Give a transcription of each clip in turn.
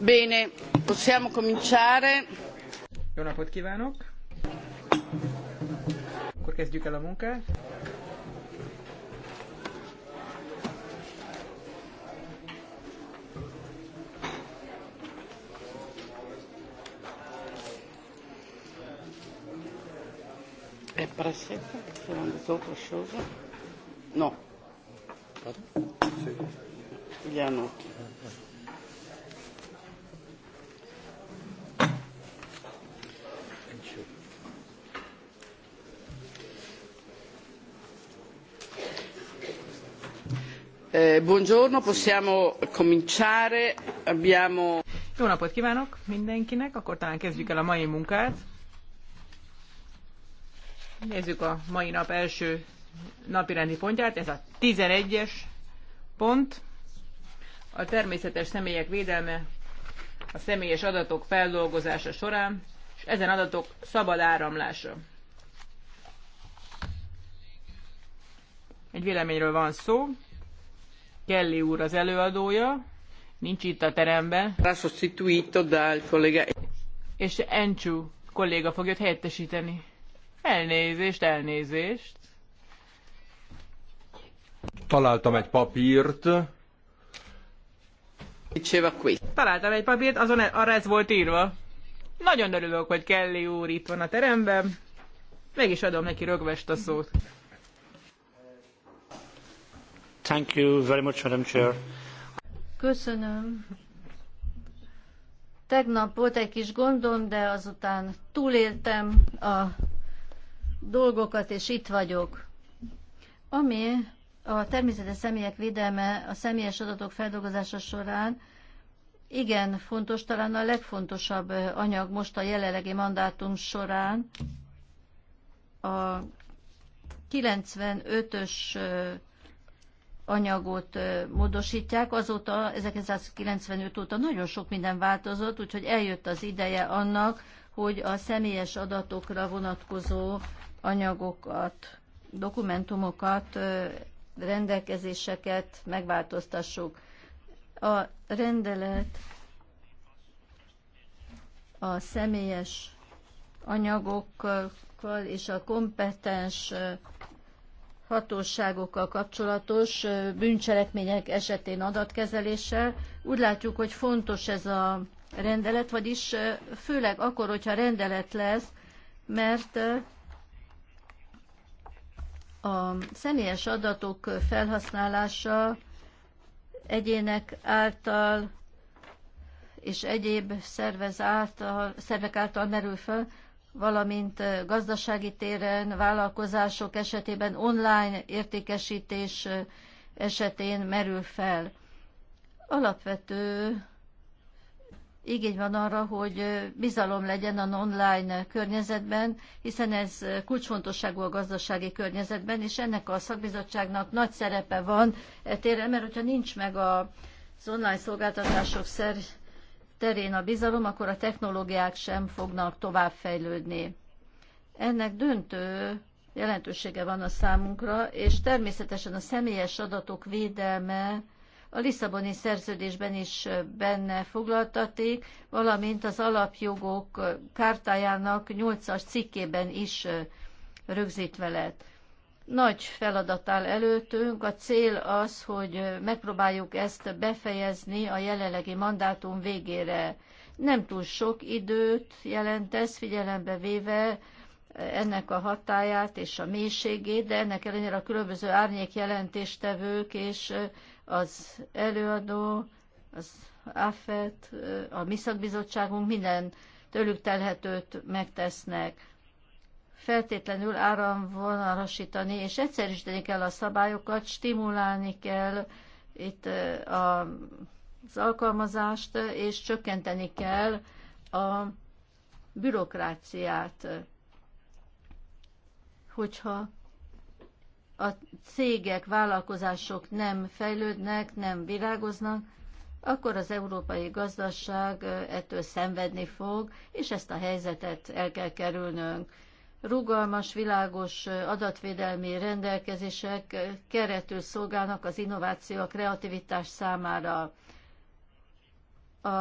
Bene, possiamo cominciare. Jó napot kívánok! Akkor kezdjük el a munkát. È presente? Se non dopo cosa? No. Sì. Gli hanno. Buongiorno, possiamo cominciare. Abbiamo... Jó napot kívánok mindenkinek, akkor talán kezdjük el a mai munkát. Nézzük a mai nap első napirendi pontját, ez a 11-es pont. A természetes személyek védelme a személyes adatok feldolgozása során, és ezen adatok szabad áramlása. Egy véleményről van szó, Kelly úr az előadója, nincs itt a teremben. És Enchu kolléga fog őt helyettesíteni. Elnézést, elnézést. Találtam egy papírt. Találtam egy papírt, azon e- arra ez volt írva. Nagyon örülök, hogy Kelly úr itt van a teremben. Meg is adom neki rögvest a szót. Thank you very much, Madam Chair. Köszönöm. Tegnap volt egy kis gondom, de azután túléltem a dolgokat, és itt vagyok. Ami a természetes személyek védelme a személyes adatok feldolgozása során igen fontos, talán a legfontosabb anyag most a jelenlegi mandátum során a 95-ös anyagot módosítják. Azóta, 1995 óta nagyon sok minden változott, úgyhogy eljött az ideje annak, hogy a személyes adatokra vonatkozó anyagokat, dokumentumokat, rendelkezéseket megváltoztassuk. A rendelet a személyes anyagokkal és a kompetens hatóságokkal kapcsolatos bűncselekmények esetén adatkezeléssel. Úgy látjuk, hogy fontos ez a rendelet, vagyis főleg akkor, hogyha rendelet lesz, mert a személyes adatok felhasználása egyének által és egyéb szervez által, szervek által merül fel, valamint gazdasági téren, vállalkozások esetében, online értékesítés esetén merül fel. Alapvető igény van arra, hogy bizalom legyen az online környezetben, hiszen ez kulcsfontosságú a gazdasági környezetben, és ennek a szakbizottságnak nagy szerepe van e téren, mert hogyha nincs meg az online szolgáltatások terén a bizalom, akkor a technológiák sem fognak továbbfejlődni. Ennek döntő jelentősége van a számunkra, és természetesen a személyes adatok védelme a Lisszaboni szerződésben is benne foglaltatik, valamint az alapjogok kártájának 8-as cikkében is rögzítve lett. Nagy feladat áll előttünk. A cél az, hogy megpróbáljuk ezt befejezni a jelenlegi mandátum végére. Nem túl sok időt jelent ez, figyelembe véve ennek a hatáját és a mélységét, de ennek ellenére a különböző árnyék jelentéstevők és az előadó, az AFET, a mi szakbizottságunk minden tőlük telhetőt megtesznek feltétlenül áramvonalasítani, és egyszerűsíteni kell a szabályokat, stimulálni kell itt a, az alkalmazást, és csökkenteni kell a bürokráciát. Hogyha a cégek, vállalkozások nem fejlődnek, nem virágoznak, akkor az európai gazdaság ettől szenvedni fog, és ezt a helyzetet el kell kerülnünk rugalmas, világos adatvédelmi rendelkezések keretül szolgálnak az innováció, a kreativitás számára. A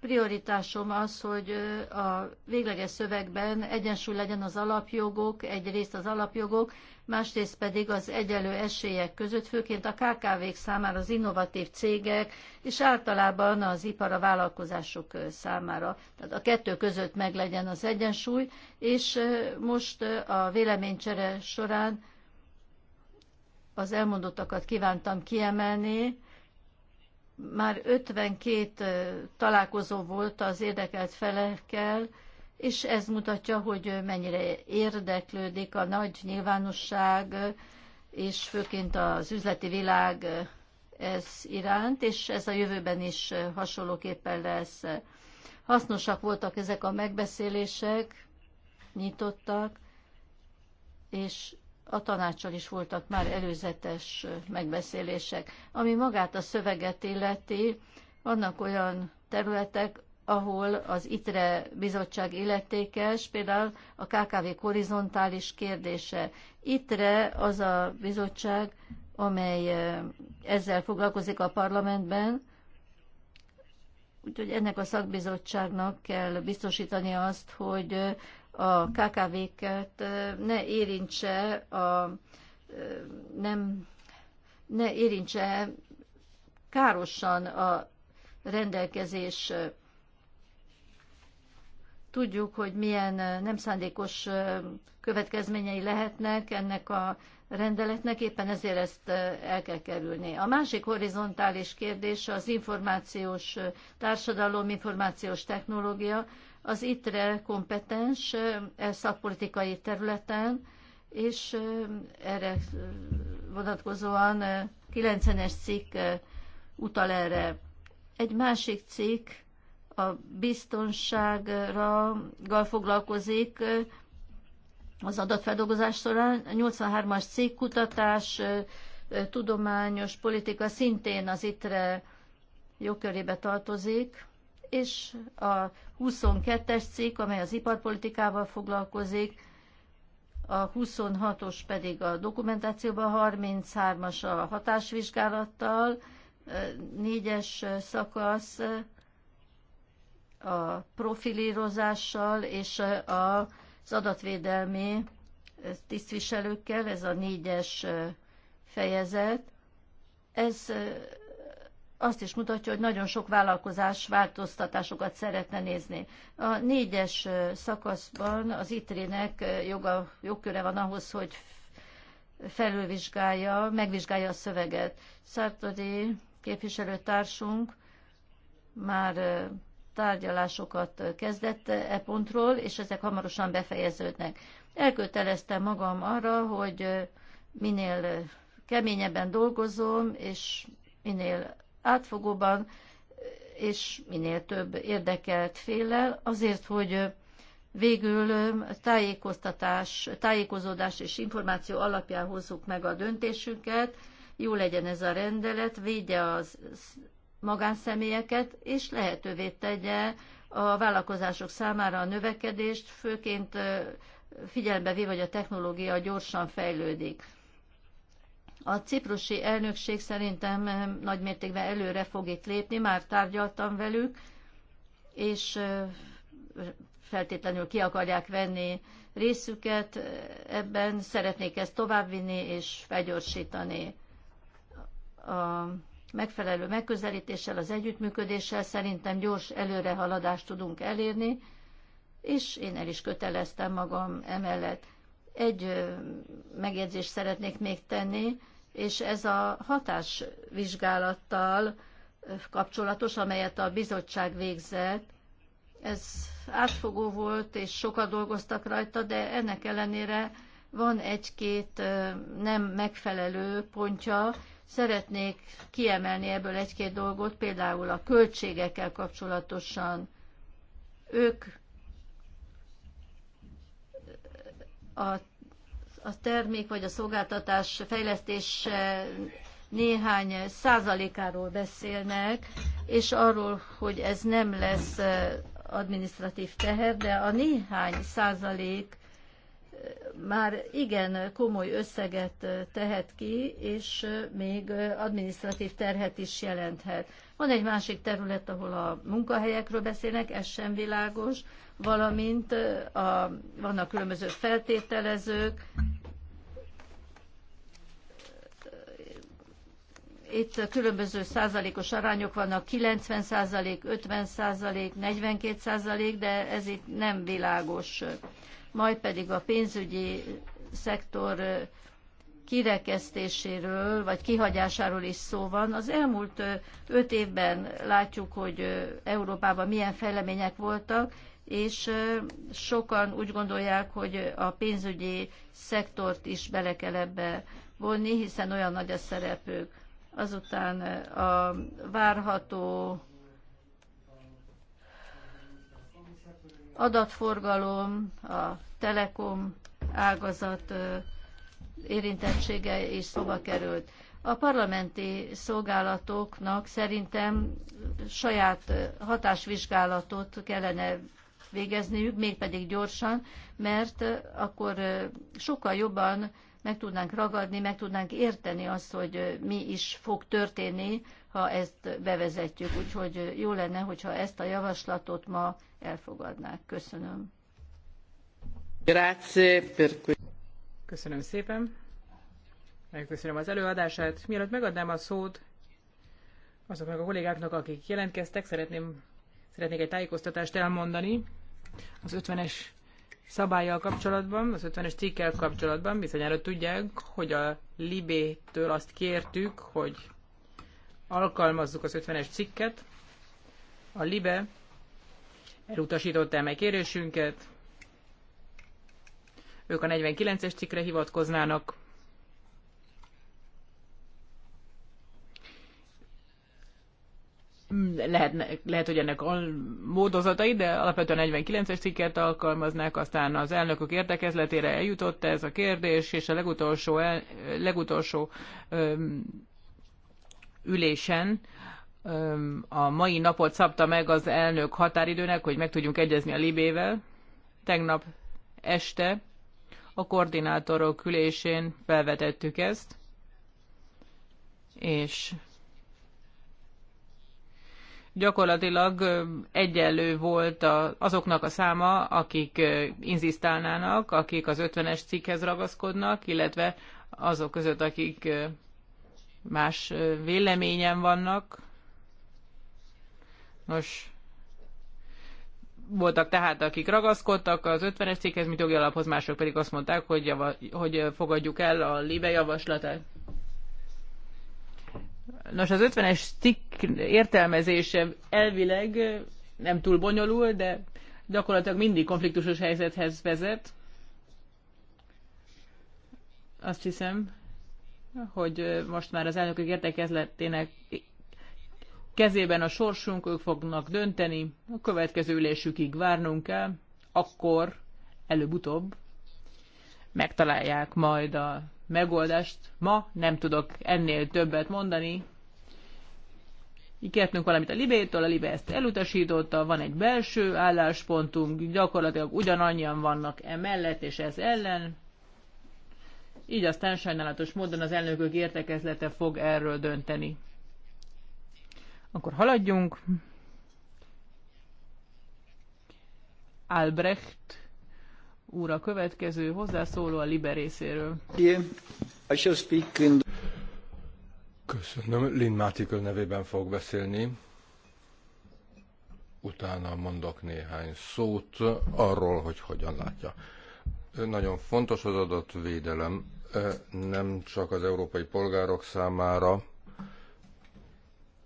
prioritásom az, hogy a végleges szövegben egyensúly legyen az alapjogok, egyrészt az alapjogok, másrészt pedig az egyenlő esélyek között, főként a KKV-k számára, az innovatív cégek, és általában az ipar a vállalkozások számára. Tehát a kettő között meg legyen az egyensúly, és most a véleménycsere során az elmondottakat kívántam kiemelni, már 52 találkozó volt az érdekelt felekkel, és ez mutatja, hogy mennyire érdeklődik a nagy nyilvánosság, és főként az üzleti világ ez iránt, és ez a jövőben is hasonlóképpen lesz. Hasznosak voltak ezek a megbeszélések, nyitottak, és a tanácsal is voltak már előzetes megbeszélések. Ami magát a szöveget illeti, vannak olyan területek, ahol az ITRE bizottság illetékes, például a KKV horizontális kérdése. ITRE az a bizottság, amely ezzel foglalkozik a parlamentben, úgyhogy ennek a szakbizottságnak kell biztosítani azt, hogy a KKV-ket ne érintse a nem ne érintse károsan a rendelkezés. Tudjuk, hogy milyen nem szándékos következményei lehetnek ennek a rendeletnek, éppen ezért ezt el kell kerülni. A másik horizontális kérdés az információs társadalom, információs technológia, az ITRE kompetens e szakpolitikai területen, és erre vonatkozóan 90-es cikk utal erre. Egy másik cikk a biztonságra foglalkozik az adatfeldolgozás során. 83-as cikk kutatás, tudományos politika szintén az ITRE jogkörébe tartozik és a 22-es cikk, amely az iparpolitikával foglalkozik, a 26-os pedig a dokumentációban, 33-as a hatásvizsgálattal, 4-es szakasz a profilírozással és az adatvédelmi tisztviselőkkel, ez a négyes fejezet. Ez azt is mutatja, hogy nagyon sok vállalkozás változtatásokat szeretne nézni. A négyes szakaszban az ITRI-nek joga, jogköre van ahhoz, hogy felülvizsgálja, megvizsgálja a szöveget. Szártori képviselőtársunk már tárgyalásokat kezdett e pontról, és ezek hamarosan befejeződnek. Elköteleztem magam arra, hogy minél keményebben dolgozom, és minél átfogóban és minél több érdekelt félel, azért, hogy végül tájékoztatás, tájékozódás és információ alapján hozzuk meg a döntésünket, jó legyen ez a rendelet, védje az magánszemélyeket, és lehetővé tegye a vállalkozások számára a növekedést, főként figyelembe véve, hogy a technológia gyorsan fejlődik a ciprusi elnökség szerintem eh, nagy mértékben előre fog itt lépni, már tárgyaltam velük, és eh, feltétlenül ki akarják venni részüket eh, ebben, szeretnék ezt továbbvinni és felgyorsítani. A megfelelő megközelítéssel, az együttműködéssel szerintem gyors előrehaladást tudunk elérni, és én el is köteleztem magam emellett. Egy megjegyzést szeretnék még tenni, és ez a hatásvizsgálattal kapcsolatos, amelyet a bizottság végzett, ez átfogó volt, és sokat dolgoztak rajta, de ennek ellenére van egy-két nem megfelelő pontja. Szeretnék kiemelni ebből egy-két dolgot, például a költségekkel kapcsolatosan. Ők a, a termék vagy a szolgáltatás fejlesztés néhány százalékáról beszélnek, és arról, hogy ez nem lesz eh, administratív teher, de a néhány százalék már igen komoly összeget tehet ki, és még administratív terhet is jelenthet. Van egy másik terület, ahol a munkahelyekről beszélnek, ez sem világos, valamint a, vannak különböző feltételezők. Itt különböző százalékos arányok vannak, 90 százalék, 50 százalék, 42 százalék, de ez itt nem világos majd pedig a pénzügyi szektor kirekesztéséről vagy kihagyásáról is szó van. Az elmúlt öt évben látjuk, hogy Európában milyen fejlemények voltak, és sokan úgy gondolják, hogy a pénzügyi szektort is bele kell ebbe vonni, hiszen olyan nagy a szerepük. Azután a várható adatforgalom, a telekom ágazat érintettsége is szoba került. A parlamenti szolgálatoknak szerintem saját hatásvizsgálatot kellene végezniük, mégpedig gyorsan, mert akkor sokkal jobban meg tudnánk ragadni, meg tudnánk érteni azt, hogy mi is fog történni, ha ezt bevezetjük. Úgyhogy jó lenne, hogyha ezt a javaslatot ma elfogadnák. Köszönöm. Köszönöm szépen. Megköszönöm az előadását. Mielőtt megadnám a szót azoknak a kollégáknak, akik jelentkeztek, szeretném, szeretnék egy tájékoztatást elmondani. Az 50-es szabályjal kapcsolatban, az 50-es cikkel kapcsolatban bizonyára tudják, hogy a Libétől azt kértük, hogy alkalmazzuk az 50-es cikket. A Libe elutasította el meg kérésünket. Ők a 49-es cikkre hivatkoznának, lehet, lehet, hogy ennek a módozatai, de alapvetően 49-es cikket alkalmaznák, aztán az elnökök értekezletére eljutott ez a kérdés, és a legutolsó, el, legutolsó öm, ülésen öm, a mai napot szabta meg az elnök határidőnek, hogy meg tudjunk egyezni a Libével. Tegnap este a koordinátorok ülésén felvetettük ezt, és gyakorlatilag egyenlő volt azoknak a száma, akik inzisztálnának, akik az 50-es cikkhez ragaszkodnak, illetve azok között, akik más véleményen vannak. Nos, voltak tehát, akik ragaszkodtak az 50-es cikkhez, mint jogi alaphoz, mások pedig azt mondták, hogy, java, hogy fogadjuk el a libe javaslatát. Nos, az 50-es cikk értelmezése elvileg nem túl bonyolul, de gyakorlatilag mindig konfliktusos helyzethez vezet. Azt hiszem, hogy most már az elnökök értekezletének kezében a sorsunk, ők fognak dönteni, a következő ülésükig várnunk kell, akkor előbb-utóbb megtalálják majd a megoldást ma nem tudok ennél többet mondani. kértünk valamit a Libétől, a Libé ezt elutasította, van egy belső álláspontunk, gyakorlatilag ugyanannyian vannak emellett és ez ellen. Így aztán sajnálatos módon az elnökök értekezlete fog erről dönteni. Akkor haladjunk. Albrecht úr a következő hozzászóló a Liber részéről. Köszönöm. Lin Mátikő nevében fog beszélni. Utána mondok néhány szót arról, hogy hogyan látja. Nagyon fontos az adatvédelem, eh, nem csak az európai polgárok számára,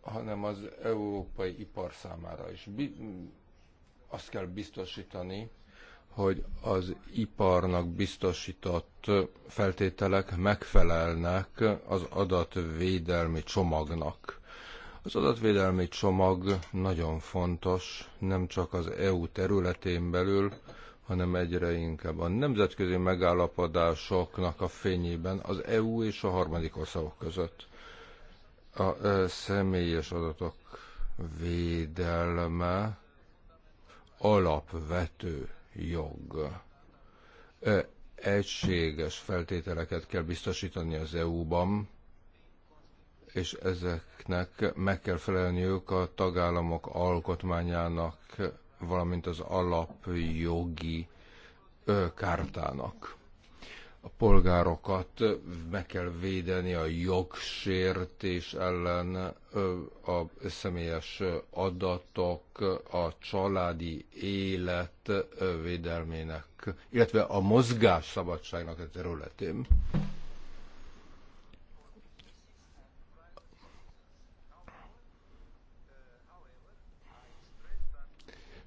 hanem az európai ipar számára is. Azt kell biztosítani, hogy az iparnak biztosított feltételek megfelelnek az adatvédelmi csomagnak. Az adatvédelmi csomag nagyon fontos, nem csak az EU területén belül, hanem egyre inkább a nemzetközi megállapodásoknak a fényében az EU és a harmadik országok között. A személyes adatok védelme alapvető jog. Egységes feltételeket kell biztosítani az EU-ban, és ezeknek meg kell felelniük a tagállamok alkotmányának, valamint az alapjogi kártának a polgárokat meg kell védeni a jogsértés ellen, a személyes adatok, a családi élet védelmének, illetve a mozgás szabadságnak a területén.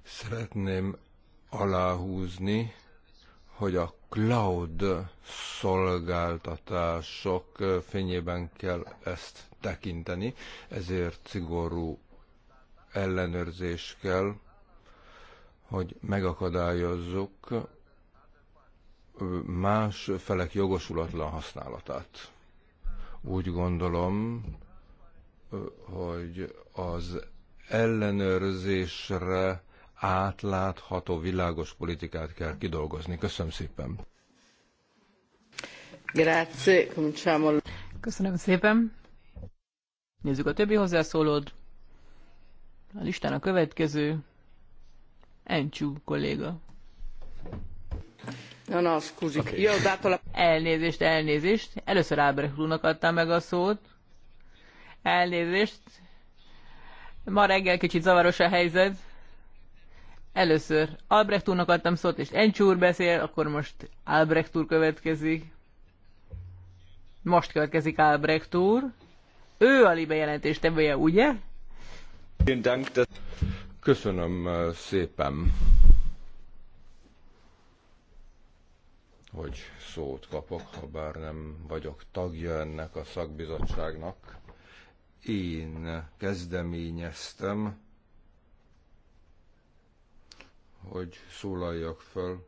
Szeretném aláhúzni, hogy a cloud szolgáltatások fényében kell ezt tekinteni, ezért szigorú ellenőrzés kell, hogy megakadályozzuk más felek jogosulatlan használatát. Úgy gondolom, hogy az ellenőrzésre átlátható, világos politikát kell kidolgozni. Köszönöm szépen. Grazie, cominciamo. Köszönöm szépen. Nézzük a többi hozzászólód. A listán a következő. Encsú kolléga. No, no, scusi. Okay. Jó, ho Elnézést, elnézést. Először Ábrecht úrnak adtam meg a szót. Elnézést. Ma reggel kicsit zavaros a helyzet. Először Albrecht úrnak adtam szót, és Encs úr beszél, akkor most Albrecht úr következik. Most következik Albrecht úr. Ő a libe jelentést tevője, ugye? Köszönöm uh, szépen, hogy szót kapok, ha bár nem vagyok tagja ennek a szakbizottságnak. Én kezdeményeztem hogy szólaljak föl,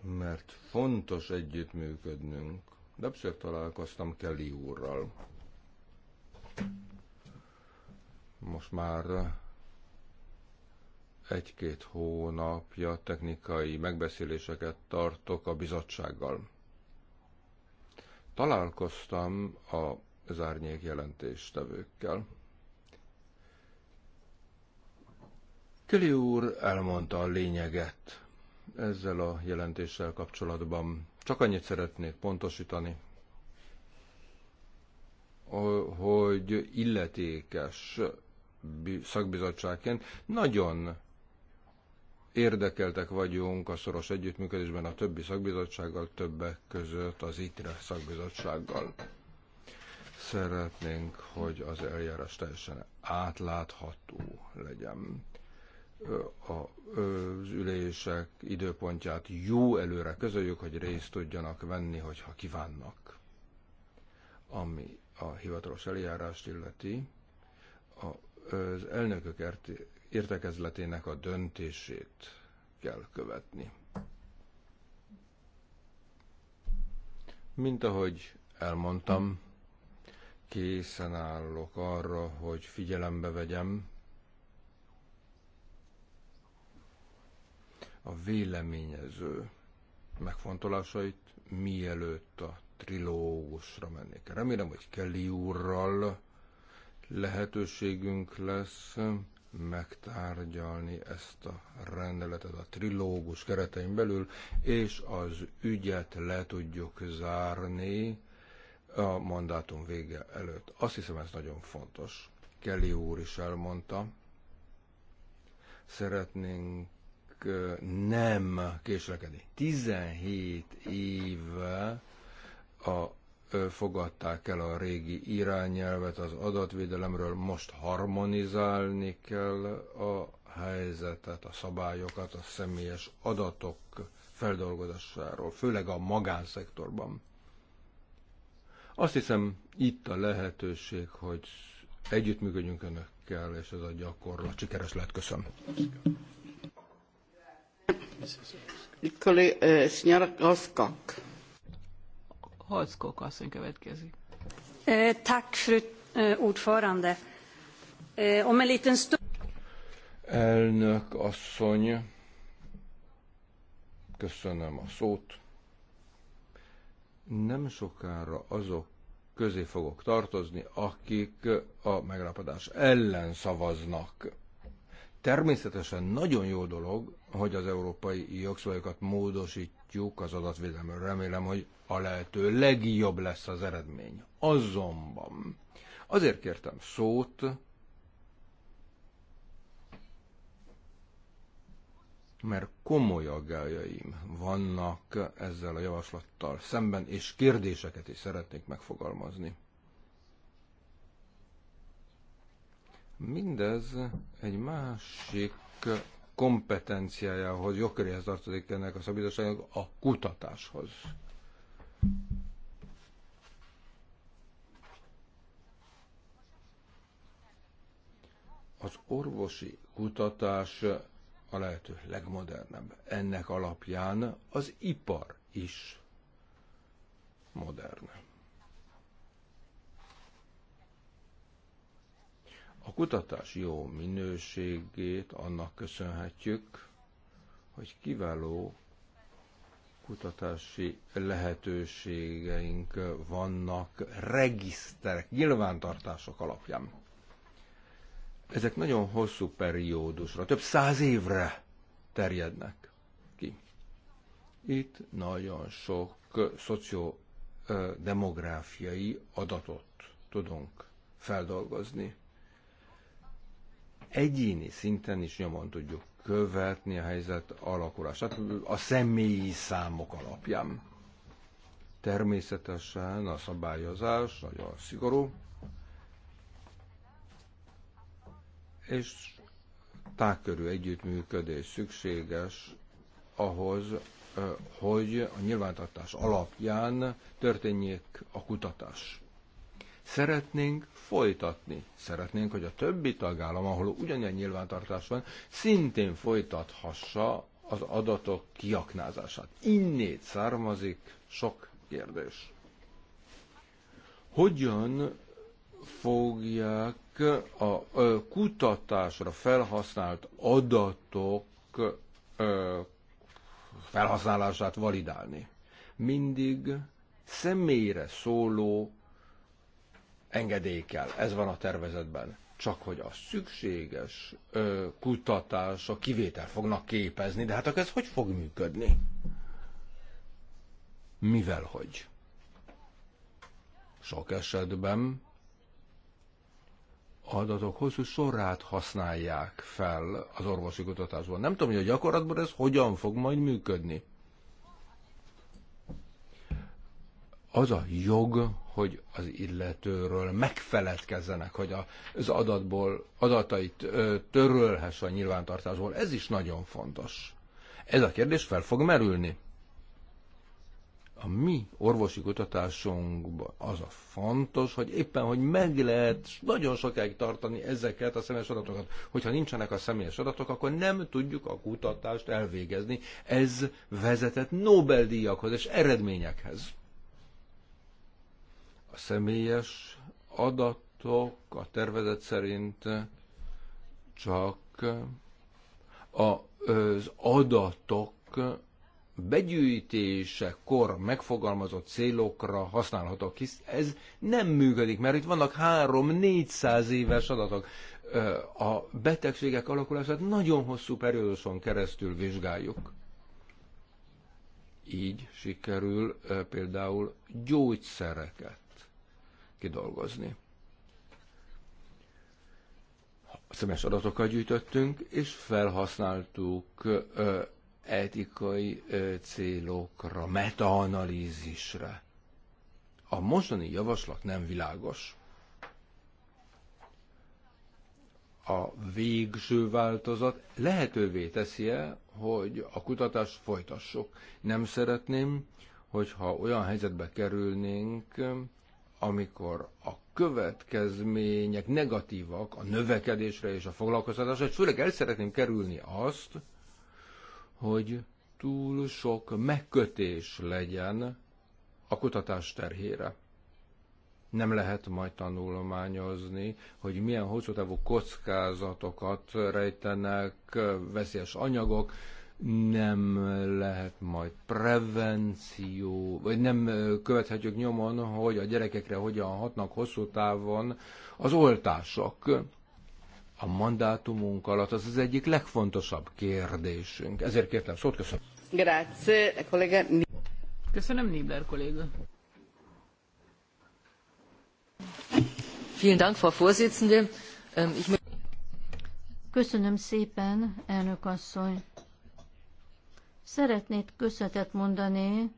mert fontos együttműködnünk. Többször találkoztam Kelly úrral. Most már eh, egy-két hónapja technikai megbeszéléseket tartok a bizottsággal. Találkoztam a zárnyék jelentéstevőkkel. Kili úr elmondta a lényeget ezzel a jelentéssel kapcsolatban. Csak annyit szeretnék pontosítani, hogy illetékes szakbizottságként nagyon érdekeltek vagyunk a szoros együttműködésben a többi szakbizottsággal, többek között az ITRE szakbizottsággal. Szeretnénk, hogy az eljárás teljesen átlátható legyen az ülések időpontját jó előre közöljük, hogy részt tudjanak venni, hogyha kívánnak. Ami a hivatalos eljárást illeti, az elnökök értekezletének a döntését kell követni. Mint ahogy elmondtam, készen állok arra, hogy figyelembe vegyem a véleményező megfontolásait, mielőtt a trilógusra mennék. Remélem, hogy Kelly úrral lehetőségünk lesz megtárgyalni ezt a rendeletet a trilógus keretein belül, és az ügyet le tudjuk zárni a mandátum vége előtt. Azt hiszem, ez nagyon fontos. Kelly úr is elmondta, szeretnénk nem késlekedni. 17 éve a fogadták el a régi irányelvet az adatvédelemről, most harmonizálni kell a helyzetet, a szabályokat, a személyes adatok feldolgozásáról, főleg a magánszektorban. Azt hiszem, itt a lehetőség, hogy együttműködjünk önökkel, és ez a gyakorlat sikeres lett. Köszönöm. Nikolé, eh, signora Hoskok. Hoskok asszony következik. tack, fru ordförande. om en liten stund... Elnök asszony, köszönöm a szót. Nem sokára azok közé fogok tartozni, akik a megállapodás ellen szavaznak Természetesen nagyon jó dolog, hogy az európai jogszabályokat módosítjuk az adatvédelemről. Remélem, hogy a lehető legjobb lesz az eredmény. Azonban azért kértem szót, mert komoly aggájaim vannak ezzel a javaslattal szemben, és kérdéseket is szeretnék megfogalmazni. Mindez egy másik kompetenciájához, jogköréhez tartozik ennek a szabadságnak a kutatáshoz. Az orvosi kutatás a lehető legmodernebb. Ennek alapján az ipar is modernebb. A kutatás jó minőségét annak köszönhetjük, hogy kiváló kutatási lehetőségeink vannak regiszterek, nyilvántartások alapján. Ezek nagyon hosszú periódusra, több száz évre terjednek ki. Itt nagyon sok szociodemográfiai adatot tudunk feldolgozni egyéni szinten is nyomon tudjuk követni a helyzet alakulását a személyi számok alapján. Természetesen a szabályozás nagyon szigorú, és tágkörű együttműködés szükséges ahhoz, eh, hogy a nyilvántartás alapján történjék a kutatás. Szeretnénk folytatni. Szeretnénk, hogy a többi tagállam, ahol ugyanilyen nyilvántartás van, szintén folytathassa az adatok kiaknázását. Innét származik sok kérdés. Hogyan fogják a kutatásra felhasznált adatok felhasználását validálni? Mindig személyre szóló engedélykel. Ez van a tervezetben. Csak hogy a szükséges ö, kutatás, a kivétel fognak képezni, de hát akkor ez hogy fog működni? Mivel hogy? Sok esetben adatok hosszú sorát használják fel az orvosi kutatásban. Nem tudom, hogy a gyakorlatban ez hogyan fog majd működni. az a jog, hogy az illetőről megfeledkezzenek, hogy az adatból, adatait törölhesse a nyilvántartásból. Ez is nagyon fontos. Ez a kérdés fel fog merülni. A mi orvosi kutatásunkban az a fontos, hogy éppen, hogy meg lehet nagyon sokáig tartani ezeket a személyes adatokat. Hogyha nincsenek a személyes adatok, akkor nem tudjuk a kutatást elvégezni. Ez vezetett Nobel-díjakhoz és eredményekhez a személyes adatok a tervezet szerint csak az adatok begyűjtésekor megfogalmazott célokra használhatók, hisz ez nem működik, mert itt vannak 3-400 éves adatok. A betegségek alakulását nagyon hosszú perióduson keresztül vizsgáljuk. Így sikerül például gyógyszereket kidolgozni. Szemes adatokat gyűjtöttünk, és felhasználtuk etikai célokra, metaanalízisre. A mostani javaslat nem világos. a végső változat lehetővé teszi -e, hogy a kutatást folytassuk. Nem szeretném, hogyha olyan helyzetbe kerülnénk, amikor a következmények negatívak a növekedésre és a foglalkoztatásra, és főleg el szeretném kerülni azt, hogy túl sok megkötés legyen a kutatás terhére. Nem lehet majd tanulmányozni, hogy milyen hosszú távú kockázatokat rejtenek veszélyes anyagok, nem lehet majd prevenció, vagy nem követhetjük nyomon, hogy a gyerekekre hogyan hatnak hosszú távon az oltások. A mandátumunk alatt az az egyik legfontosabb kérdésünk. Ezért kértem szót, köszönöm. Grazie, kollega. Köszönöm, Nibler kolléga. Vielen Dank, Frau Vorsitzende. Ähm, köszönöm szépen, elnök asszony. Szeretnék köszönetet mondani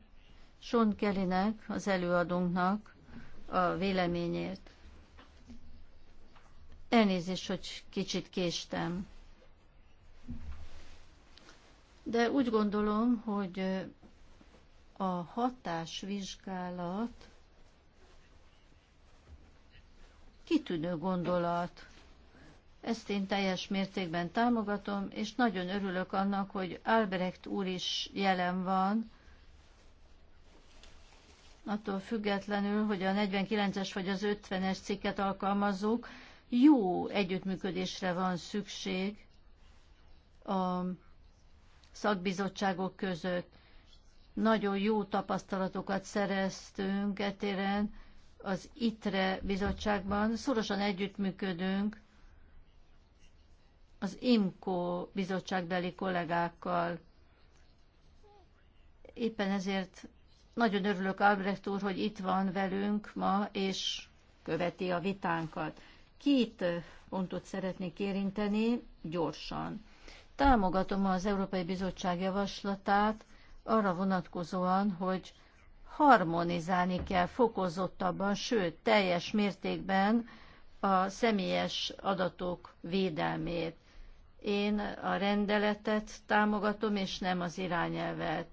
Sean Kellynek, az előadónknak a véleményért. Elnézést, hogy kicsit késtem. De úgy gondolom, hogy a hatásvizsgálat kitűnő gondolat. Ezt én teljes mértékben támogatom, és nagyon örülök annak, hogy Albrecht úr is jelen van, attól függetlenül, hogy a 49-es vagy az 50-es cikket alkalmazzuk, jó együttműködésre van szükség a szakbizottságok között. Nagyon jó tapasztalatokat szereztünk etéren az ITRE bizottságban. Szorosan együttműködünk az IMCO bizottságbeli kollégákkal. Éppen ezért nagyon örülök Albrecht úr, hogy itt van velünk ma, és követi a vitánkat. Két pontot szeretnék érinteni gyorsan. Támogatom az Európai Bizottság javaslatát arra vonatkozóan, hogy harmonizálni kell fokozottabban, sőt, teljes mértékben a személyes adatok védelmét. Én a rendeletet támogatom, és nem az irányelvet.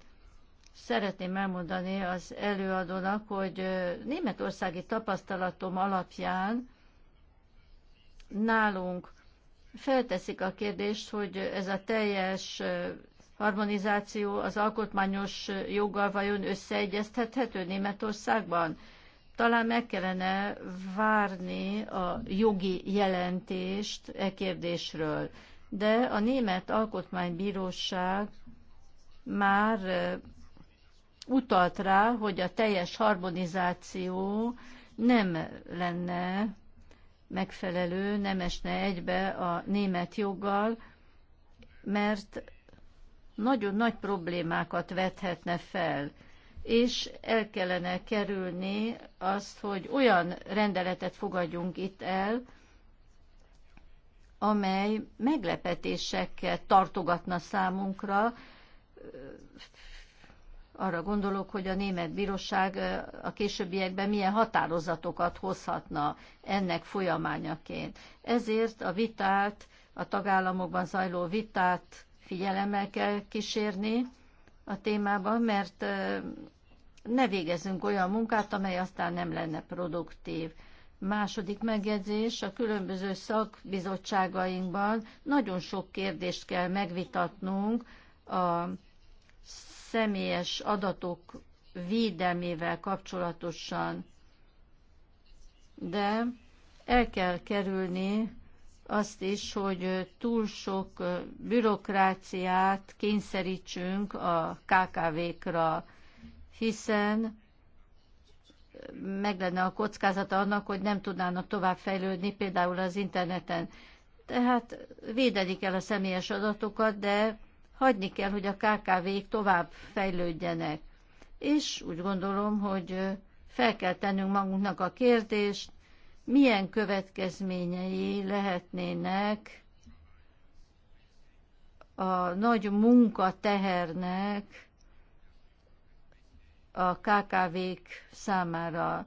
Szeretném elmondani az előadónak, hogy németországi tapasztalatom alapján nálunk felteszik a kérdést, hogy ez a teljes harmonizáció az alkotmányos joggal vajon összeegyeztethető Németországban? Talán meg kellene várni a jogi jelentést e kérdésről de a Német Alkotmánybíróság már utalt rá, hogy a teljes harmonizáció nem lenne megfelelő, nem esne egybe a német joggal, mert nagyon nagy problémákat vethetne fel, és el kellene kerülni azt, hogy olyan rendeletet fogadjunk itt el, amely meglepetésekkel tartogatna számunkra. Arra gondolok, hogy a német bíróság a későbbiekben milyen határozatokat hozhatna ennek folyamányaként. Ezért a vitát, a tagállamokban zajló vitát figyelemmel kell kísérni a témában, mert ne végezzünk olyan munkát, amely aztán nem lenne produktív. Második megjegyzés, a különböző szakbizottságainkban nagyon sok kérdést kell megvitatnunk a személyes adatok védelmével kapcsolatosan, de el kell kerülni azt is, hogy túl sok bürokráciát kényszerítsünk a KKV-kra, hiszen meg lenne a kockázata annak, hogy nem tudnának tovább fejlődni, például az interneten. Tehát védeni kell a személyes adatokat, de hagyni kell, hogy a KKV-k tovább fejlődjenek. És úgy gondolom, hogy fel kell tennünk magunknak a kérdést, milyen következményei lehetnének a nagy munkatehernek, a KKV-k számára.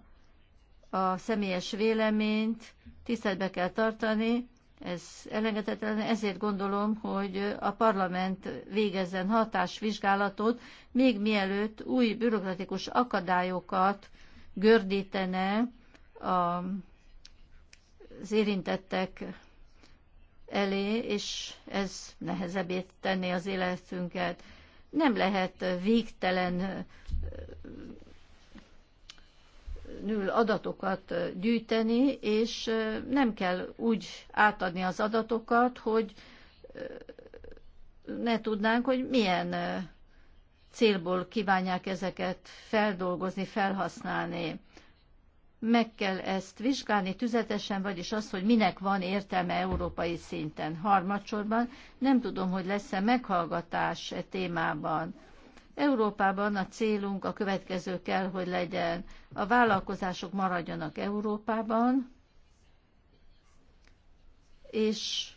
A személyes véleményt tiszteletbe kell tartani, ez elengedhetetlen, ezért gondolom, hogy a parlament végezzen hatásvizsgálatot, még mielőtt új bürokratikus akadályokat gördítene a az érintettek elé, és ez nehezebbé tenné az életünket nem lehet végtelen nül adatokat gyűjteni, és nem kell úgy átadni az adatokat, hogy ne tudnánk, hogy milyen célból kívánják ezeket feldolgozni, felhasználni meg kell ezt vizsgálni tüzetesen, vagyis az, hogy minek van értelme európai szinten. Harmadsorban nem tudom, hogy lesz-e meghallgatás e témában. Európában a célunk a következő kell, hogy legyen. A vállalkozások maradjanak Európában, és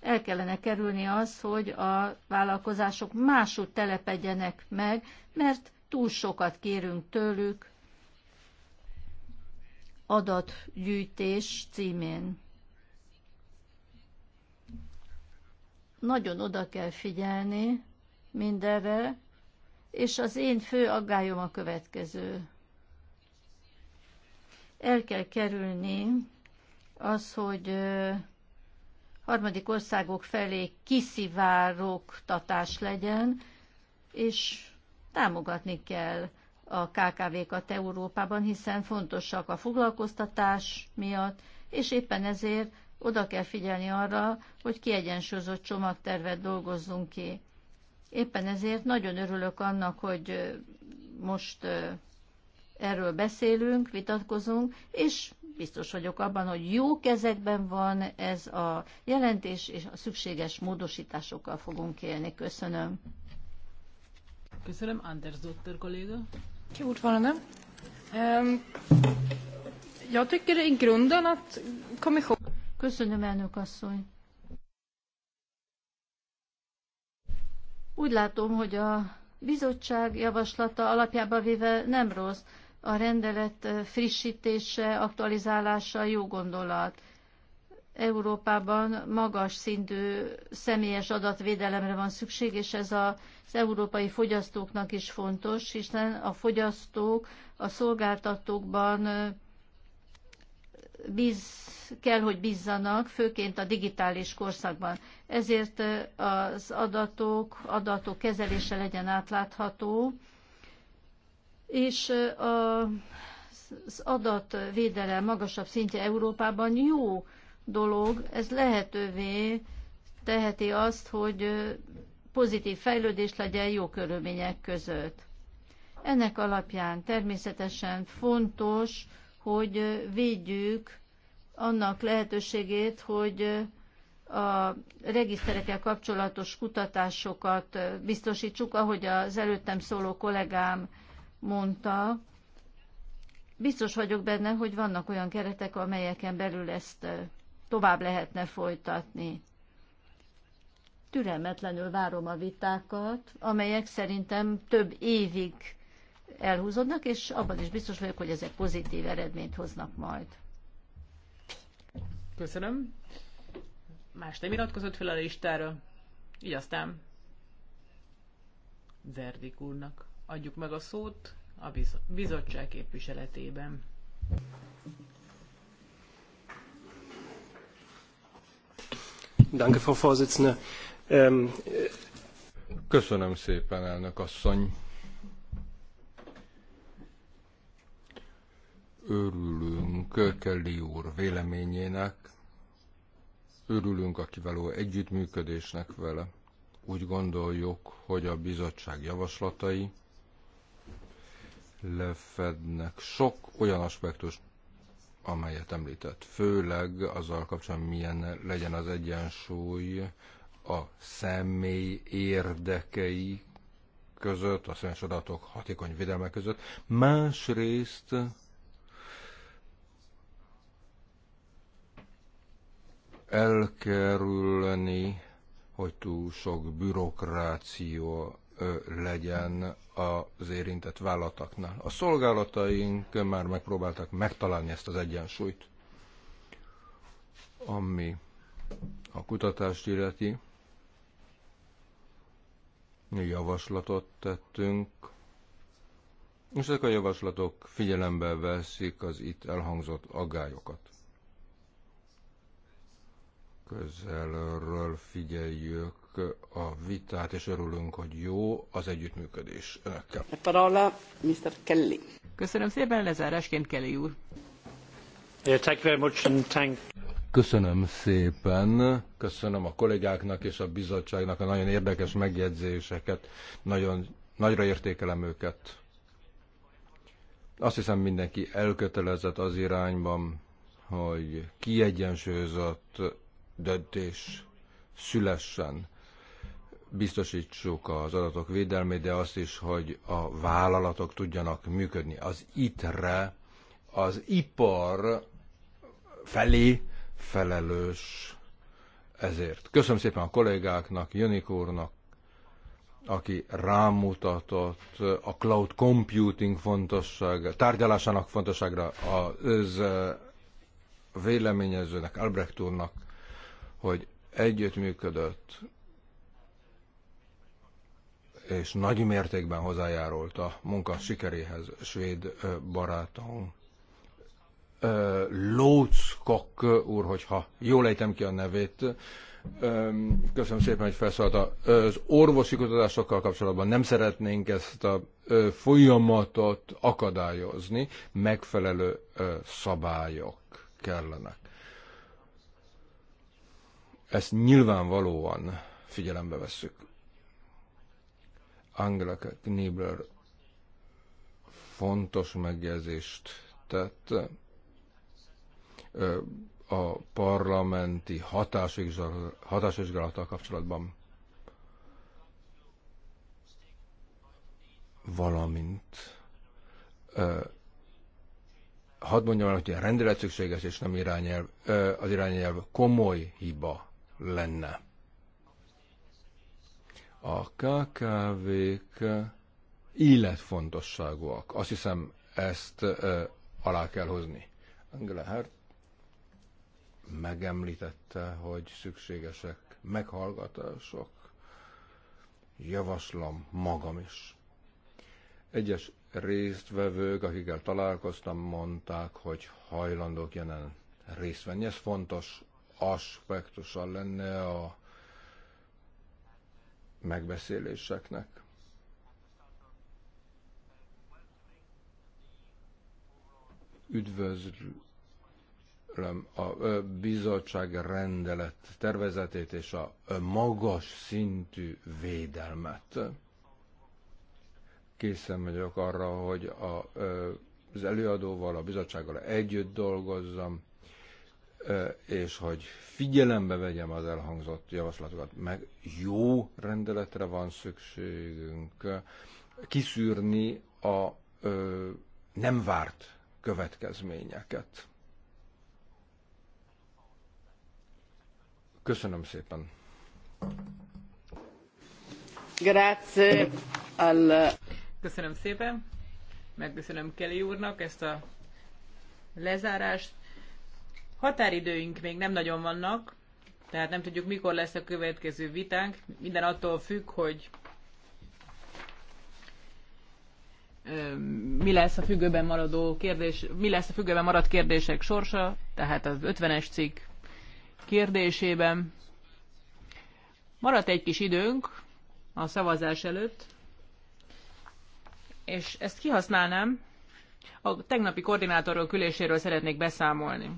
el kellene kerülni az, hogy a vállalkozások máshogy telepedjenek meg, mert túl sokat kérünk tőlük, adatgyűjtés címén. Nagyon oda kell figyelni mindenre, és az én fő aggályom a következő. El kell kerülni az, hogy harmadik országok felé kiszivárogtatás legyen, és támogatni kell a KKV-kat Európában, hiszen fontosak a foglalkoztatás miatt, és éppen ezért oda kell figyelni arra, hogy kiegyensúlyozott csomagtervet dolgozzunk ki. Éppen ezért nagyon örülök annak, hogy most erről beszélünk, vitatkozunk, és biztos vagyok abban, hogy jó kezekben van ez a jelentés, és a szükséges módosításokkal fogunk élni. Köszönöm. Köszönöm, Anders Dotter kolléga. Tack ordförande. Ehm, jag tycker i grunden att kommissionen... Köszönöm, elnök asszony. Úgy látom, hogy a bizottság javaslata alapjába véve nem rossz. A rendelet eh, frissítése, aktualizálása jó gondolat Európában magas szintű személyes adatvédelemre van szükség, és ez az európai fogyasztóknak is fontos, hiszen a fogyasztók a szolgáltatókban bíz, kell, hogy bízzanak, főként a digitális korszakban. Ezért az adatok, adatok kezelése legyen átlátható, és a, az adatvédelem magasabb szintje Európában jó dolog, ez lehetővé teheti azt, hogy pozitív fejlődés legyen jó körülmények között. Ennek alapján természetesen fontos, hogy védjük annak lehetőségét, hogy a regiszterekkel kapcsolatos kutatásokat biztosítsuk, ahogy az előttem szóló kollégám mondta. Biztos vagyok benne, hogy vannak olyan keretek, amelyeken belül ezt tovább lehetne folytatni. Türelmetlenül várom a vitákat, amelyek szerintem több évig elhúzódnak, és abban is biztos vagyok, hogy ezek pozitív eredményt hoznak majd. Köszönöm. Más nem iratkozott fel a listára. Így aztán Verdik úrnak adjuk meg a szót a bizottság képviseletében. Danke, Frau Vorsitzende. Ähm, Köszönöm szépen, elnök asszony. Örülünk Kelly úr véleményének, örülünk a kiváló együttműködésnek vele. Úgy gondoljuk, hogy a bizottság javaslatai lefednek sok olyan aspektust, amelyet említett, főleg azzal kapcsolatban milyen legyen az egyensúly a személy érdekei között, a személyes adatok hatékony védelme között, másrészt elkerülni, hogy túl sok bürokráció legyen az érintett vállalatoknál. A szolgálataink már megpróbáltak megtalálni ezt az egyensúlyt, ami a kutatást illeti. Javaslatot tettünk, és ezek a javaslatok figyelembe veszik az itt elhangzott aggályokat. Közelről figyeljük a vitát, és örülünk, hogy jó az együttműködés önökkel. Parola, Mr. Kelly. Köszönöm szépen, lezárásként Kelly úr. Yeah, thank you very much and thank... Köszönöm szépen, köszönöm a kollégáknak és a bizottságnak a nagyon érdekes megjegyzéseket, nagyon nagyra értékelem őket. Azt hiszem mindenki elkötelezett az irányban, hogy kiegyensúlyozott döntés szülessen biztosítsuk az adatok védelmét, de azt is, hogy a vállalatok tudjanak működni. Az ITRE, az ipar felé felelős ezért. Köszönöm szépen a kollégáknak, Jönik úrnak, aki rámutatott a cloud computing fontosság, tárgyalásának fontosságra, az véleményezőnek, Albrecht úrnak, hogy együttműködött és nagy mértékben hozzájárult a munka sikeréhez svéd barátom. Lóckok úr, hogyha jól ejtem ki a nevét, köszönöm szépen, hogy felszólalt. Az orvosi kutatásokkal kapcsolatban nem szeretnénk ezt a folyamatot akadályozni, megfelelő szabályok kellenek. Ezt nyilvánvalóan figyelembe vesszük. Angela Knibler fontos megjegyzést tett a parlamenti hatásvizsgálattal kapcsolatban, valamint hadd mondjam el, hogy a rendelet szükséges és nem irányelv, az irányelv komoly hiba lenne. A KKV-k életfontosságúak. Azt hiszem, ezt ö, alá kell hozni. Angela Hart megemlítette, hogy szükségesek meghallgatások. Javaslom magam is. Egyes résztvevők, akikkel találkoztam, mondták, hogy hajlandók jelen részt venni. Ez fontos aspektusa lenne a megbeszéléseknek. Üdvözlöm a bizottság rendelet tervezetét és a magas szintű védelmet. Készen vagyok arra, hogy a, az előadóval, a bizottsággal együtt dolgozzam, és hogy figyelembe vegyem az elhangzott javaslatokat, meg jó rendeletre van szükségünk kiszűrni a nem várt következményeket. Köszönöm szépen. Grazie alla... Köszönöm szépen. Megköszönöm Kelly úrnak ezt a lezárást. Határidőink még nem nagyon vannak, tehát nem tudjuk, mikor lesz a következő vitánk. Minden attól függ, hogy mi lesz a függőben maradó kérdés, mi lesz a függőben maradt kérdések sorsa, tehát az 50-es cikk kérdésében. Maradt egy kis időnk a szavazás előtt, és ezt kihasználnám. A tegnapi koordinátorok üléséről szeretnék beszámolni.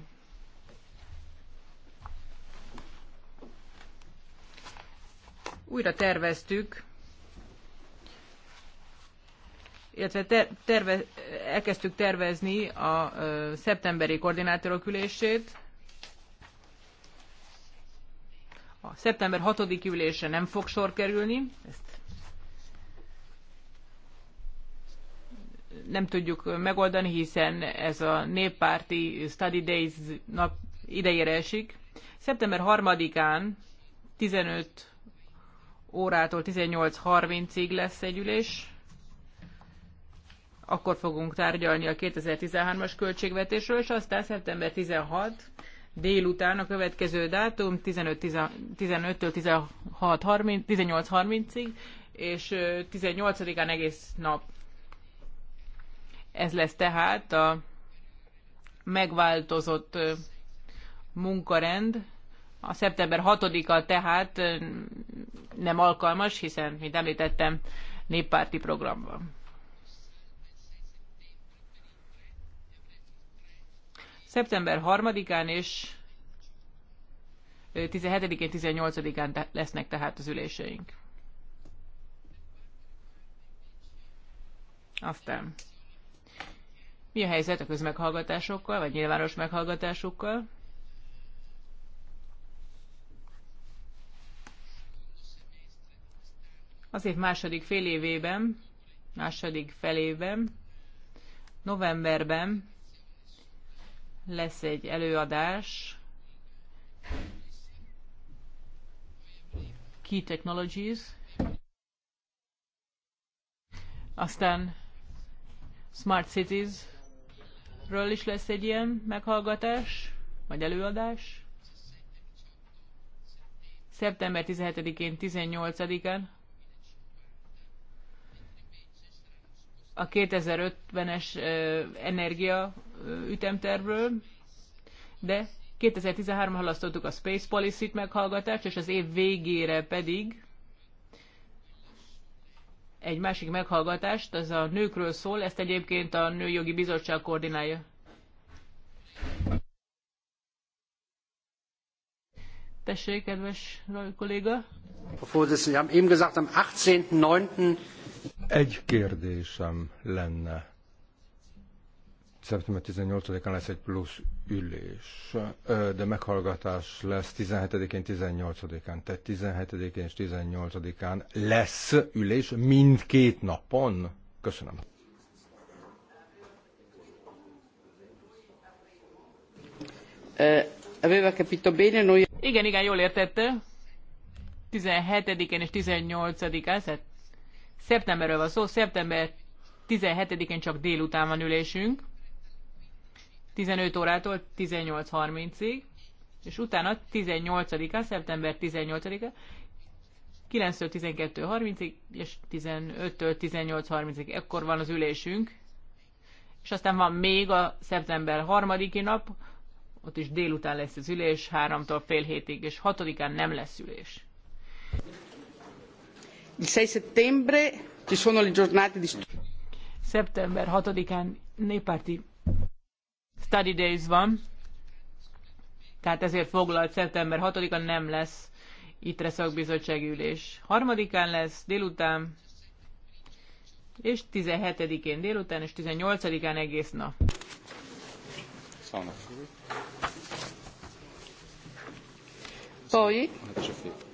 újra terveztük, illetve terve, elkezdtük tervezni a ö, szeptemberi koordinátorok ülését. A szeptember 6. ülése nem fog sor kerülni, ezt nem tudjuk megoldani, hiszen ez a néppárti Study Days nap idejére esik. Szeptember 3-án 15 órától 18.30-ig lesz egy ülés. Akkor fogunk tárgyalni a 2013-as költségvetésről, és aztán szeptember 16 délután a következő dátum 15-től 18.30-ig, és 18-án egész nap. Ez lesz tehát a megváltozott munkarend, a szeptember 6-a tehát nem alkalmas, hiszen, mint említettem, néppárti programban. Szeptember 3-án és 17-én, 18-án lesznek tehát az üléseink. Aztán. Mi a helyzet a közmeghallgatásokkal, vagy nyilvános meghallgatásokkal? Az év második fél évében, második felében, novemberben lesz egy előadás Key Technologies, aztán Smart Cities-ről is lesz egy ilyen meghallgatás, vagy előadás. Szeptember 17-én, 18-án a 2050-es energia ütemtervről, de 2013 halasztottuk a Space Policy-t meghallgatást, és az év végére pedig egy másik meghallgatást, ez a nőkről szól, ezt egyébként a Nőjogi Bizottság koordinálja. Tessék, kedves kolléga! Frau Vorsitzende, wir haben eben gesagt, am 18.09. Egy kérdésem lenne. Szeptember 18-án lesz egy plusz ülés, de meghallgatás lesz 17-én, 18-án. Tehát 17-én és 18-án lesz ülés mindkét napon. Köszönöm. Igen, igen, jól értette. 17-én és 18-án, tehát Szeptemberről van szó, szeptember 17-én csak délután van ülésünk, 15 órától 18.30-ig, és utána 18-a, szeptember 18-a, 9 12.30-ig, és 15-től 18.30-ig. Ekkor van az ülésünk, és aztán van még a szeptember 3-i nap, ott is délután lesz az ülés, 3-tól fél hétig, és 6-án nem lesz ülés. 6 Szeptember 6-án néppárti study days van, tehát ezért foglalt szeptember 6-a nem lesz ITRE szakbizottsági ülés. Harmadikán lesz délután, és 17-én délután, és 18-án egész nap. Poi, hát,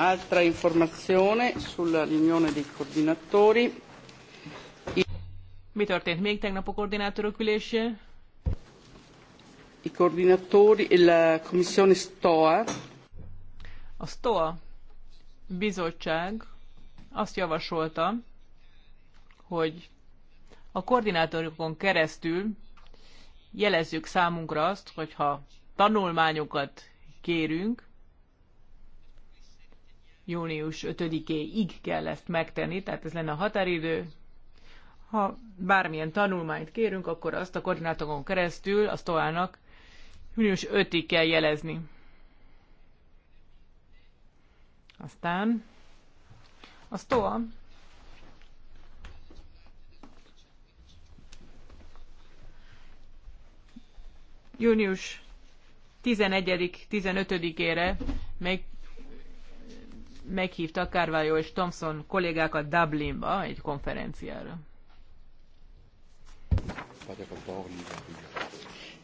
Altra informazione sulla riunione dei coordinatori. Mi történt még tegnap a koordinátorok ülésén? I coordinatori e la commissione STOA. A STOA bizottság azt javasolta, hogy a koordinátorokon keresztül jelezzük számunkra azt, hogyha tanulmányokat kérünk, június 5-éig kell ezt megtenni, tehát ez lenne a határidő. Ha bármilyen tanulmányt kérünk, akkor azt a koordinátokon keresztül a stoának június 5-ig kell jelezni. Aztán a stoa június 11-15-ére még meghívtak Carvalho és Thompson kollégákat Dublinba egy konferenciára.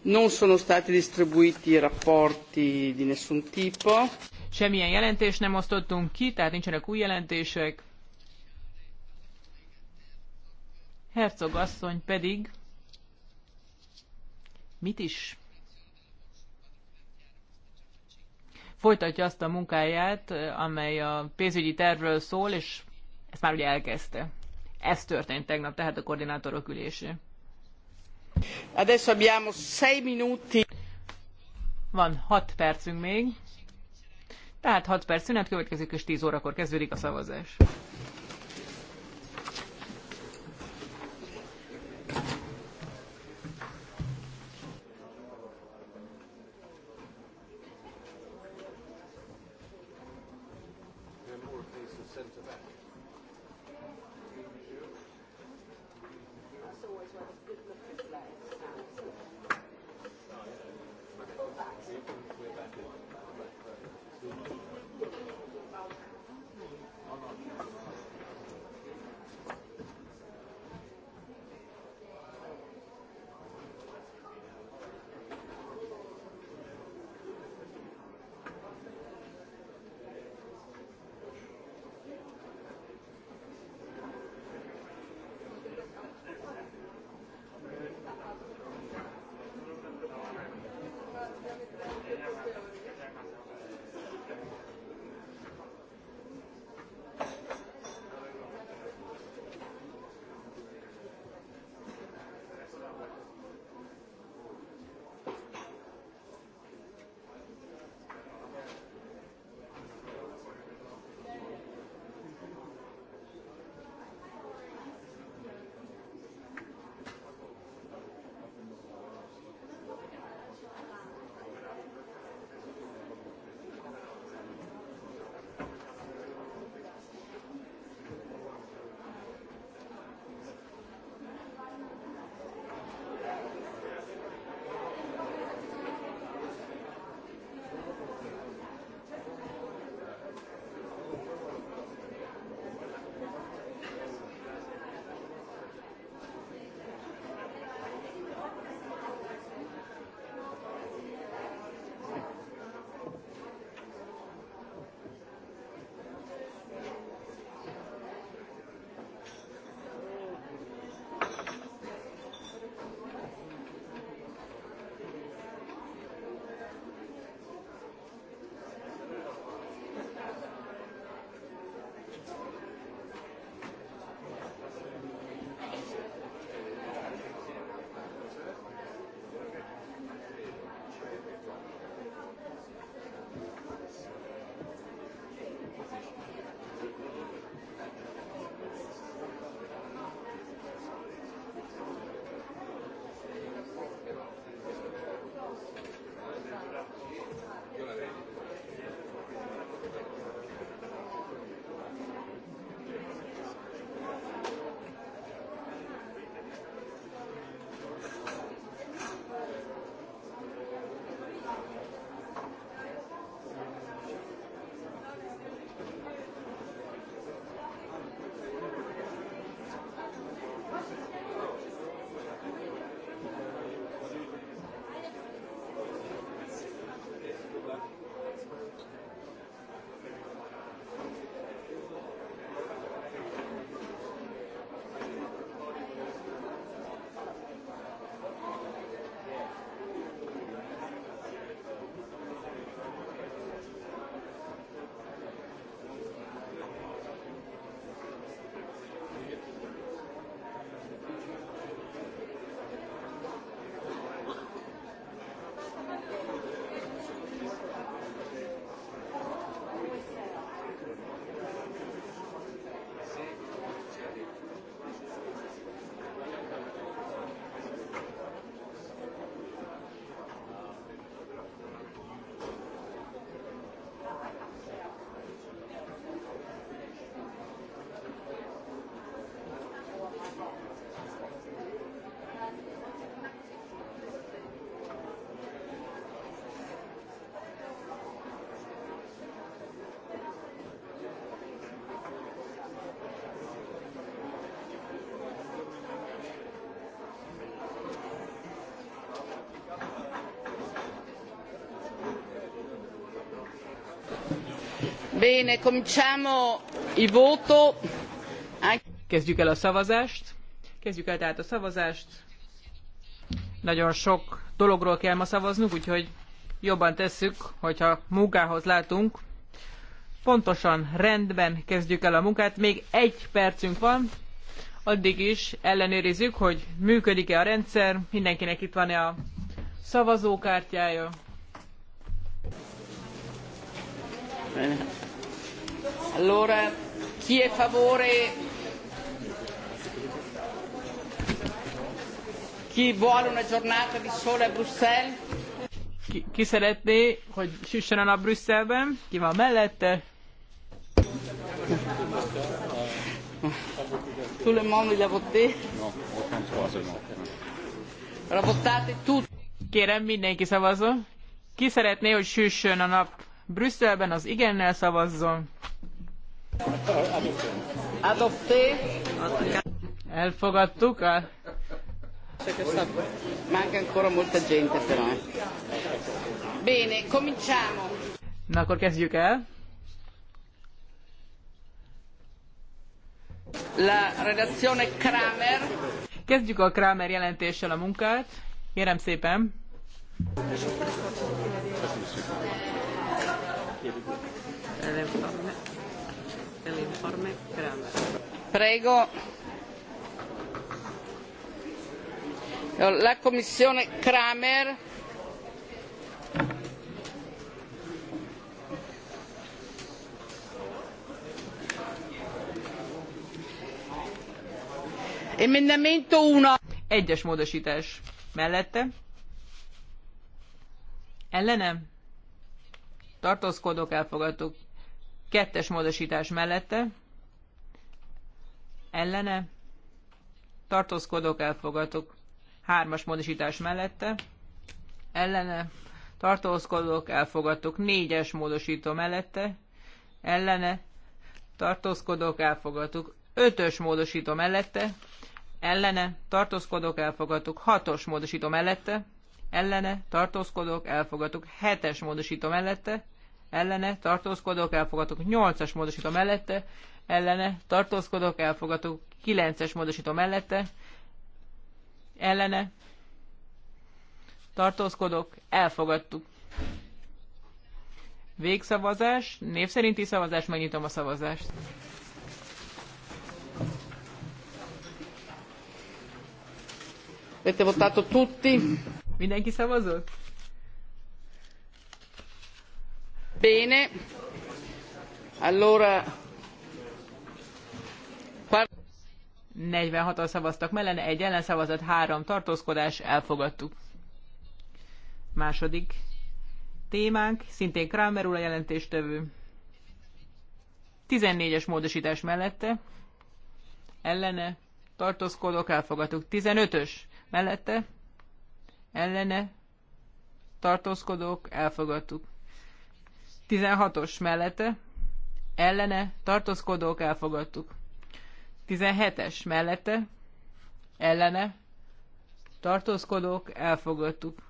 Non sono stati distribuiti rapporti di nessun tipo. Semmilyen jelentést nem osztottunk ki, tehát nincsenek új jelentések. Herzog asszony pedig mit is folytatja azt a munkáját, eh, amely a pénzügyi tervről szól, és ezt már ugye elkezdte. Ez történt tegnap, tehát a koordinátorok ülésé. Van 6 percünk még. Tehát 6 perc szünet következik, és 10 órakor kezdődik a szavazás. Bene, cominciamo il voto. Kezdjük el a szavazást. Kezdjük el tehát a szavazást. Nagyon sok dologról kell ma szavaznunk, úgyhogy jobban tesszük, hogyha munkához látunk. Pontosan rendben kezdjük el a munkát. Még egy percünk van, addig is ellenőrizzük, hogy működik-e a rendszer, mindenkinek itt van-e a szavazókártyája. Eh, Allora, chi è favore? Chi vuole una giornata di sole a Bruxelles? Ki, ki szeretné, hogy süssön a nap Brüsszelben? Ki van mellette? Tout le monde l'a voté? No, 83 seulement. votate tutti. Kérem, mindenki szavazza. Ki szeretné, hogy süssön a nap Brüsszelben, az igennel szavazzon. Adopté. Elfogadtuk a... Manca ancora molta gente però. Bene, cominciamo. Na akkor kezdjük el. La redazione Kramer. Kezdjük a Kramer jelentéssel a munkát. Kérem szépen. Köszönöm szépen el informe Kramer. Prego. La Commissione Kramer. Emendamento 1. Egyes módosítás mellette. Ellenem. Tartózkodok, elfogadtuk. Kettes módosítás mellette ellene tartózkodok, elfogadok. Hármas módosítás mellette ellene tartózkodok, elfogadok. Négyes módosító mellette ellene tartózkodok, elfogadok. Ötös módosító mellette ellene tartózkodok, elfogadok. Hatos módosító mellette ellene tartózkodok, elfogadok. Hetes módosító mellette ellene tartózkodok, elfogadok 8-as módosító mellette, ellene tartózkodok, elfogadok 9-es módosító mellette, ellene tartózkodok, elfogadtuk. Végszavazás, név szerinti szavazás, megnyitom a szavazást. Avete votato tutti? Mindenki szavazott? Bene. Allora... 46-an szavaztak mellene, egy ellenszavazat, három tartózkodás, elfogadtuk. Második témánk, szintén Kramer úr a jelentéstevő. 14-es módosítás mellette, ellene, tartózkodók, elfogadtuk. 15-ös mellette, ellene, tartózkodók, elfogadtuk. 16-os mellette ellene tartózkodók elfogadtuk. 17-es mellette ellene tartózkodók elfogadtuk.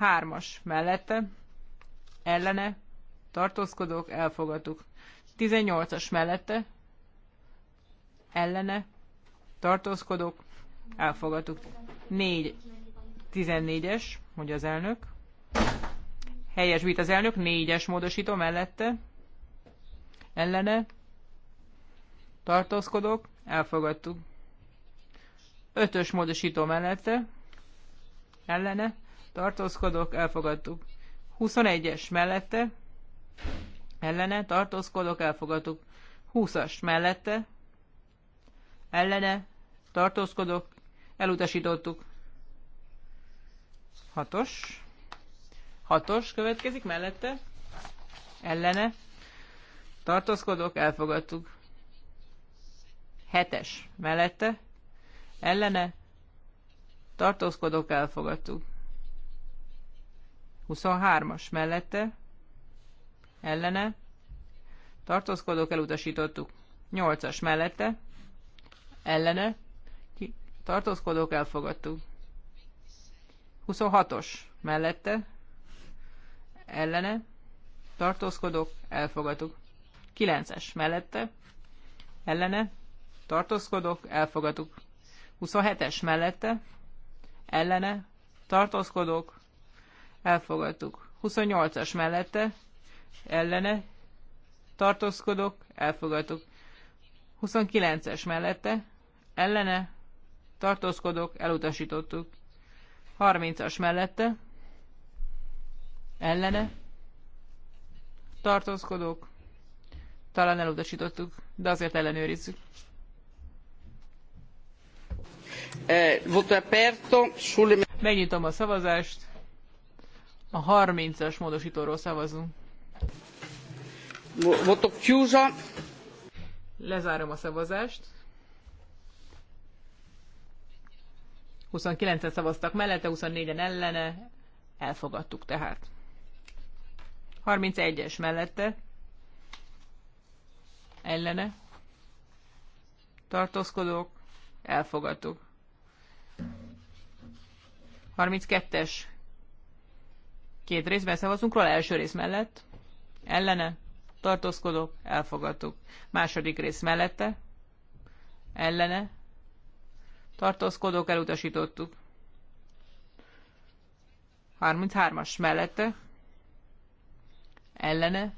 3-as mellette ellene tartózkodók elfogadtuk. 18-as mellette ellene tartózkodók elfogadtuk. 4 14-es, mondja az elnök helyes Helyesbít az elnök, négyes módosító mellette. Ellene. Tartózkodok. Elfogadtuk. Ötös módosító mellette. Ellene. Tartózkodok. Elfogadtuk. 21-es mellette. Ellene. Tartózkodok. Elfogadtuk. 20-as mellette. Ellene. Tartózkodok. Elutasítottuk. 6-os Hatos következik mellette. Ellene. Tartózkodok, elfogadtuk. Hetes mellette. Ellene. Tartózkodok, elfogadtuk. 23-as mellette. Ellene. Tartózkodók, elutasítottuk. 8-as mellette. Ellene. Tartózkodók, elfogadtuk. 26-os mellette ellene, tartózkodok, elfogadok. 9-es mellette, ellene, tartózkodok, elfogadok. 27-es mellette, ellene, tartózkodok, elfogadtuk. 28-as mellette, ellene, tartózkodok, elfogadtuk. 29-es mellette, ellene, tartózkodok, elutasítottuk. 30-as mellette, ellene tartózkodók, talán elutasítottuk, de azért ellenőrizzük. Eh, Megnyitom a szavazást. A 30-as módosítóról szavazunk. Lezárom a szavazást. 29-en szavaztak mellette, 24-en ellene. Elfogadtuk tehát. 31-es mellette ellene tartózkodók elfogadtuk. 32-es két részben szavazunk róla, első rész mellett ellene tartózkodók elfogadtuk. Második rész mellette ellene tartózkodók elutasítottuk. 33-as mellette ellene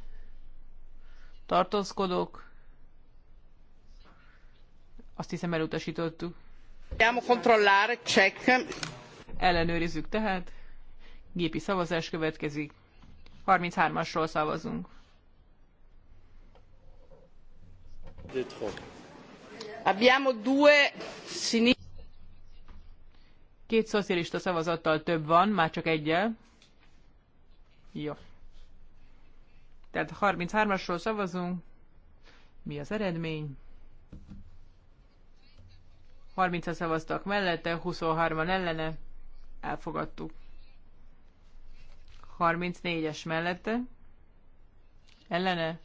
tartózkodok. Azt hiszem elutasítottuk. Ellenőrizzük tehát. Gépi szavazás következik. 33-asról szavazunk. Abbiamo due Két szocialista szavazattal több van, már csak egyel. Jó. Tehát 33-asról szavazunk. Mi az eredmény? 30-a szavaztak mellette, 23-an ellene. Elfogadtuk. 34-es mellette. Ellene.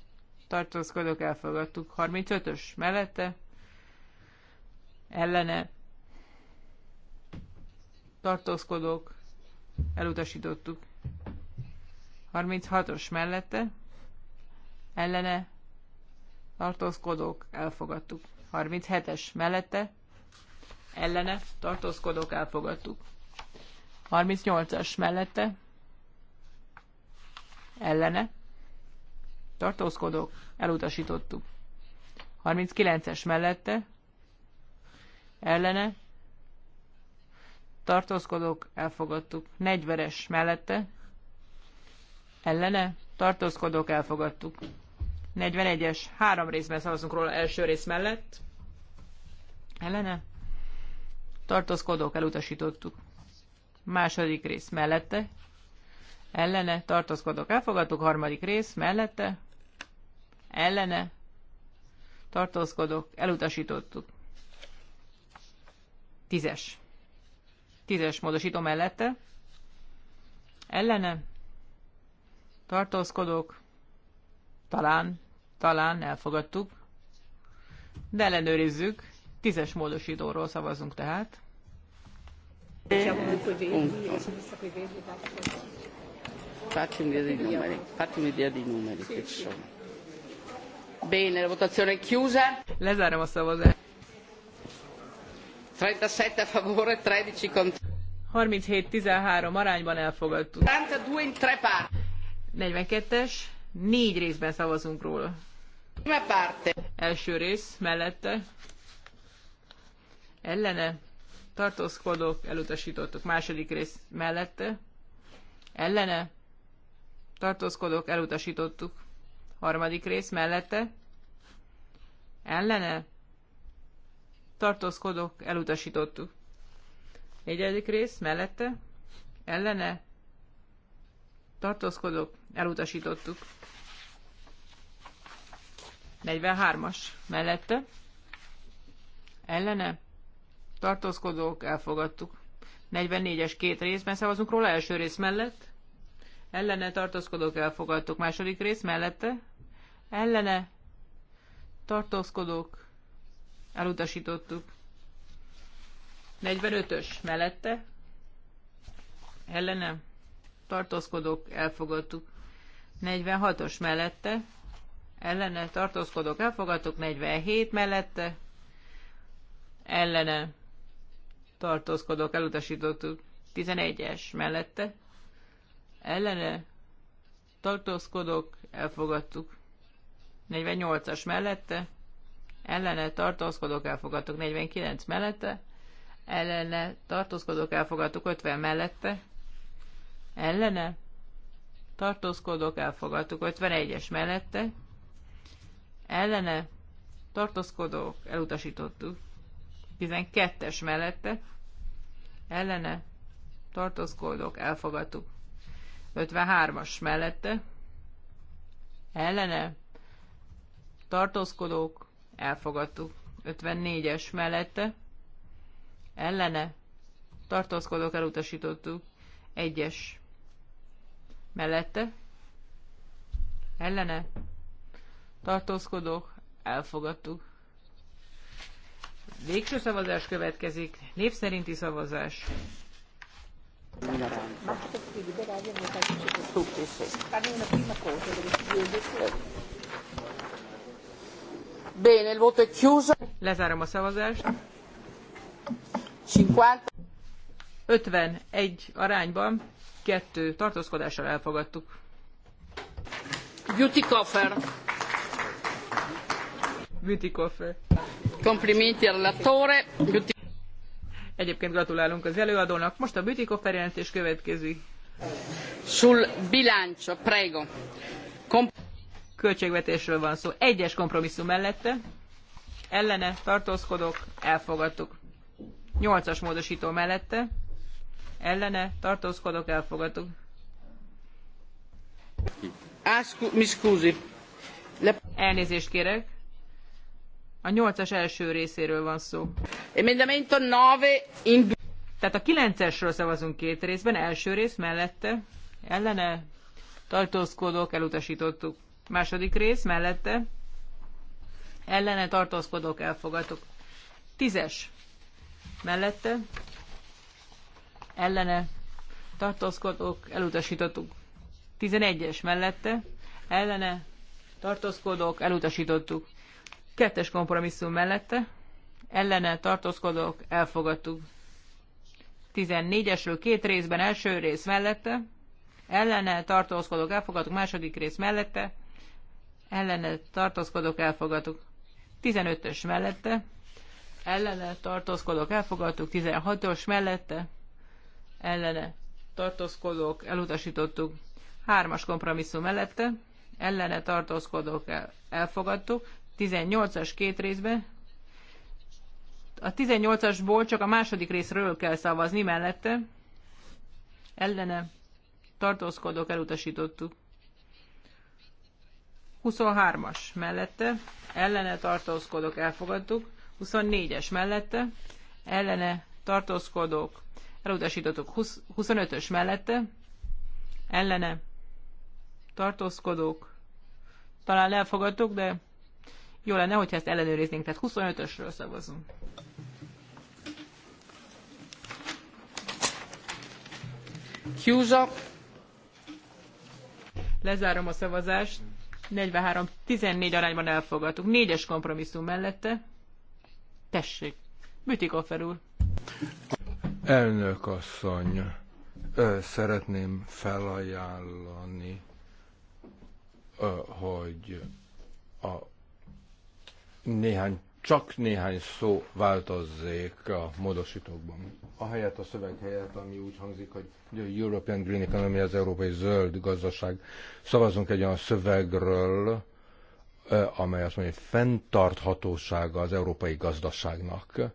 Tartózkodok, elfogadtuk. 35-ös mellette. Ellene. Tartózkodok, Elutasítottuk. 36-os mellette ellene tartózkodók elfogadtuk. 37-es mellette ellene tartózkodók elfogadtuk. 38-as mellette ellene tartózkodók elutasítottuk. 39-es mellette ellene tartózkodók elfogadtuk. 40-es mellette ellene tartózkodók, elfogadtuk. 41-es, három részben szavazunk róla, első rész mellett. Ellene? Tartózkodók, elutasítottuk. Második rész mellette. Ellene, tartózkodók, elfogadtuk. Harmadik rész mellette. Ellene, tartózkodók, elutasítottuk. Tízes. Tízes módosító mellette. Ellene, tartózkodók, talán, talán elfogadtuk, de ellenőrizzük, tízes módosítóról szavazunk tehát. Bene, la votazione è chiusa. Lezárom a szavazást. 37 a favore, 13 contro. 37-13 arányban elfogadtuk. 32 in tre parti. 42-es, négy részben szavazunk róla. Első rész mellette. Ellene. Tartózkodok, elutasítottuk. Második rész mellette. Ellene. Tartózkodok, elutasítottuk. Harmadik rész mellette. Ellene. Tartózkodok, elutasítottuk. Negyedik rész mellette. Ellene. Tartózkodok, elutasítottuk. 43-as mellette, ellene, tartózkodók, elfogadtuk. 44-es két részben szavazunk róla, első rész mellett, ellene, tartózkodók, elfogadtuk. Második rész mellette, ellene, tartózkodók, elutasítottuk. 45-ös mellette, ellene, tartózkodók, elfogadtuk. 46-os mellette, ellene tartózkodók elfogadtuk, 47 mellette, ellene tartózkodók elutasítottuk, 11-es mellette, ellene tartózkodók elfogadtuk, 48-as mellette, ellene tartózkodók elfogadtuk, 49 mellette, ellene tartózkodók elfogadtuk, 50 mellette, ellene tartózkodok, elfogadtuk. 51-es mellette ellene tartózkodok, elutasítottuk. 12-es mellette ellene tartózkodok, elfogadtuk. 53-as mellette ellene tartózkodok, elfogadtuk. 54-es mellette ellene tartózkodok, elutasítottuk. 1-es mellette, ellene, tartózkodók, elfogadtuk. Végső szavazás következik, Népszerinti szavazás. Bene, il voto è chiuso. Lezárom a szavazást. 50. 51 arányban kettő tartózkodással elfogadtuk. Beauty coffer. Beauty coffer. Complimenti all'attore. Beauty... Egyébként gratulálunk az előadónak. Most a Beauty coffer jelentés következik. Sul bilancio, prego. Kom- Költségvetésről van szó. Egyes kompromisszum mellette. Ellene tartózkodok, elfogadtuk. Nyolcas módosító mellette ellene tartózkodok, elfogadtuk. Elnézést kérek. A nyolcas első részéről van szó. 9 Tehát a kilencesről szavazunk két részben, első rész mellette, ellene, tartózkodók, elutasítottuk. Második rész mellette, ellene, tartózkodók, elfogadtuk. Tízes mellette, ellene tartózkodók elutasítottuk. 11-es mellette ellene tartózkodók elutasítottuk. Kettes kompromisszum mellette ellene tartózkodók elfogadtuk. 14-esről két részben első rész mellette ellene tartózkodók elfogadtuk, második rész mellette ellene tartózkodók elfogadtuk. 15-ös mellette ellene tartózkodók elfogadtuk, 16-os mellette ellene tartózkodók elutasítottuk. Hármas kompromisszum mellette ellene tartózkodók el, elfogadtuk. 18-as két részben. A 18-asból csak a második részről kell szavazni mellette. Ellene tartózkodók elutasítottuk. 23-as mellette ellene tartózkodók elfogadtuk. 24-es mellette ellene tartózkodók elutasítottuk 25-ös mellette, ellene tartózkodók, talán elfogadtuk, de jó lenne, hogyha ezt ellenőriznénk, tehát 25-ösről szavazunk. Chiusa. Lezárom a szavazást. 43-14 arányban elfogadtuk. Négyes kompromisszum mellette. Tessék. Bütikoffer úr. Elnök asszony, szeretném felajánlani, hogy a néhány, csak néhány szó változzék a módosítókban. A helyet, a szöveg helyett, ami úgy hangzik, hogy the European Green Economy, az európai zöld gazdaság, szavazunk egy olyan szövegről, amely azt mondja, hogy fenntarthatósága az európai gazdaságnak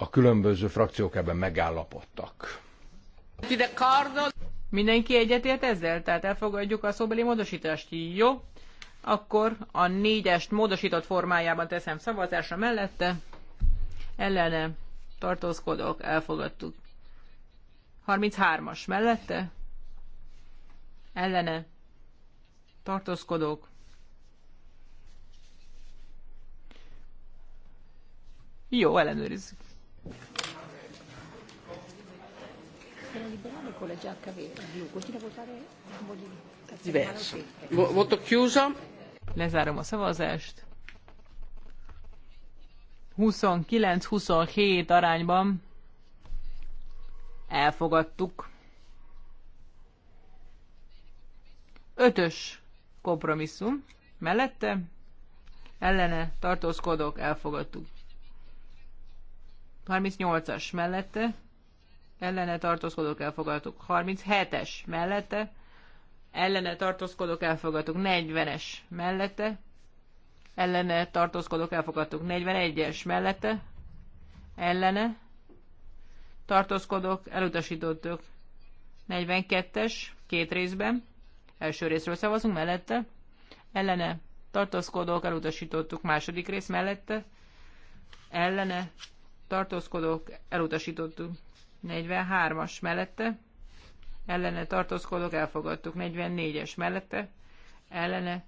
a különböző frakciók ebben megállapodtak. Mindenki egyetért ezzel? Tehát elfogadjuk a szóbeli módosítást? Jó. Akkor a négyest módosított formájában teszem szavazásra mellette. Ellene tartózkodok, elfogadtuk. 33-as mellette. Ellene tartózkodok, Jó, ellenőrizzük. Diverso. Voto chiuso. Lezárom a szavazást. 29-27 arányban elfogadtuk. Ötös kompromisszum. Mellette ellene tartózkodok, elfogadtuk. 38-as mellette, ellene tartózkodok, elfogadok. 37-es mellette, ellene tartózkodok, elfogadok. 40-es mellette, ellene tartózkodok, elfogadok. 41-es mellette, ellene tartózkodok, elutasítottuk. 42-es, két részben, első részről szavazunk mellette, ellene tartózkodok, elutasítottuk második rész mellette, ellene tartózkodók, elutasítottuk. 43-as mellette, ellene tartózkodók, elfogadtuk. 44-es mellette, ellene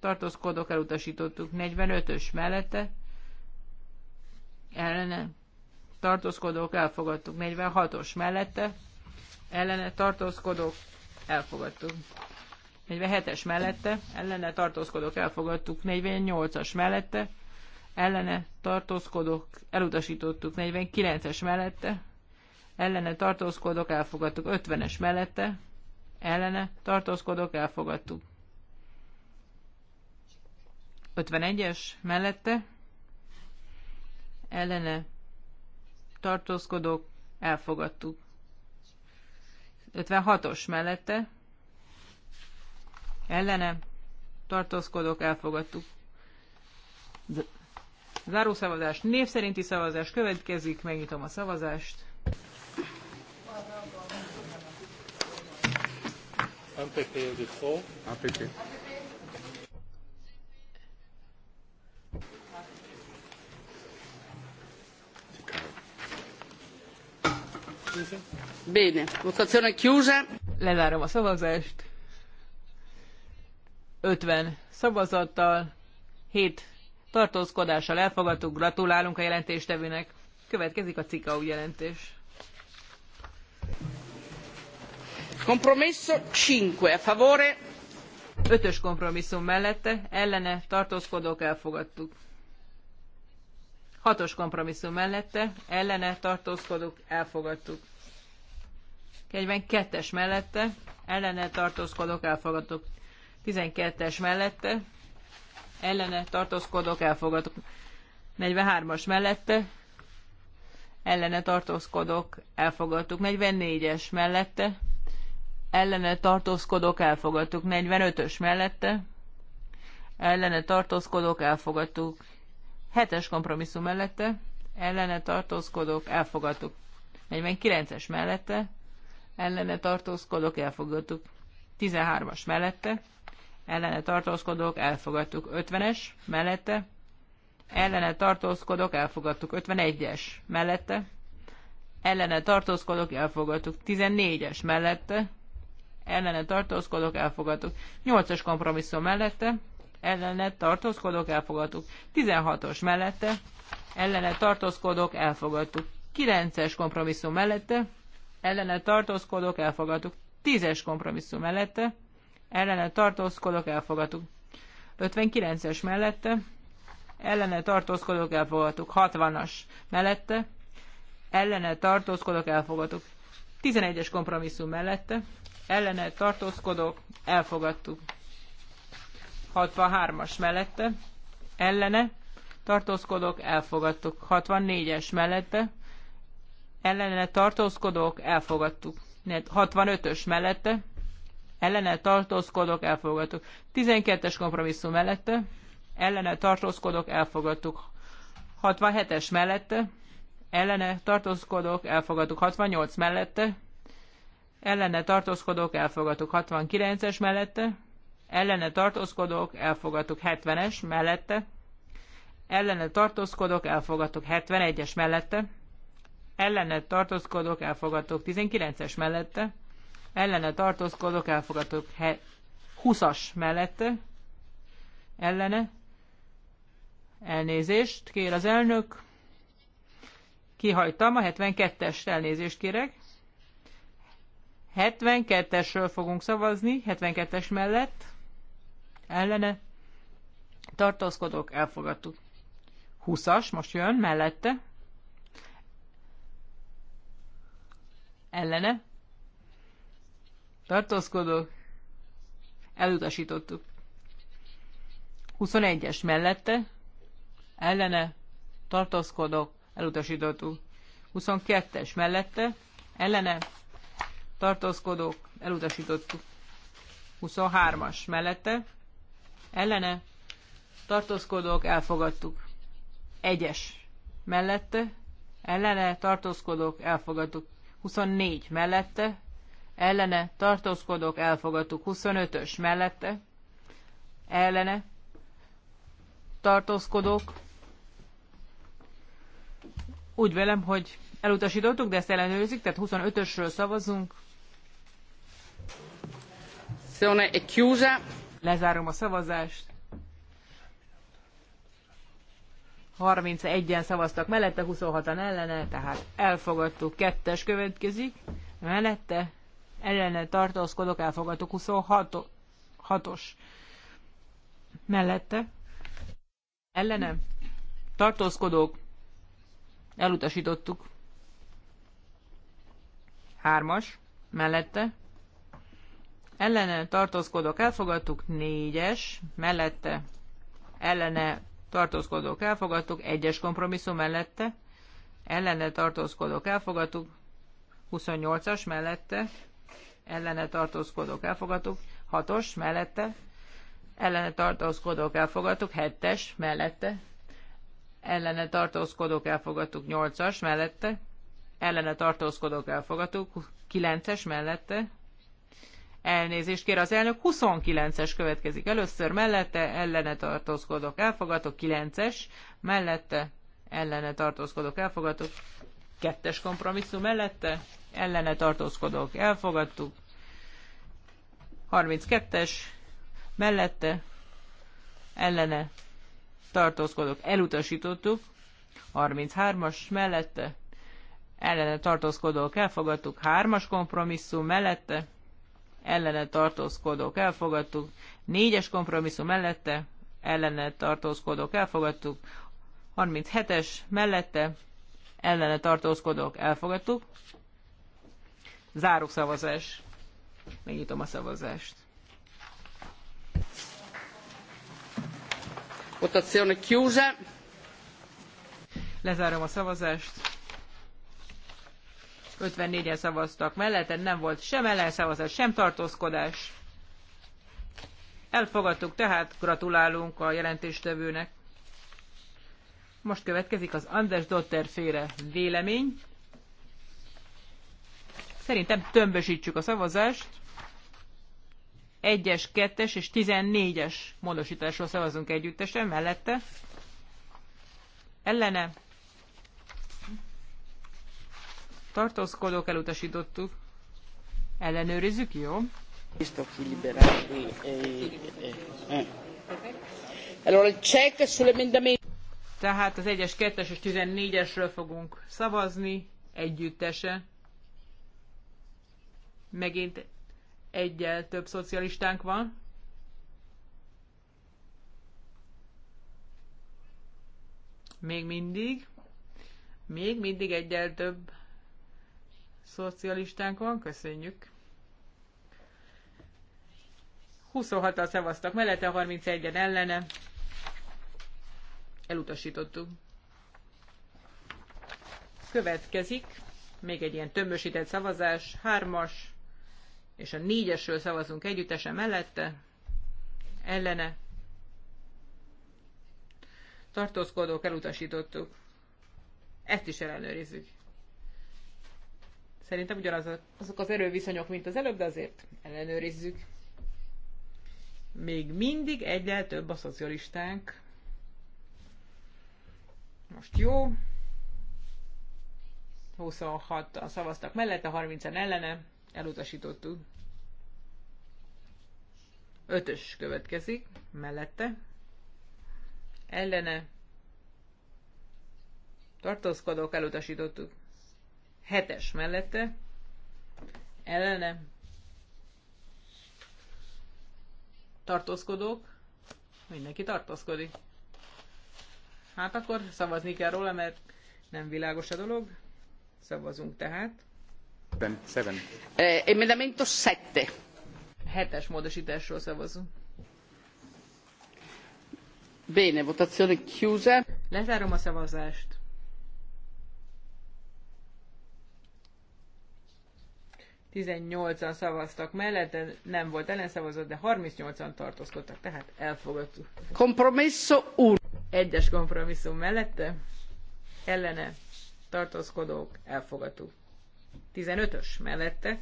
tartózkodók, elutasítottuk. 45-ös mellette, ellene tartózkodók, elfogadtuk. 46-os mellette, ellene tartózkodók, elfogadtuk. 47-es mellette, ellene tartózkodók, elfogadtuk. 48-as mellette, ellene tartózkodok, elutasítottuk 49-es mellette, ellene tartózkodok, elfogadtuk 50-es mellette, ellene tartózkodok, elfogadtuk. 51-es mellette, ellene tartózkodok, elfogadtuk. 56-os mellette, ellene tartózkodok, elfogadtuk. Zárószavazás, név szerinti szavazás következik, megnyitom a szavazást. Bene, votazione chiusa. Lezárom a szavazást. 50 szavazattal, 7 tartózkodással elfogadtuk, gratulálunk a jelentéstevőnek. Következik a cikau jelentés. Kompromisszum 5 a favore. Ötös kompromisszum mellette, ellene tartózkodók elfogadtuk. Hatos kompromisszum mellette, ellene tartózkodók elfogadtuk. 42 kettes mellette, ellene tartózkodók elfogadtuk. 12-es mellette, ellene tartózkodok, elfogadok. 43-as mellette ellene tartózkodok, elfogadtuk. 44-es mellette ellene tartózkodok, elfogadtuk. 45-ös mellette ellene tartózkodok, elfogadtuk. 7-es kompromisszum mellette ellene tartózkodok, elfogadtuk. 49-es mellette ellene tartózkodok, elfogadtuk. 13-as mellette ellene tartózkodók, elfogadtuk. 50-es, mellette, ellene tartózkodók, elfogadtuk. 51-es, mellette, ellene tartózkodók, elfogadtuk. 14-es, mellette, ellene tartózkodók, elfogadtuk. 8-as kompromisszum mellette, ellene tartózkodók, elfogadtuk. 16-os mellette, ellene tartózkodók, elfogadtuk. 9-es kompromisszum mellette, ellene tartózkodók, elfogadtuk. 10-es kompromisszum mellette, ellene tartózkodok, elfogadtuk. 59-es mellette, ellene tartózkodok, elfogadtuk. 60-as mellette, ellene tartózkodok, elfogadtuk. 11-es kompromisszum mellette, ellene tartózkodok, elfogadtuk. 63-as mellette, ellene tartózkodok, elfogadtuk. 64-es mellette, ellene tartózkodok, elfogadtuk. 65-ös mellette, ellene tartózkodok, elfogadtuk. 12-es kompromisszum mellette, ellene tartózkodok, elfogadtuk. 67-es mellette, ellene tartózkodok, elfogadtuk. 68 mellette, ellene tartózkodok, elfogadtuk. 69-es mellette, ellene tartózkodok, elfogadtuk. 70-es mellette, ellene tartózkodok, elfogadtuk. 71-es mellette, ellene tartózkodok, elfogadtuk. 19-es mellette, ellene tartózkodok, elfogadok 20-as mellett ellene, elnézést kér az elnök, kihajtam, a 72-es elnézést kérek, 72-esről fogunk szavazni, 72-es mellett, ellene, tartózkodok, elfogadtuk. 20-as most jön mellette, ellene, tartózkodók, elutasítottuk. 21-es mellette, ellene, tartózkodók, elutasítottuk. 22-es mellette, ellene, tartózkodók, elutasítottuk. 23-as mellette, ellene, tartózkodók, elfogadtuk. 1-es mellette, ellene, tartózkodók, elfogadtuk. 24 mellette, ellene tartózkodók elfogadtuk 25-ös mellette, ellene tartózkodók. Úgy velem, hogy elutasítottuk, de ezt ellenőrizik, tehát 25-ösről szavazunk. Lezárom a szavazást. 31-en szavaztak mellette, 26-an ellene, tehát elfogadtuk. Kettes következik, mellette ellene tartózkodok, elfogadok 26-os mellette, ellene tartózkodók, elutasítottuk. Hármas, mellette, ellene tartózkodók, elfogadtuk, négyes, mellette, ellene tartózkodók, elfogadtuk, egyes kompromisszum mellette, ellene tartózkodók, elfogadtuk, 28-as mellette, ellene tartózkodók elfogadtuk, 6-os mellette, ellene tartózkodók elfogadtuk, 7-es mellette, ellene tartózkodók elfogadtuk, 8-as mellette, ellene tartózkodók elfogadtuk, 9-es mellette, Elnézést kér az elnök, 29-es következik először, mellette ellene tartózkodok, elfogadok, 9-es, mellette ellene tartózkodok, elfogadok, Kettes kompromisszum mellette ellene tartózkodók elfogadtuk. 32-es mellette ellene tartózkodók elutasítottuk. 33-as mellette ellene tartózkodók elfogadtuk. 3-as kompromisszum mellette ellene tartózkodók elfogadtuk. 4-es kompromisszum mellette ellene tartózkodók elfogadtuk. 37-es mellette ellene tartózkodók elfogadtuk. Záró szavazás. Megnyitom a szavazást. Votazione chiusa. Lezárom a szavazást. 54-en szavaztak mellette, nem volt sem ellenszavazás, sem tartózkodás. Elfogadtuk, tehát gratulálunk a jelentéstevőnek. Most következik az Anders Dotter féle vélemény. Szerintem tömbösítsük a szavazást. 1-es, 2-es és 14-es módosításról szavazunk együttesen, mellette. Ellene. Tartózkodók elutasítottuk. Ellenőrizzük, jó? E, e, e. Eh. Allora, check sull'emendamento. Tehát az 1-es, 2-es és 14-esről fogunk szavazni együttesen. Megint egyel több szocialistánk van. Még mindig. Még mindig egyel több szocialistánk van. Köszönjük. 26-tal szavaztak mellette, 31-en ellene. Elutasítottuk. Következik még egy ilyen tömbösített szavazás, hármas, és a négyesről szavazunk együttesen mellette, ellene. Tartózkodók elutasítottuk. Ezt is ellenőrizzük. Szerintem ugyanaz a, azok az erőviszonyok, mint az előbb, de azért ellenőrizzük. Még mindig egyel több a szocialistánk most jó. 26-an szavaztak mellette, 30-en ellene, elutasítottuk. 5-ös következik, mellette, ellene, tartózkodók, elutasítottuk. 7-es mellette, ellene, tartózkodók, mindenki tartózkodik. Hát akkor szavazni kell róla, mert nem világos a dolog. Szavazunk tehát. Eh, emendamento 7. Hetes módosításról szavazunk. Bene, votazione chiusa. Lezárom a szavazást. Tizennyolcan szavaztak mellette, nem volt ellenszavazat, de 38-an tartózkodtak, tehát elfogadtuk. Kompromisso úr. Egyes kompromisszum mellette ellene tartózkodók elfogadtuk. 15-ös mellette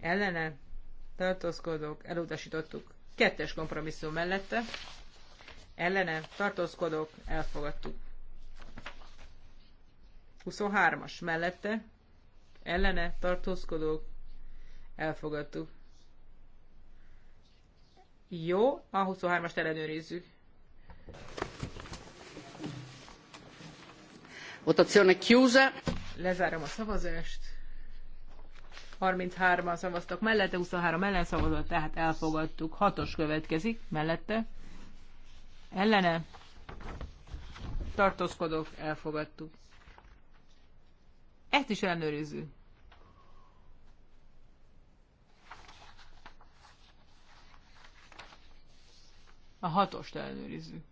ellene tartózkodók elutasítottuk. Kettes kompromisszum mellette ellene tartózkodók elfogadtuk. 23-as mellette ellene tartózkodók elfogadtuk. Jó, a 23-ast ellenőrizzük. Votazione chiusa. Lezárom a szavazást. 33-an szavaztak mellette, 23 ellen szavazott, tehát elfogadtuk. Hatos következik mellette. Ellene. Tartózkodok, elfogadtuk. Ezt is ellenőrizzük. A hatost ellenőrizzük.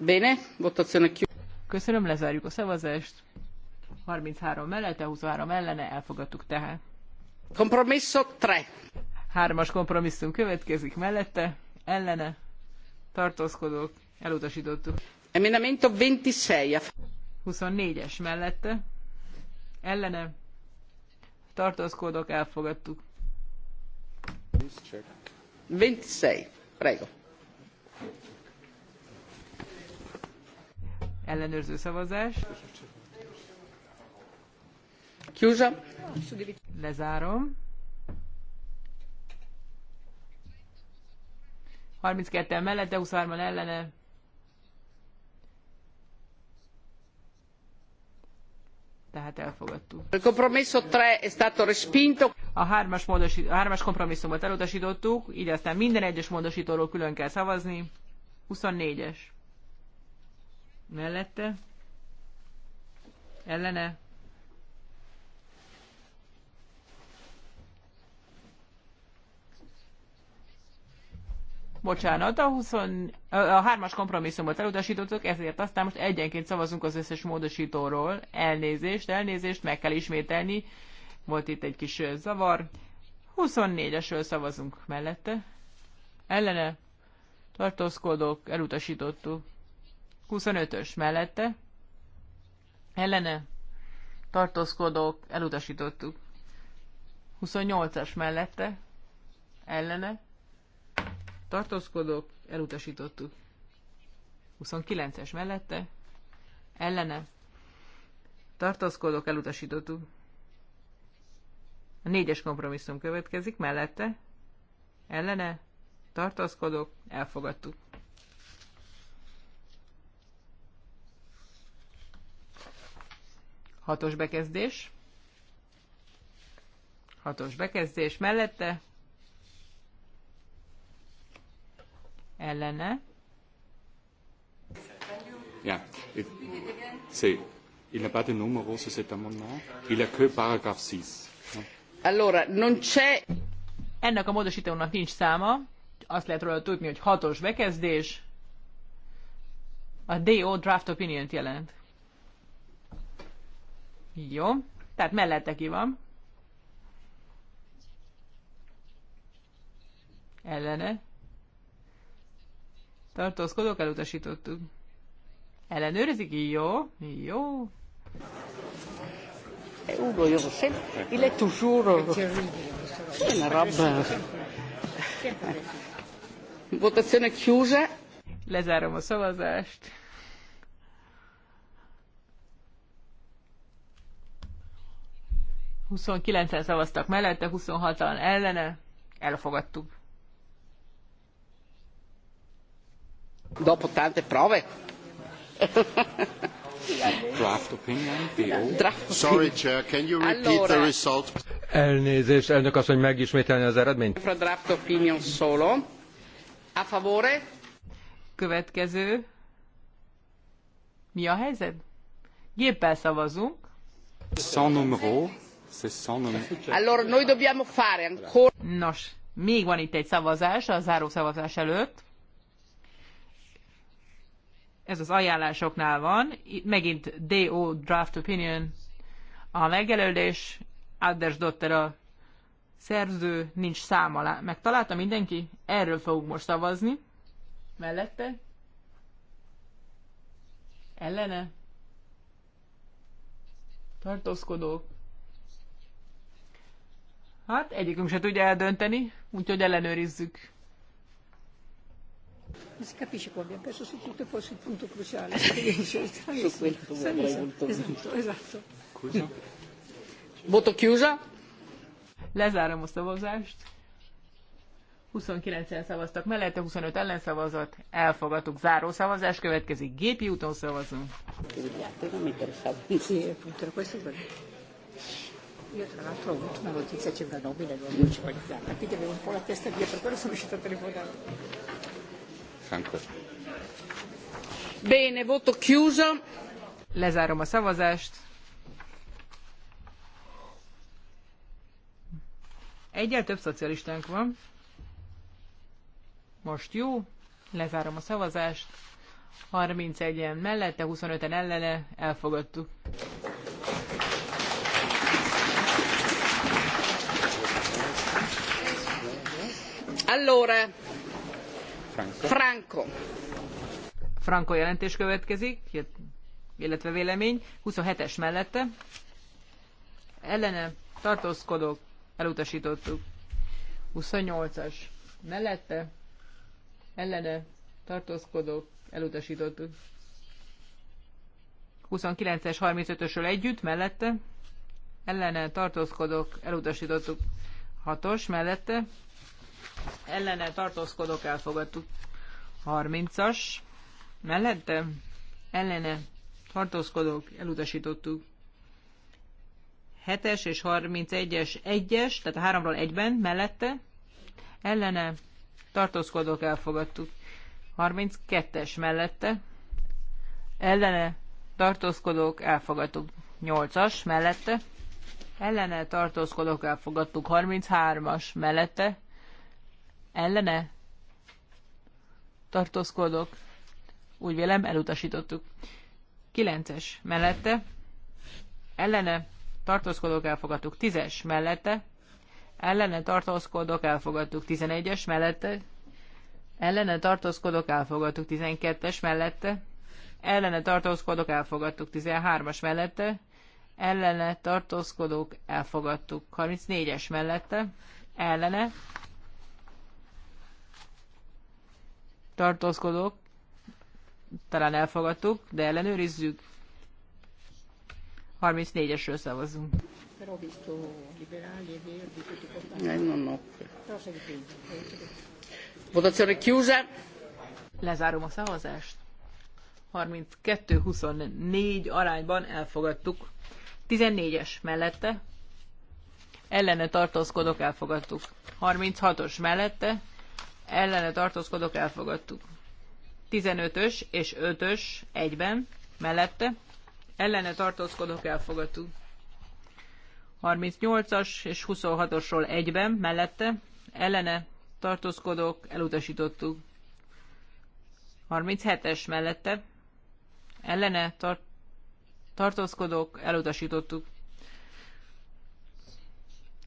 Bene, votazione Köszönöm, lezárjuk a szavazást. 33 mellette, 23 ellene, elfogadtuk tehát. Kompromisszum 3. Hármas kompromisszum következik mellette, ellene, tartózkodók, elutasítottuk. Emendamento 26. 24-es mellette, ellene, tartózkodók, elfogadtuk. 26. Prego. ellenőrző szavazás. Kiúza. Lezárom. 32-en mellette, 23-an ellene. Tehát elfogadtuk. A kompromisszum 3 è stato respinto. A hármas, módosít, a hármas kompromisszumot elutasítottuk, így aztán minden egyes módosítóról külön kell szavazni. 24-es mellette, ellene, Bocsánat, a, 20, a hármas kompromisszumot elutasítottuk, ezért aztán most egyenként szavazunk az összes módosítóról. Elnézést, elnézést, meg kell ismételni. Volt itt egy kis zavar. 24-esről szavazunk mellette. Ellene tartózkodók, elutasítottuk. 25-ös mellette, ellene tartózkodók elutasítottuk. 28-as mellette, ellene tartózkodók elutasítottuk. 29-es mellette, ellene tartózkodók elutasítottuk. A négyes kompromisszum következik, mellette, ellene tartózkodók elfogadtuk. Hatos bekezdés. Hatos bekezdés mellette. Ellene. Ja, It, c'est, il n'a pas de numéro sur cet amendement. Il a que paragraphe 6. Allora, non c'è... Ennek a módosítónak nincs száma. Azt lehet róla tudni, hogy hatos bekezdés. A DO draft opinion jelent. Jó, tehát mellette ki van. Ellene. Tartózkodók elutasítottuk. Ellenőrzik? Jó, jó. Uno, io lo so, il è toujours... È una roba... Votazione chiusa. Lezárom a szavazást. 29-en szavaztak mellette, 26-an ellene, elfogadtuk. Dopo tante prove. Draft opinion, BO. Sorry, Chair, can you repeat the result? Elnézést, elnök azt hogy megismételni az eredményt? Draft opinion solo. A favore. Következő. Mi a helyzet? Géppel szavazunk. Sans numéro. Nos, még van itt egy szavazás a zárószavazás szavazás előtt. Ez az ajánlásoknál van. Itt megint DO Draft Opinion a megjelölés. Adders Dotter a szerző, nincs száma. Megtalálta mindenki? Erről fogunk most szavazni. Mellette? Ellene? Tartózkodók? Hát egyikünk se tudja eldönteni, úgyhogy ellenőrizzük. Si capisce qua abbiamo perso su tutto e poi sul punto cruciale. Esatto, esatto. Voto chiusa. Lezárom a szavazást. 29-en szavaztak mellette, 25 ellenszavazat, elfogadtuk. Záró szavazás következik, gépi úton szavazunk. Tudjátok, amit Io tra l'altro l'ultima notizia c'è una nomina, non voce qualificata, quindi avevo un po' la testa via, per quello sono riuscita a telefonare. Bene, voto chiuso. Lezárom a szavazást. Egyel több szocialistánk van. Most jó, lezárom a szavazást. 31-en mellette, 25-en ellene, elfogadtuk. Allora, Franco. Franco. jelentés következik, illetve vélemény, 27-es mellette. Ellene tartózkodok, elutasítottuk. 28-as mellette, ellene tartózkodok, elutasítottuk. 29-es, 35-ösről együtt, mellette, ellene tartózkodok, elutasítottuk. 6-os mellette, ellene tartózkodok, elfogadtuk. 30-as mellette ellene tartózkodok, elutasítottuk. 7-es és 31-es 1-es, tehát a 3-ról 1-ben mellette ellene tartózkodok, elfogadtuk. 32-es mellette ellene tartózkodók, elfogadtuk 8-as mellette, ellene tartózkodók, elfogadtuk 33-as mellette, ellene tartózkodok, úgy vélem elutasítottuk. 9-es mellette ellene tartózkodok, elfogadtuk. 10-es mellette ellene tartózkodok, elfogadtuk. 11-es mellette ellene tartózkodok, elfogadtuk. 12-es mellette ellene tartózkodok, elfogadtuk. 13-as mellette ellene tartózkodók elfogadtuk. 34-es mellette ellene tartózkodók, talán elfogadtuk, de ellenőrizzük. 34-esről szavazunk. Votazione chiusa. Lezárom a szavazást. 32-24 arányban elfogadtuk. 14-es mellette. Ellene tartózkodok, elfogadtuk. 36-os mellette ellene tartózkodok, elfogadtuk. 15-ös és 5-ös egyben, mellette, ellene tartózkodok, elfogadtuk. 38-as és 26-osról egyben, mellette, ellene tartózkodok, elutasítottuk. 37-es mellette, ellene tar- tartózkodok, elutasítottuk.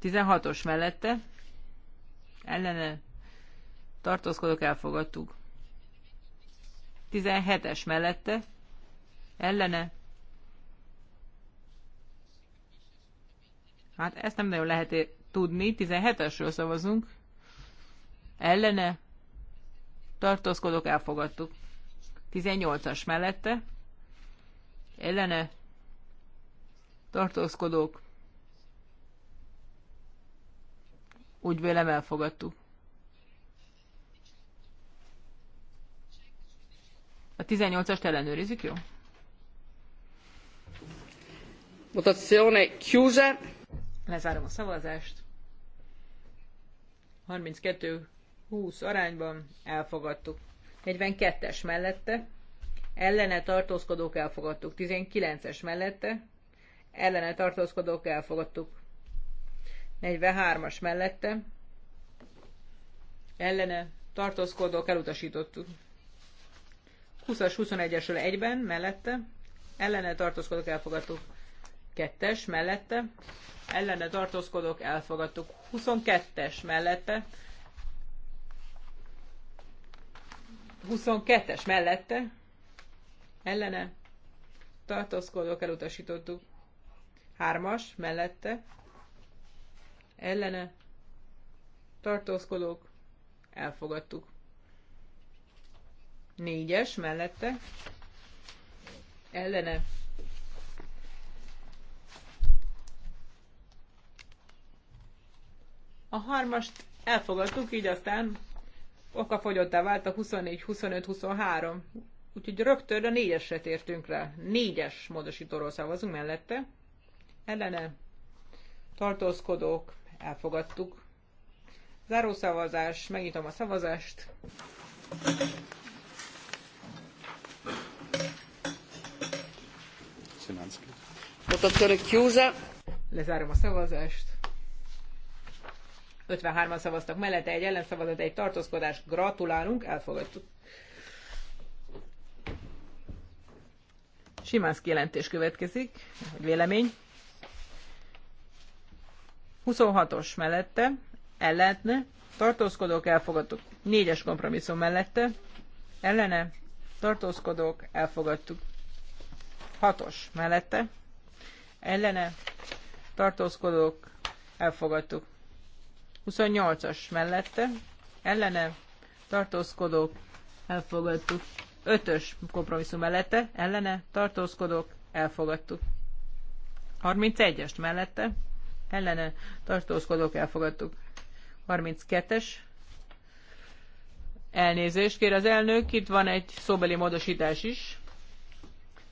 16-os mellette, ellene tartózkodok, elfogadtuk. 17-es mellette, ellene. Hát ezt nem nagyon lehet tudni, 17-esről szavazunk. Ellene, tartózkodok, elfogadtuk. 18-as mellette, ellene, tartózkodók, úgy vélem elfogadtuk. A 18-ast ellenőrizzük, jó? Votazione chiusa. Lezárom a szavazást. 32-20 arányban elfogadtuk. 42-es mellette, ellene tartózkodók elfogadtuk. 19-es mellette, ellene tartózkodók elfogadtuk. 43-as mellette, ellene tartózkodók elutasítottuk. 20-as, 21-esről egyben, mellette, ellene tartózkodok, elfogadtuk. Kettes, mellette, ellene tartózkodok, elfogadtuk. 22-es, mellette, 22-es mellette, ellene, tartózkodok, elutasítottuk. 3-as, mellette, ellene, tartózkodok, elfogadtuk. Négyes mellette ellene A harmast elfogadtuk, így aztán okafogyottá vált a 24, 25, 23. Úgyhogy rögtön a négyesre tértünk rá. Négyes módosítóról szavazunk mellette. Ellene tartózkodók, elfogadtuk. Zárószavazás, megnyitom a szavazást. Finanszki. Votazione chiusa. Lezárom a szavazást. 53-an szavaztak mellette, egy ellenszavazat, egy tartózkodás. Gratulálunk, elfogadtuk. Simánszki jelentés következik, hogy vélemény. 26-os mellette, ellentne, tartózkodók elfogadtuk. 4-es kompromisszum mellette, ellene, tartózkodók elfogadtuk hatos mellette, ellene tartózkodók elfogadtuk. 28-as mellette, ellene tartózkodók elfogadtuk. 5-ös kompromisszum mellette, ellene tartózkodók elfogadtuk. 31-est mellette, ellene tartózkodók elfogadtuk. 32-es elnézést kér az elnök, itt van egy szóbeli módosítás is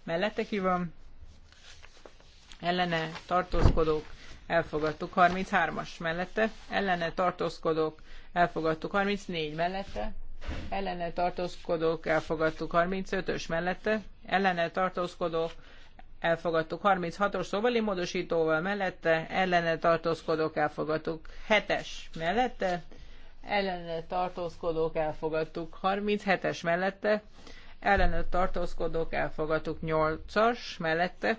mellette ki van, ellene tartózkodók, elfogadtuk 33-as mellette, ellene tartózkodók, elfogadtuk 34 mellette, ellene tartózkodók, elfogadtuk 35-ös mellette, ellene tartózkodók, elfogadtuk 36-os szóvali módosítóval mellette, ellene tartózkodók, elfogadtuk 7-es mellette, ellene tartózkodók, elfogadtuk 37-es mellette, ellenőtt tartózkodók elfogadtuk 8-as mellette,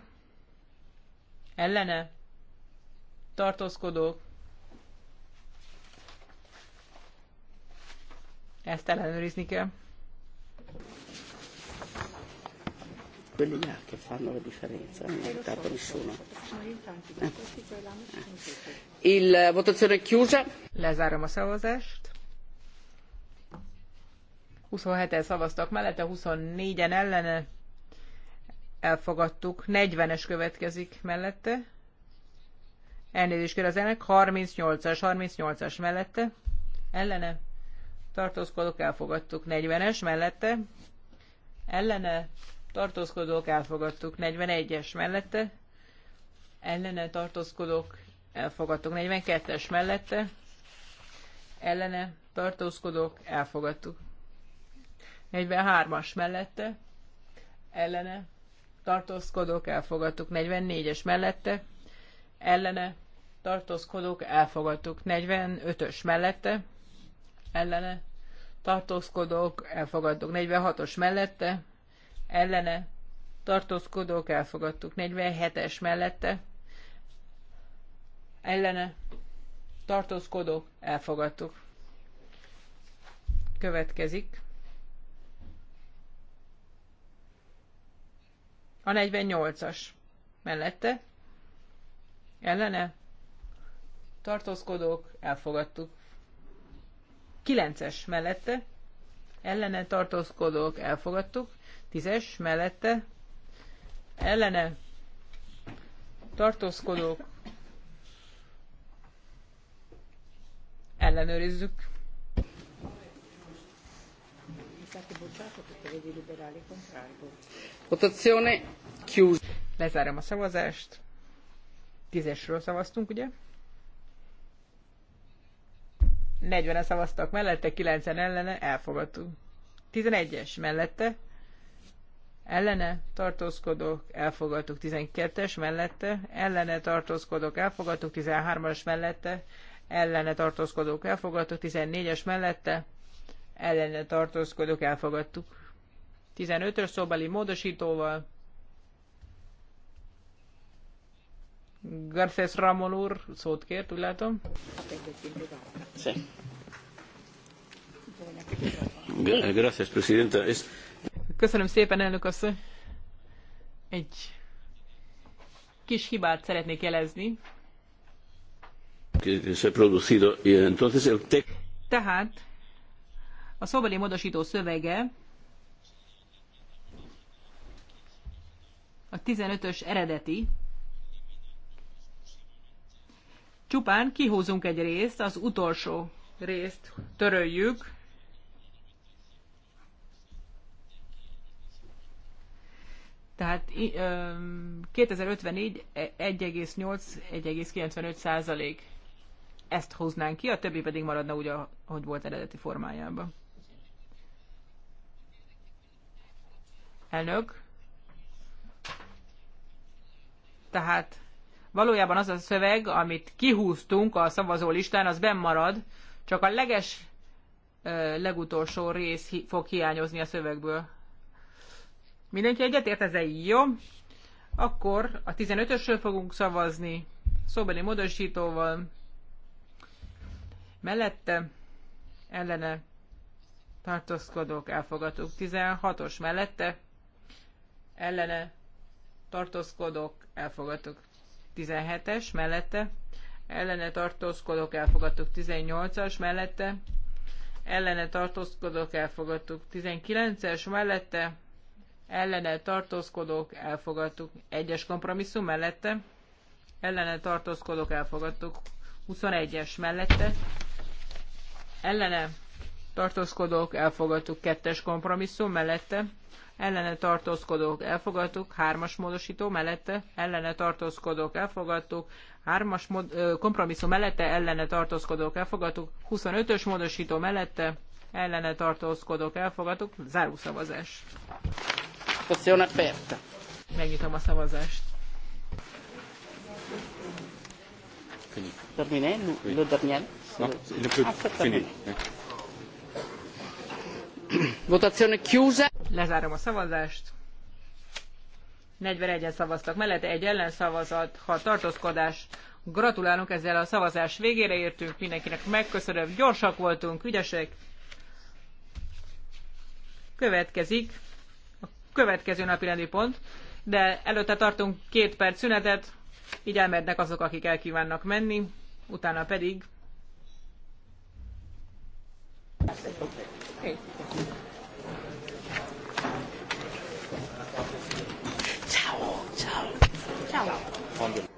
ellene tartózkodók, ezt ellenőrizni kell. quelli là che fanno la differenza, nessuno. Il votazione è chiusa. Lezárom a szavazást. 27-en szavaztak mellette, 24-en ellene. Elfogadtuk. 40-es következik mellette. Elnézést kér az ennek. 38-as, 38-as mellette. Ellene. Tartózkodók elfogadtuk. 40-es mellette. Ellene. Tartózkodók elfogadtuk. 41-es mellette. Ellene tartózkodók elfogadtuk. 42-es mellette. Ellene tartózkodók elfogadtuk. 43-as mellette, ellene, tartózkodók, elfogadtuk. 44-es mellette, ellene, tartózkodók, elfogadtuk. 45-ös mellette, ellene, tartózkodók, elfogadtuk. 46-os mellette, ellene, tartózkodók, elfogadtuk. 47-es mellette, ellene, tartózkodók, elfogadtuk. Következik A 48-as mellette ellene tartózkodók elfogadtuk. 9-es mellette ellene tartózkodók elfogadtuk. 10-es mellette ellene tartózkodók ellenőrizzük. annunciato che per i liberali contrario. Votazione chiusa. Lezárom a szavazást. Tízesről szavaztunk, ugye? 40-en szavaztak mellette, 9-en ellene, elfogadtuk. 11-es mellette, ellene tartózkodok, elfogadtuk. 12-es mellette, ellene tartózkodok, elfogadtuk. 13-as mellette, ellene tartózkodok, elfogadtuk, 14-es mellette, ellene tartózkodok, elfogadtuk. 15-ös szóbeli módosítóval Garces Ramon úr szót kért, úgy látom. Gracias, Köszönöm szépen, elnök asszony. Egy kis hibát szeretnék jelezni. Se producido, y entonces el Tehát a szóbeli módosító szövege a 15-ös eredeti. Csupán kihúzunk egy részt, az utolsó részt töröljük. Tehát 2054 1,8-1,95 e- százalék. Ezt hoznánk ki, a többi pedig maradna úgy, ahogy volt eredeti formájában. Elnök. Tehát valójában az a szöveg, amit kihúztunk a szavazó listán, az bennmarad, csak a leges legutolsó rész fog hiányozni a szövegből. Mindenki egyetért egy Jó. Akkor a 15-ösről fogunk szavazni, szóbeli módosítóval. Mellette ellene tartózkodók elfogadók 16-os mellette ellene tartózkodok, elfogadtuk. 17-es mellette, ellene tartózkodok, elfogadtuk. 18-as mellette, ellene tartózkodok, elfogadtuk. 19-es mellette, ellene tartózkodok, elfogadtuk. 1-es kompromisszum mellette, ellene tartózkodok, elfogadtuk. 21-es mellette, ellene elfogadok elfogadtuk es kompromisszum mellette, ellene tartózkodók elfogadtuk, hármas módosító mellette ellene tartózkodók elfogadtuk, hármas mod, ö, kompromisszum mellette ellene tartózkodók elfogadtuk, 25-ös módosító mellette ellene tartózkodók elfogadtuk, záró szavazás. Megnyitom a szavazást. Terminé? Le dernier? Non, il ne fini. Votazione chiusa. Lezárom a szavazást. 41-en szavaztak mellette, egy ellenszavazat, ha tartózkodás. Gratulálunk ezzel a szavazás végére értünk, mindenkinek megköszönöm, gyorsak voltunk, ügyesek. Következik a következő napi rendi pont, de előtte tartunk két perc szünetet, így elmernek azok, akik el kívánnak menni, utána pedig... Okay. Ciao, ciao. Ciao.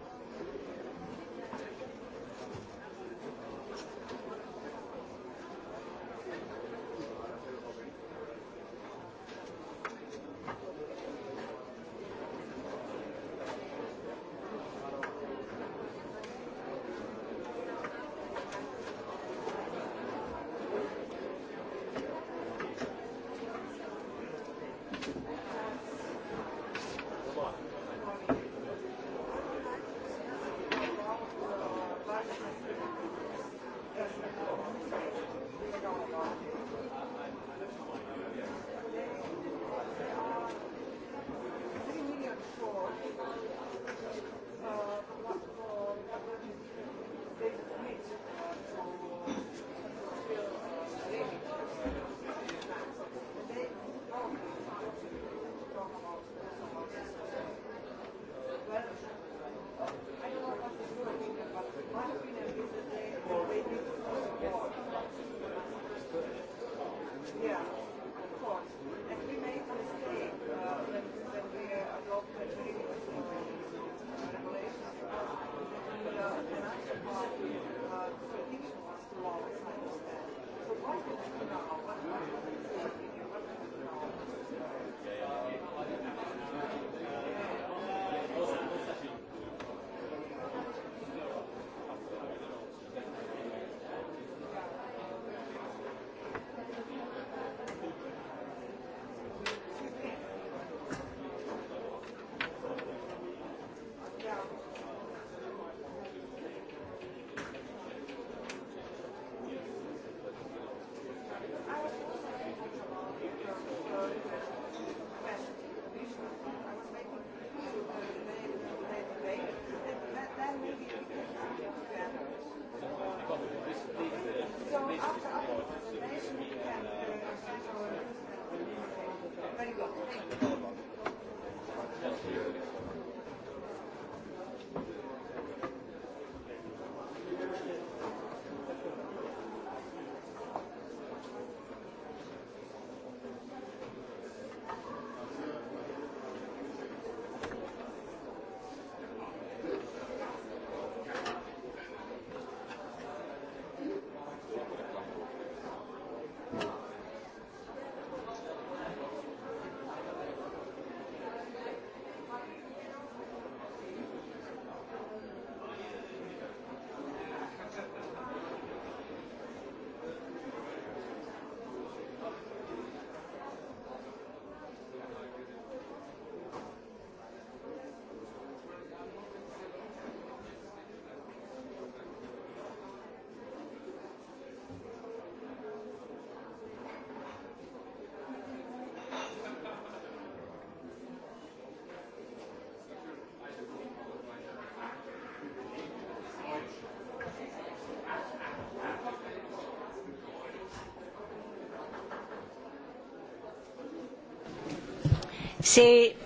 Se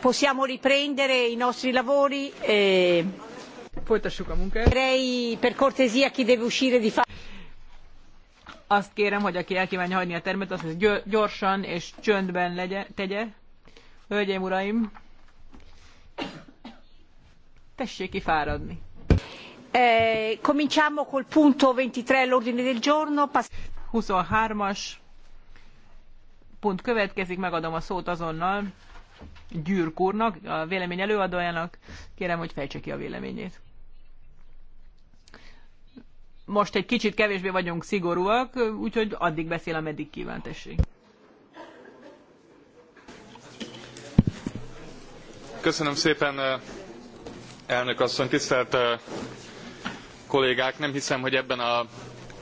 possiamo riprendere i nostri lavori, eh, folytassuk a munkát. Direi per cortesia chi deve uscire di fa- azt kérem, hogy aki el elkívánja hagyni a termet, azt hogy gyorsan és csöndben legye, tegye. Hölgyeim, uraim, tessék kifáradni. Eh, pont következik, megadom a szót azonnal Gyűrk úrnak, a vélemény előadójának. Kérem, hogy fejtse ki a véleményét. Most egy kicsit kevésbé vagyunk szigorúak, úgyhogy addig beszél, ameddig kíván, tessék. Köszönöm szépen, eh, elnök asszony, tisztelt eh, kollégák, nem hiszem, hogy ebben a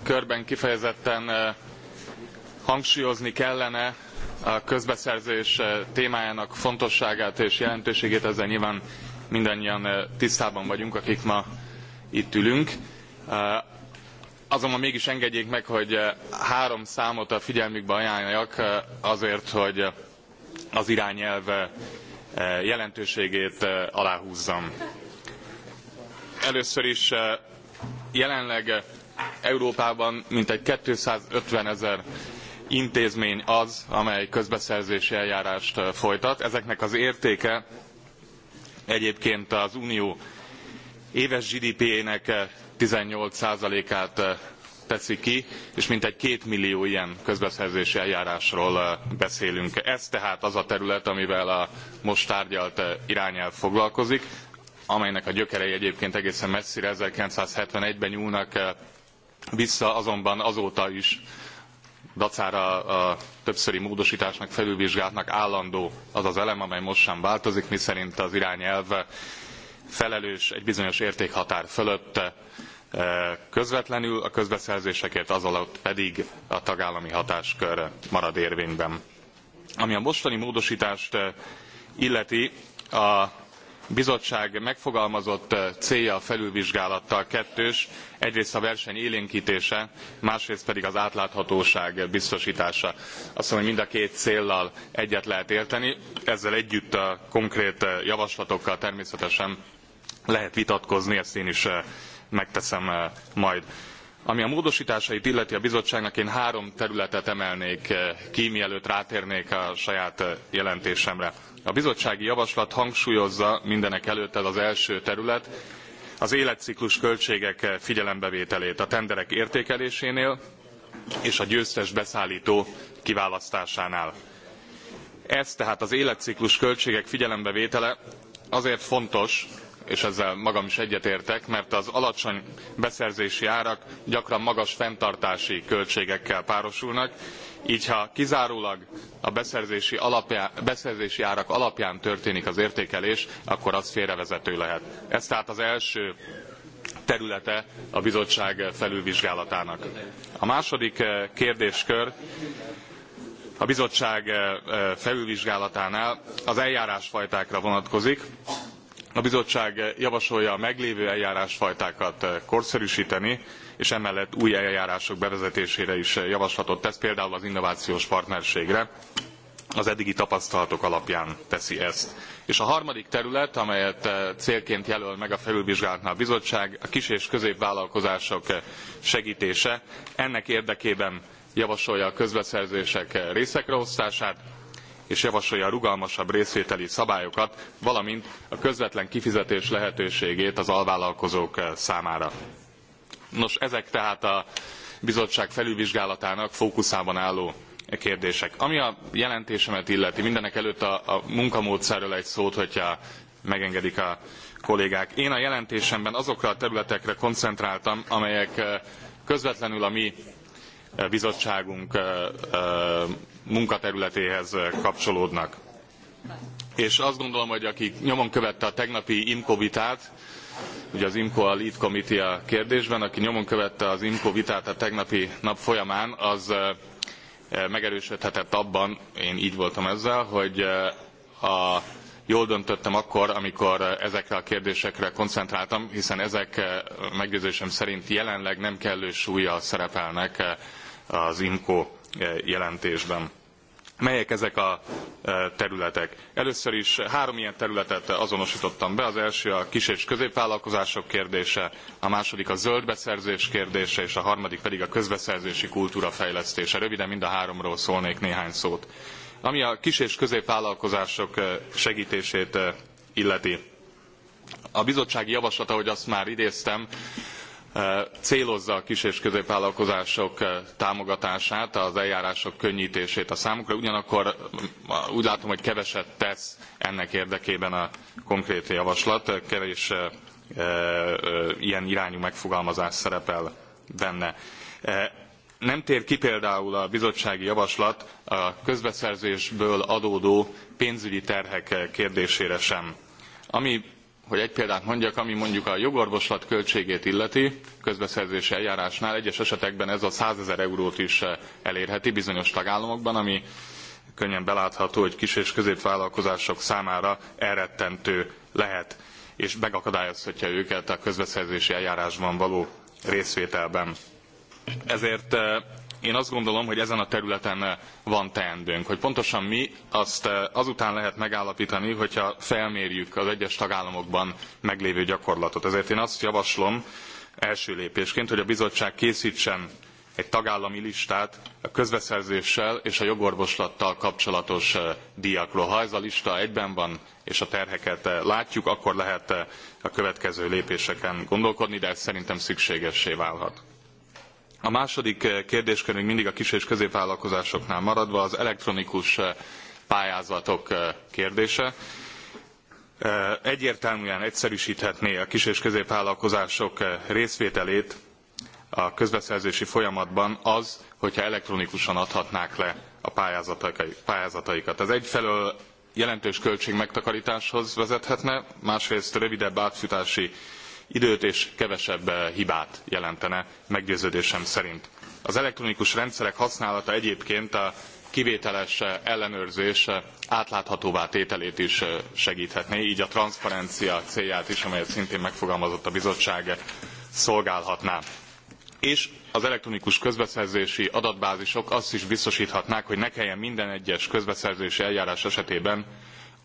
körben kifejezetten hangsúlyozni kellene a közbeszerzés témájának fontosságát és jelentőségét, ezzel nyilván mindannyian tisztában vagyunk, akik ma itt ülünk. Azonban mégis engedjék meg, hogy három számot a figyelmükbe ajánljak azért, hogy az irányelv jelentőségét aláhúzzam. Először is jelenleg Európában mintegy 250 ezer intézmény az, amely közbeszerzési eljárást folytat. Ezeknek az értéke egyébként az Unió éves GDP-ének 18%-át teszi ki, és mintegy két millió ilyen közbeszerzési eljárásról beszélünk. Ez tehát az a terület, amivel a most tárgyalt irányelv foglalkozik amelynek a gyökerei egyébként egészen messzire one ben nyúlnak eh, vissza, azonban azóta is dacára a többszöri módosításnak, felülvizsgálatnak állandó az az elem, amely most sem változik, miszerint az irányelv felelős egy bizonyos értékhatár fölött eh, közvetlenül, a közbeszerzésekért az alatt pedig a tagállami hatáskör marad érvényben. Ami a mostani módosítást eh, illeti, a bizottság megfogalmazott eh, célja a felülvizsgálattal kettős egyrészt a verseny élénktése másrészt pedig az átláthatóság biztostása. azt hiszem hogy mind a két céllal egyet lehet érteni ezzel együtt a konkrét eh, javaslatokkal természetesen lehet vitatkozni ezt én is eh, megteszem majd. Ami a módosításait illeti a bizottságnak, én három területet emelnék eh, ki, mielőtt rátérnék a saját eh, jelentésemre. A bizottsági javaslat hangsúlyozza mindenek előtt ez az első terület, az életciklus költségek eh, figyelembevételét a tenderek értékelésénél és a győztes beszállító kiválasztásánál. Ez tehát az életciklus költségek figyelembevétele azért fontos, és ezzel magam is egyetértek, mert az alacsony beszerzési árak gyakran magas fenntartási költségekkel párosulnak, így ha kizárólag a beszerzési, alapján, beszerzési árak alapján történik az értékelés, akkor az félrevezető lehet. Ez tehát az első területe a bizottság felülvizsgálatának. A második eh, kérdéskör a bizottság eh, eh, felülvizsgálatánál az eljárásfajtákra vonatkozik a bizottság javasolja a meglévő eljárásfajtákat korszerűsíteni, és emellett új eljárások bevezetésére is javaslatot tesz, például az innovációs partnerségre az eddigi tapasztalatok alapján teszi ezt. És a harmadik terület, amelyet célként jelöl meg a felülvizsgálatnál a bizottság, a kis és középvállalkozások segítése. Ennek érdekében javasolja a közbeszerzések részekreosztását, és javasolja a rugalmasabb részvételi szabályokat, valamint a közvetlen kifizetés lehetőségét az alvállalkozók eh, számára. Nos, ezek tehát a bizottság felülvizsgálatának fókuszában álló kérdések. Ami a jelentésemet illeti, mindenekelőtt a, a munkamódszerről egy szót, hogyha megengedik a kollégák. Én a jelentésemben azokra a területekre koncentráltam, amelyek eh, közvetlenül a mi bizottságunk munkaterületéhez kapcsolódnak. És azt gondolom, hogy aki nyomon követte a tegnapi IMCO vitát, ugye az IMCO a lead committee a kérdésben, aki nyomon követte az IMCO vitát a tegnapi nap folyamán, az megerősödhetett abban, én így voltam ezzel, hogy a jól döntöttem akkor, amikor ezekre a kérdésekre koncentráltam, hiszen ezek meggyőződésem szerint jelenleg nem kellő súlya szerepelnek az IMCO eh, jelentésben. Melyek ezek a eh, területek? Először is három ilyen területet azonosítottam be. Az első a kis és középvállalkozások kérdése, a második a zöld beszerzés kérdése, és a harmadik pedig a közbeszerzési kultúra fejlesztése. Röviden mind a háromról szólnék néhány szót. Ami a kis és középvállalkozások eh, segítését illeti. A bizottsági javaslat, ahogy azt már idéztem, célozza a kis és középvállalkozások támogatását, az eljárások könnyítését a számukra, ugyanakkor úgy látom, hogy keveset tesz ennek érdekében a konkrét javaslat, kevés ilyen irányú megfogalmazás szerepel benne. Nem tér ki például a bizottsági javaslat a közbeszerzésből adódó pénzügyi terhek kérdésére sem. Ami hogy egy példát mondjak, ami mondjuk a jogorvoslat költségét illeti, közbeszerzési eljárásnál egyes esetekben ez a 100 ezer eurót is eh, elérheti bizonyos tagállamokban, ami könnyen belátható, hogy kis és középvállalkozások számára elrettentő lehet, és megakadályozhatja őket a közbeszerzési eljárásban való részvételben. Ezért eh, én azt gondolom, hogy ezen a területen eh, van teendőnk. Hogy pontosan mi, azt eh, azután lehet megállapítani, hogyha felmérjük az egyes tagállamokban meglévő gyakorlatot. Ezért én azt javaslom első lépésként, hogy a bizottság készítsen egy tagállami listát a közbeszerzéssel és a jogorvoslattal kapcsolatos eh, díjakról. Ha ez a lista egyben van, és a terheket látjuk, akkor lehet a következő lépéseken gondolkodni, de ez szerintem szükségessé válhat. A második eh, kérdéskörünk mindig a kis és középvállalkozásoknál maradva az elektronikus eh, pályázatok eh, kérdése. Egyértelműen egyszerűsíthetné a kis és középvállalkozások részvételét a közbeszerzési folyamatban az, hogyha elektronikusan adhatnák le a pályázataikat. Ez egyfelől jelentős költség megtakarításhoz vezethetne, másrészt rövidebb átfutási időt és kevesebb eh, hibát jelentene meggyőződésem szerint. Az elektronikus rendszerek használata egyébként a kivételes eh, ellenőrzés eh, átláthatóvá tételét is segíthetné, így a transzparencia célját is, amelyet szintén megfogalmazott a bizottság, szolgálhatná. És az elektronikus közbeszerzési adatbázisok azt is biztosíthatnák, hogy ne kelljen minden egyes közbeszerzési eljárás esetében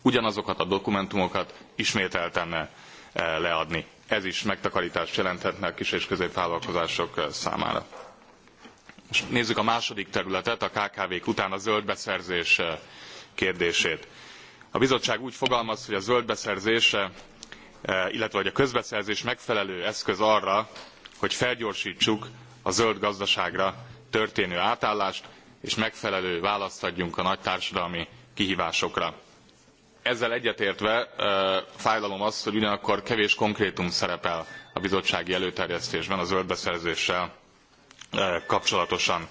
ugyanazokat a dokumentumokat ismételten leadni ez is megtakarítást jelenthetne a kis és középvállalkozások számára. És nézzük a második területet, a KKV-k után a zöldbeszerzés kérdését. A bizottság úgy fogalmaz, hogy a zöldbeszerzés, illetve hogy a közbeszerzés megfelelő eszköz arra, hogy felgyorsítsuk a zöld gazdaságra történő átállást, és megfelelő választ adjunk a nagy társadalmi kihívásokra ezzel egyetértve fájdalom az, hogy ugyanakkor kevés konkrétum szerepel a bizottsági előterjesztésben a zöld beszerzéssel kapcsolatosan.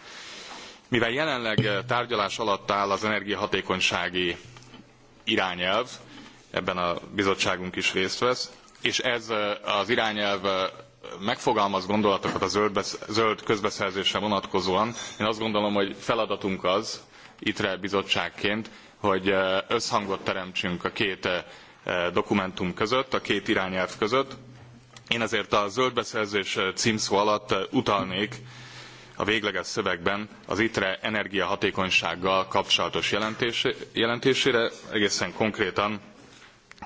Mivel jelenleg tárgyalás alatt áll az energiahatékonysági irányelv, ebben a bizottságunk is részt vesz, és ez az irányelv megfogalmaz gondolatokat a zöld, zöld közbeszerzésre vonatkozóan. Én azt gondolom, hogy feladatunk az, ITRE bizottságként, hogy eh, összhangot teremtsünk a két eh, dokumentum között, a két irányelv között. Én ezért a zöld beszerzés eh, címszó alatt utalnék a végleges szövegben az ITRE energiahatékonysággal kapcsolatos jelentésére, egészen konkrétan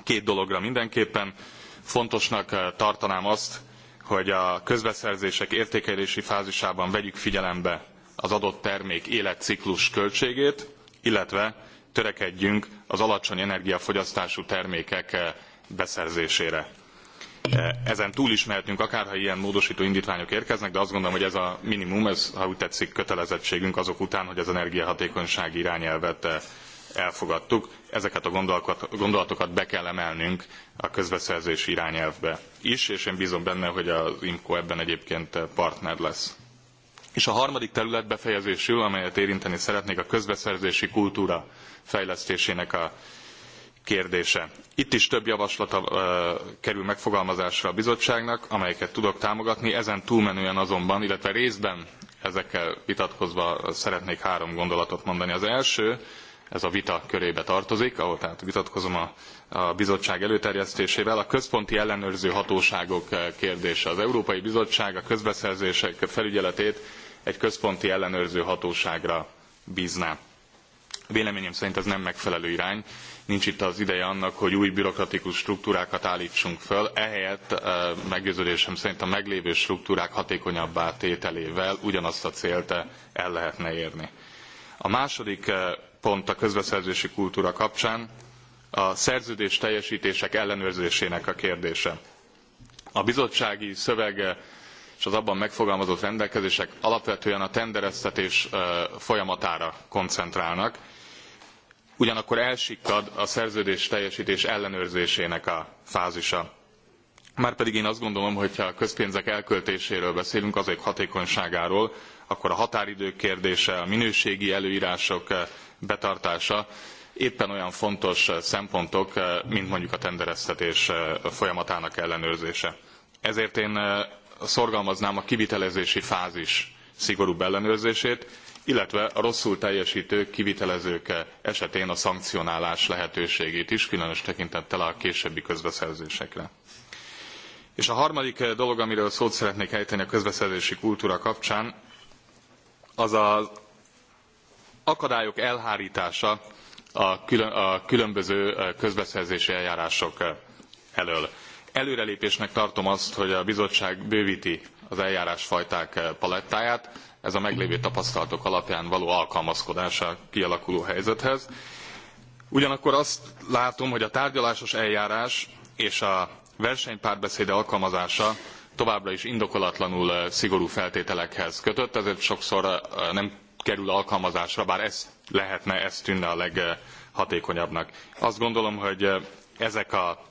két dologra mindenképpen. Fontosnak tartanám azt, hogy a közbeszerzések értékelési fázisában vegyük figyelembe az adott termék életciklus költségét, illetve törekedjünk az alacsony energiafogyasztású termékek eh, beszerzésére. Eh, ezen túl is mehetünk, akár ha ilyen módosító indítványok érkeznek, de azt gondolom, hogy ez a minimum, ez, ha úgy tetszik, kötelezettségünk azok után, hogy az energiahatékonysági irányelvet eh, elfogadtuk. Ezeket a gondolatokat be kell emelnünk a közbeszerzési irányelvbe is, és én bízom benne, hogy az IMCO ebben egyébként partner lesz. És a harmadik terület befejezésül, amelyet érinteni szeretnék, a közbeszerzési kultúra fejlesztésének a kérdése. Itt is több javaslata ö, kerül megfogalmazásra a bizottságnak, amelyeket tudok támogatni, ezen túlmenően azonban, illetve részben ezekkel vitatkozva szeretnék három gondolatot mondani. Az első, ez a vita körébe tartozik, ahol tehát vitatkozom a, a bizottság előterjesztésével, a központi ellenőrző hatóságok kérdése. Az Európai Bizottság a közbeszerzések felügyeletét egy központi ellenőrző hatóságra bízná. Véleményem szerint ez nem megfelelő irány, nincs itt az ideje annak, hogy új bürokratikus struktúrákat állítsunk föl, ehelyett e, meggyőződésem szerint a meglévő struktúrák hatékonyabbá tételével ugyanazt a célt e, el lehetne érni. A második e, pont a közbeszerzési kultúra kapcsán a szerződés teljesítések ellenőrzésének a kérdése. A bizottsági szöveg és az abban megfogalmazott rendelkezések alapvetően a tendereztetés folyamatára koncentrálnak. Ugyanakkor elsikkad a szerződés teljesítés ellenőrzésének a fázisa. Márpedig én azt gondolom, hogy ha a közpénzek elköltéséről beszélünk, azok hatékonyságáról, akkor a határidők kérdése, a minőségi előírások betartása éppen olyan fontos szempontok, mint mondjuk a tendereztetés folyamatának ellenőrzése. Ezért én szorgalmaznám a kivitelezési fázis szigorúbb ellenőrzését, illetve a rosszul teljesítő kivitelezők esetén a szankcionálás lehetőségét is, különös tekintettel a későbbi közbeszerzésekre. És a harmadik dolog, amiről szót szeretnék ejteni a közbeszerzési kultúra kapcsán, az az akadályok elhárítása a különböző közbeszerzési eljárások elől. Előrelépésnek tartom azt, hogy a bizottság bővíti az eljárásfajták eh, palettáját, ez a meglévő tapasztalatok alapján való alkalmazkodása kialakuló helyzethez. Ugyanakkor azt látom, hogy a tárgyalásos eljárás és a versenypárbeszéd alkalmazása továbbra is indokolatlanul eh, szigorú feltételekhez kötött, ezért sokszor eh, nem kerül alkalmazásra, bár ez lehetne, ez tűnne a leghatékonyabbnak. Azt gondolom, hogy ezek a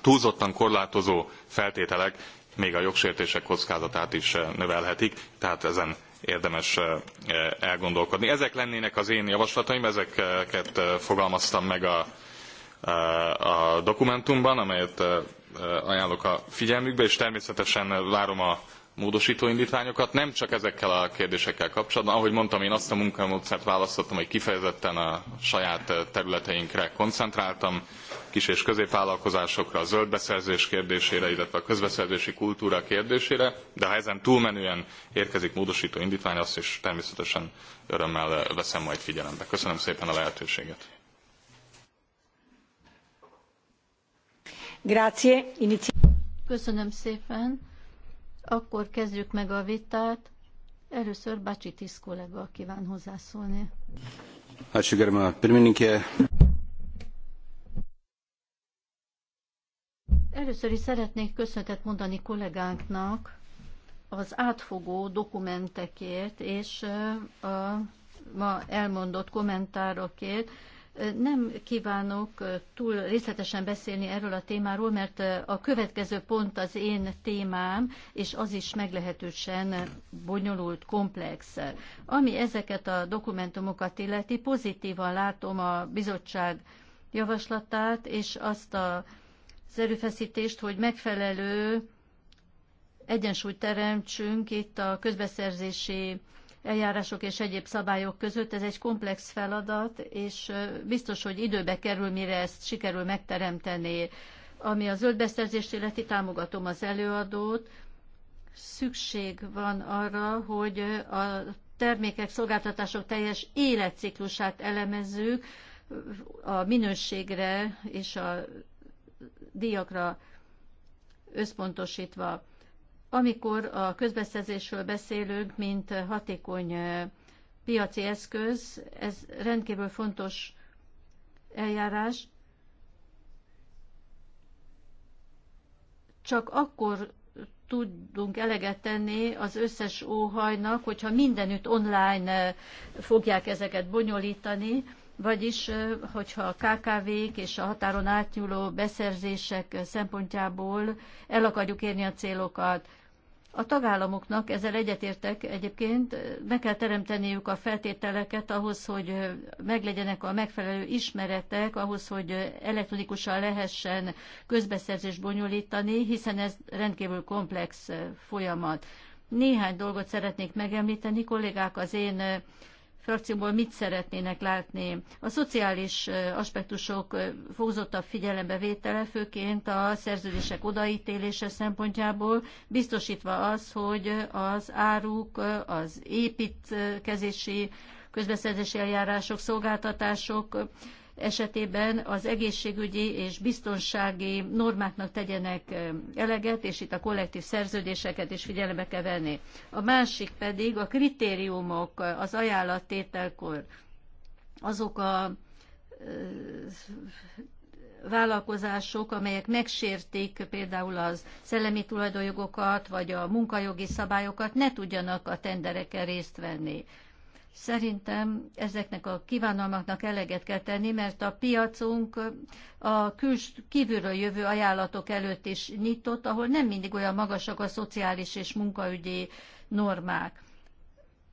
túlzottan korlátozó feltételek még a jogsértések kockázatát is eh, növelhetik, tehát ezen érdemes eh, eh, elgondolkodni. Ezek lennének az én javaslataim, ezeket fogalmaztam meg a, a, a dokumentumban, amelyet ajánlok a figyelmükbe, és természetesen várom a módosító indítványokat, nem csak ezekkel a kérdésekkel kapcsolatban. Ahogy mondtam, én azt a munkamódszert választottam, hogy kifejezetten a saját területeinkre koncentráltam, kis- és középvállalkozásokra, a zöld beszerzés kérdésére, illetve a közbeszerzési kultúra kérdésére, de ha ezen túlmenően érkezik módosító indítvány, azt is természetesen örömmel veszem majd figyelembe. Köszönöm szépen a lehetőséget. Grazie. Köszönöm szépen. Akkor kezdjük meg a vitát. Először Bácsi Tisz kollega kíván hozzászólni. Hát sikerem a Először is szeretnék köszönetet mondani kollégánknak az átfogó dokumentekért és a ma elmondott kommentárokért. Nem kívánok túl részletesen beszélni erről a témáról, mert a következő pont az én témám, és az is meglehetősen bonyolult, komplex. Ami ezeket a dokumentumokat illeti, pozitívan látom a bizottság javaslatát, és azt a az erőfeszítést, hogy megfelelő egyensúlyt teremtsünk itt a közbeszerzési eljárások és egyéb szabályok között. Ez egy komplex feladat, és biztos, hogy időbe kerül, mire ezt sikerül megteremteni. Ami a zöld beszerzést illeti, támogatom az előadót. Szükség van arra, hogy a termékek, szolgáltatások teljes életciklusát elemezzük, a minőségre és a díjakra összpontosítva. Amikor a közbeszerzésről beszélünk, mint hatékony piaci eszköz, ez rendkívül fontos eljárás. Csak akkor tudunk eleget tenni az összes óhajnak, hogyha mindenütt online fogják ezeket bonyolítani, vagyis hogyha a KKV-k és a határon átnyúló beszerzések szempontjából el akarjuk érni a célokat, a tagállamoknak ezzel egyetértek egyébként, meg kell teremteniük a feltételeket ahhoz, hogy meglegyenek a megfelelő ismeretek, ahhoz, hogy elektronikusan lehessen közbeszerzést bonyolítani, hiszen ez rendkívül komplex folyamat. Néhány dolgot szeretnék megemlíteni, kollégák az én frakcióból mit szeretnének látni. A szociális aspektusok fokozottabb figyelembe vétele, főként a szerződések odaítélése szempontjából, biztosítva az, hogy az áruk, az építkezési, közbeszerzési eljárások, szolgáltatások esetében az egészségügyi és biztonsági normáknak tegyenek eleget, és itt a kollektív szerződéseket is figyelembe kell venni. A másik pedig a kritériumok az ajánlattételkor. Azok a vállalkozások, amelyek megsértik például az szellemi tulajdonjogokat, vagy a munkajogi szabályokat, ne tudjanak a tendereken részt venni. Szerintem ezeknek a kívánalmaknak eleget kell tenni, mert a piacunk a küls, kívülről jövő ajánlatok előtt is nyitott, ahol nem mindig olyan magasak a szociális és munkaügyi normák.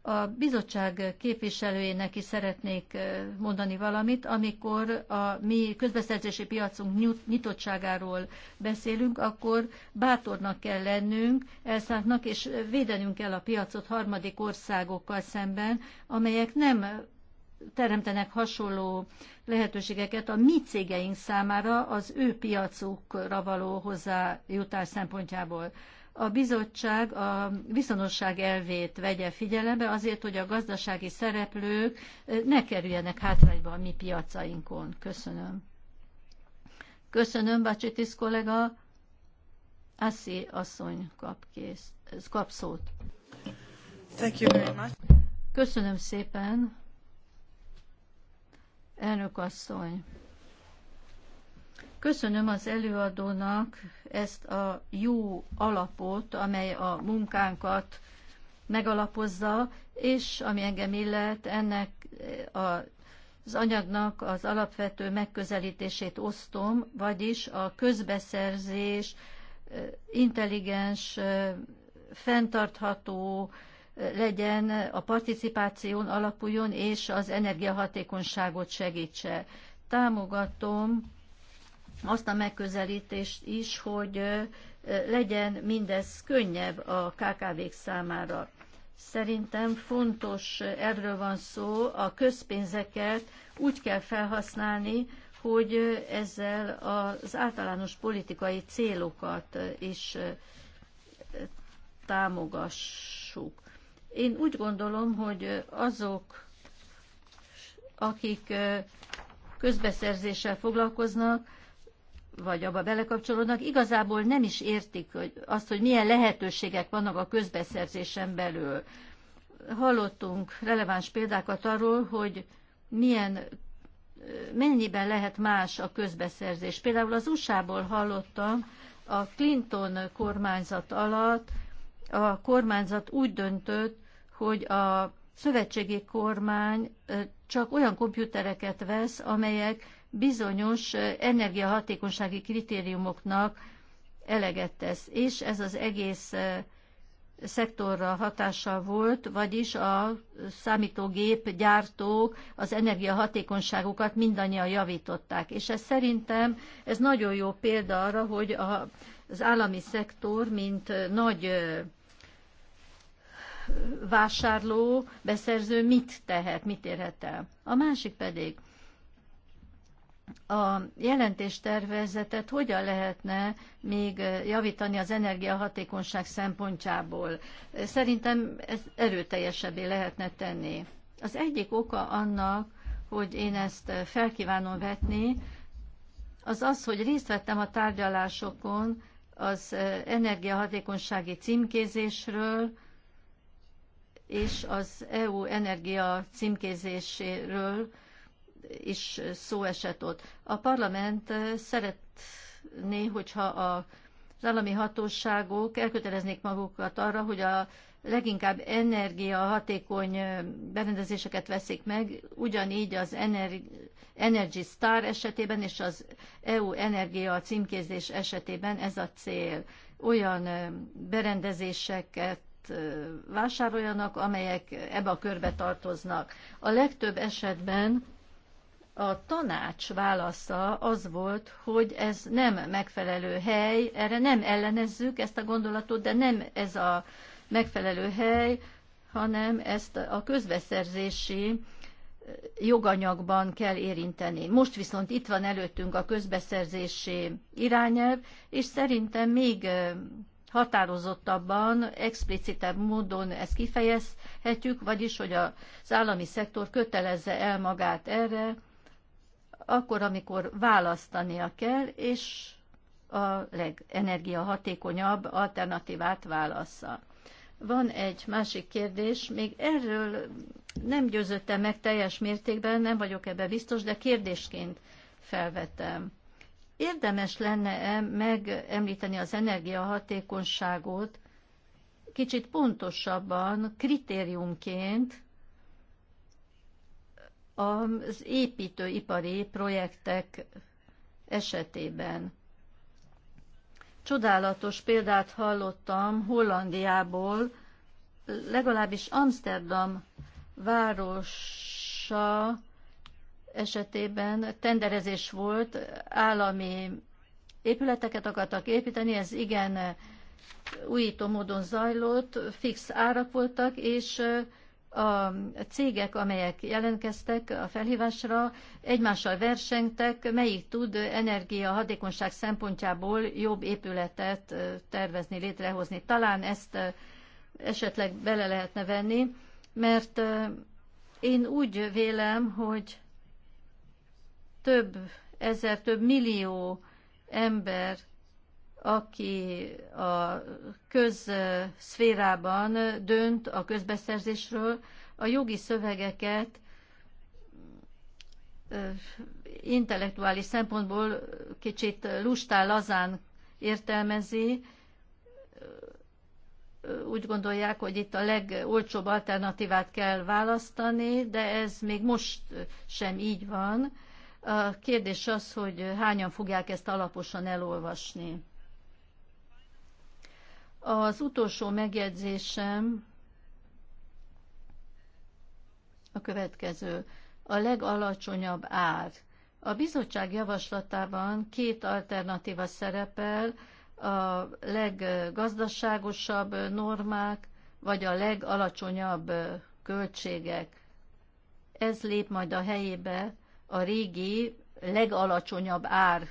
A bizottság képviselőjének is szeretnék mondani valamit, amikor a mi közbeszerzési piacunk nyitottságáról beszélünk, akkor bátornak kell lennünk, elszántnak, és védenünk kell a piacot harmadik országokkal szemben, amelyek nem teremtenek hasonló lehetőségeket a mi cégeink számára az ő piacukra való hozzájutás szempontjából a bizottság a viszonosság elvét vegye figyelembe azért, hogy a gazdasági szereplők eh, ne kerüljenek hátrányba a mi piacainkon. Köszönöm. Köszönöm, Bacsitis kollega. Asszi asszony kap, kész, kap szót. Thank you very much. Köszönöm szépen, elnök asszony. Köszönöm az előadónak ezt a jó alapot, amely a munkánkat megalapozza, és ami engem illet, ennek a, az anyagnak az alapvető megközelítését osztom, vagyis a közbeszerzés intelligens, fenntartható legyen, a participáción alapuljon, és az energiahatékonyságot segítse. Támogatom azt a megközelítést is, hogy legyen mindez könnyebb a KKV-k számára. Szerintem fontos, erről van szó, a közpénzeket úgy kell felhasználni, hogy ezzel az általános politikai célokat is támogassuk. Én úgy gondolom, hogy azok, akik közbeszerzéssel foglalkoznak, vagy abba belekapcsolódnak, igazából nem is értik hogy azt, hogy milyen lehetőségek vannak a közbeszerzésen belül. Hallottunk releváns példákat arról, hogy milyen mennyiben lehet más a közbeszerzés. Például az USA-ból hallottam, a Clinton kormányzat alatt a kormányzat úgy döntött, hogy a szövetségi kormány csak olyan komputereket vesz, amelyek bizonyos energiahatékonysági kritériumoknak eleget tesz. És ez az egész szektorra hatással volt, vagyis a számítógép gyártók az energiahatékonyságukat mindannyian javították. És ez szerintem ez nagyon jó példa arra, hogy a, az állami szektor, mint nagy vásárló, beszerző mit tehet, mit érhet el. A másik pedig, a jelentéstervezetet hogyan lehetne még javítani az energiahatékonyság szempontjából. Szerintem ez erőteljesebbé lehetne tenni. Az egyik oka annak, hogy én ezt felkívánom vetni, az az, hogy részt vettem a tárgyalásokon az energiahatékonysági címkézésről, és az EU energia címkézéséről, is szó esett ott. A parlament szeretné, hogyha a az állami hatóságok elköteleznék magukat arra, hogy a leginkább energiahatékony berendezéseket veszik meg, ugyanígy az Energy Star esetében és az EU Energia címkézés esetében ez a cél. Olyan berendezéseket vásároljanak, amelyek ebbe a körbe tartoznak. A legtöbb esetben a tanács válasza az volt, hogy ez nem megfelelő hely, erre nem ellenezzük ezt a gondolatot, de nem ez a megfelelő hely, hanem ezt a közbeszerzési eh, joganyagban kell érinteni. Most viszont itt van előttünk a közbeszerzési irányelv, és szerintem még eh, határozottabban, explicitebb módon ezt kifejezhetjük, vagyis hogy az állami szektor kötelezze el magát erre, akkor, amikor választania kell, és a legenergiahatékonyabb alternatívát válassza. Van egy másik kérdés, még erről nem győződtem meg teljes mértékben, nem vagyok ebbe biztos, de kérdésként felvetem. Érdemes lenne-e megemlíteni az energiahatékonyságot kicsit pontosabban, kritériumként, az építőipari projektek esetében. Csodálatos példát hallottam Hollandiából, legalábbis Amsterdam városa esetében tenderezés volt, állami épületeket akartak építeni, ez igen újító módon zajlott, fix árak voltak, és a cégek, amelyek jelentkeztek a felhívásra, egymással versengtek, melyik tud energia hatékonyság szempontjából jobb épületet tervezni, létrehozni. Talán ezt esetleg bele lehetne venni, mert én úgy vélem, hogy több ezer, több millió ember aki a közszférában dönt a közbeszerzésről, a jogi szövegeket intellektuális szempontból kicsit lustán, lazán értelmezi, úgy gondolják, hogy itt a legolcsóbb alternatívát kell választani, de ez még most sem így van. A kérdés az, hogy hányan fogják ezt alaposan elolvasni. Az utolsó megjegyzésem a következő. A legalacsonyabb ár. A bizottság javaslatában két alternatíva szerepel, a leggazdaságosabb normák, vagy a legalacsonyabb költségek. Ez lép majd a helyébe a régi legalacsonyabb ár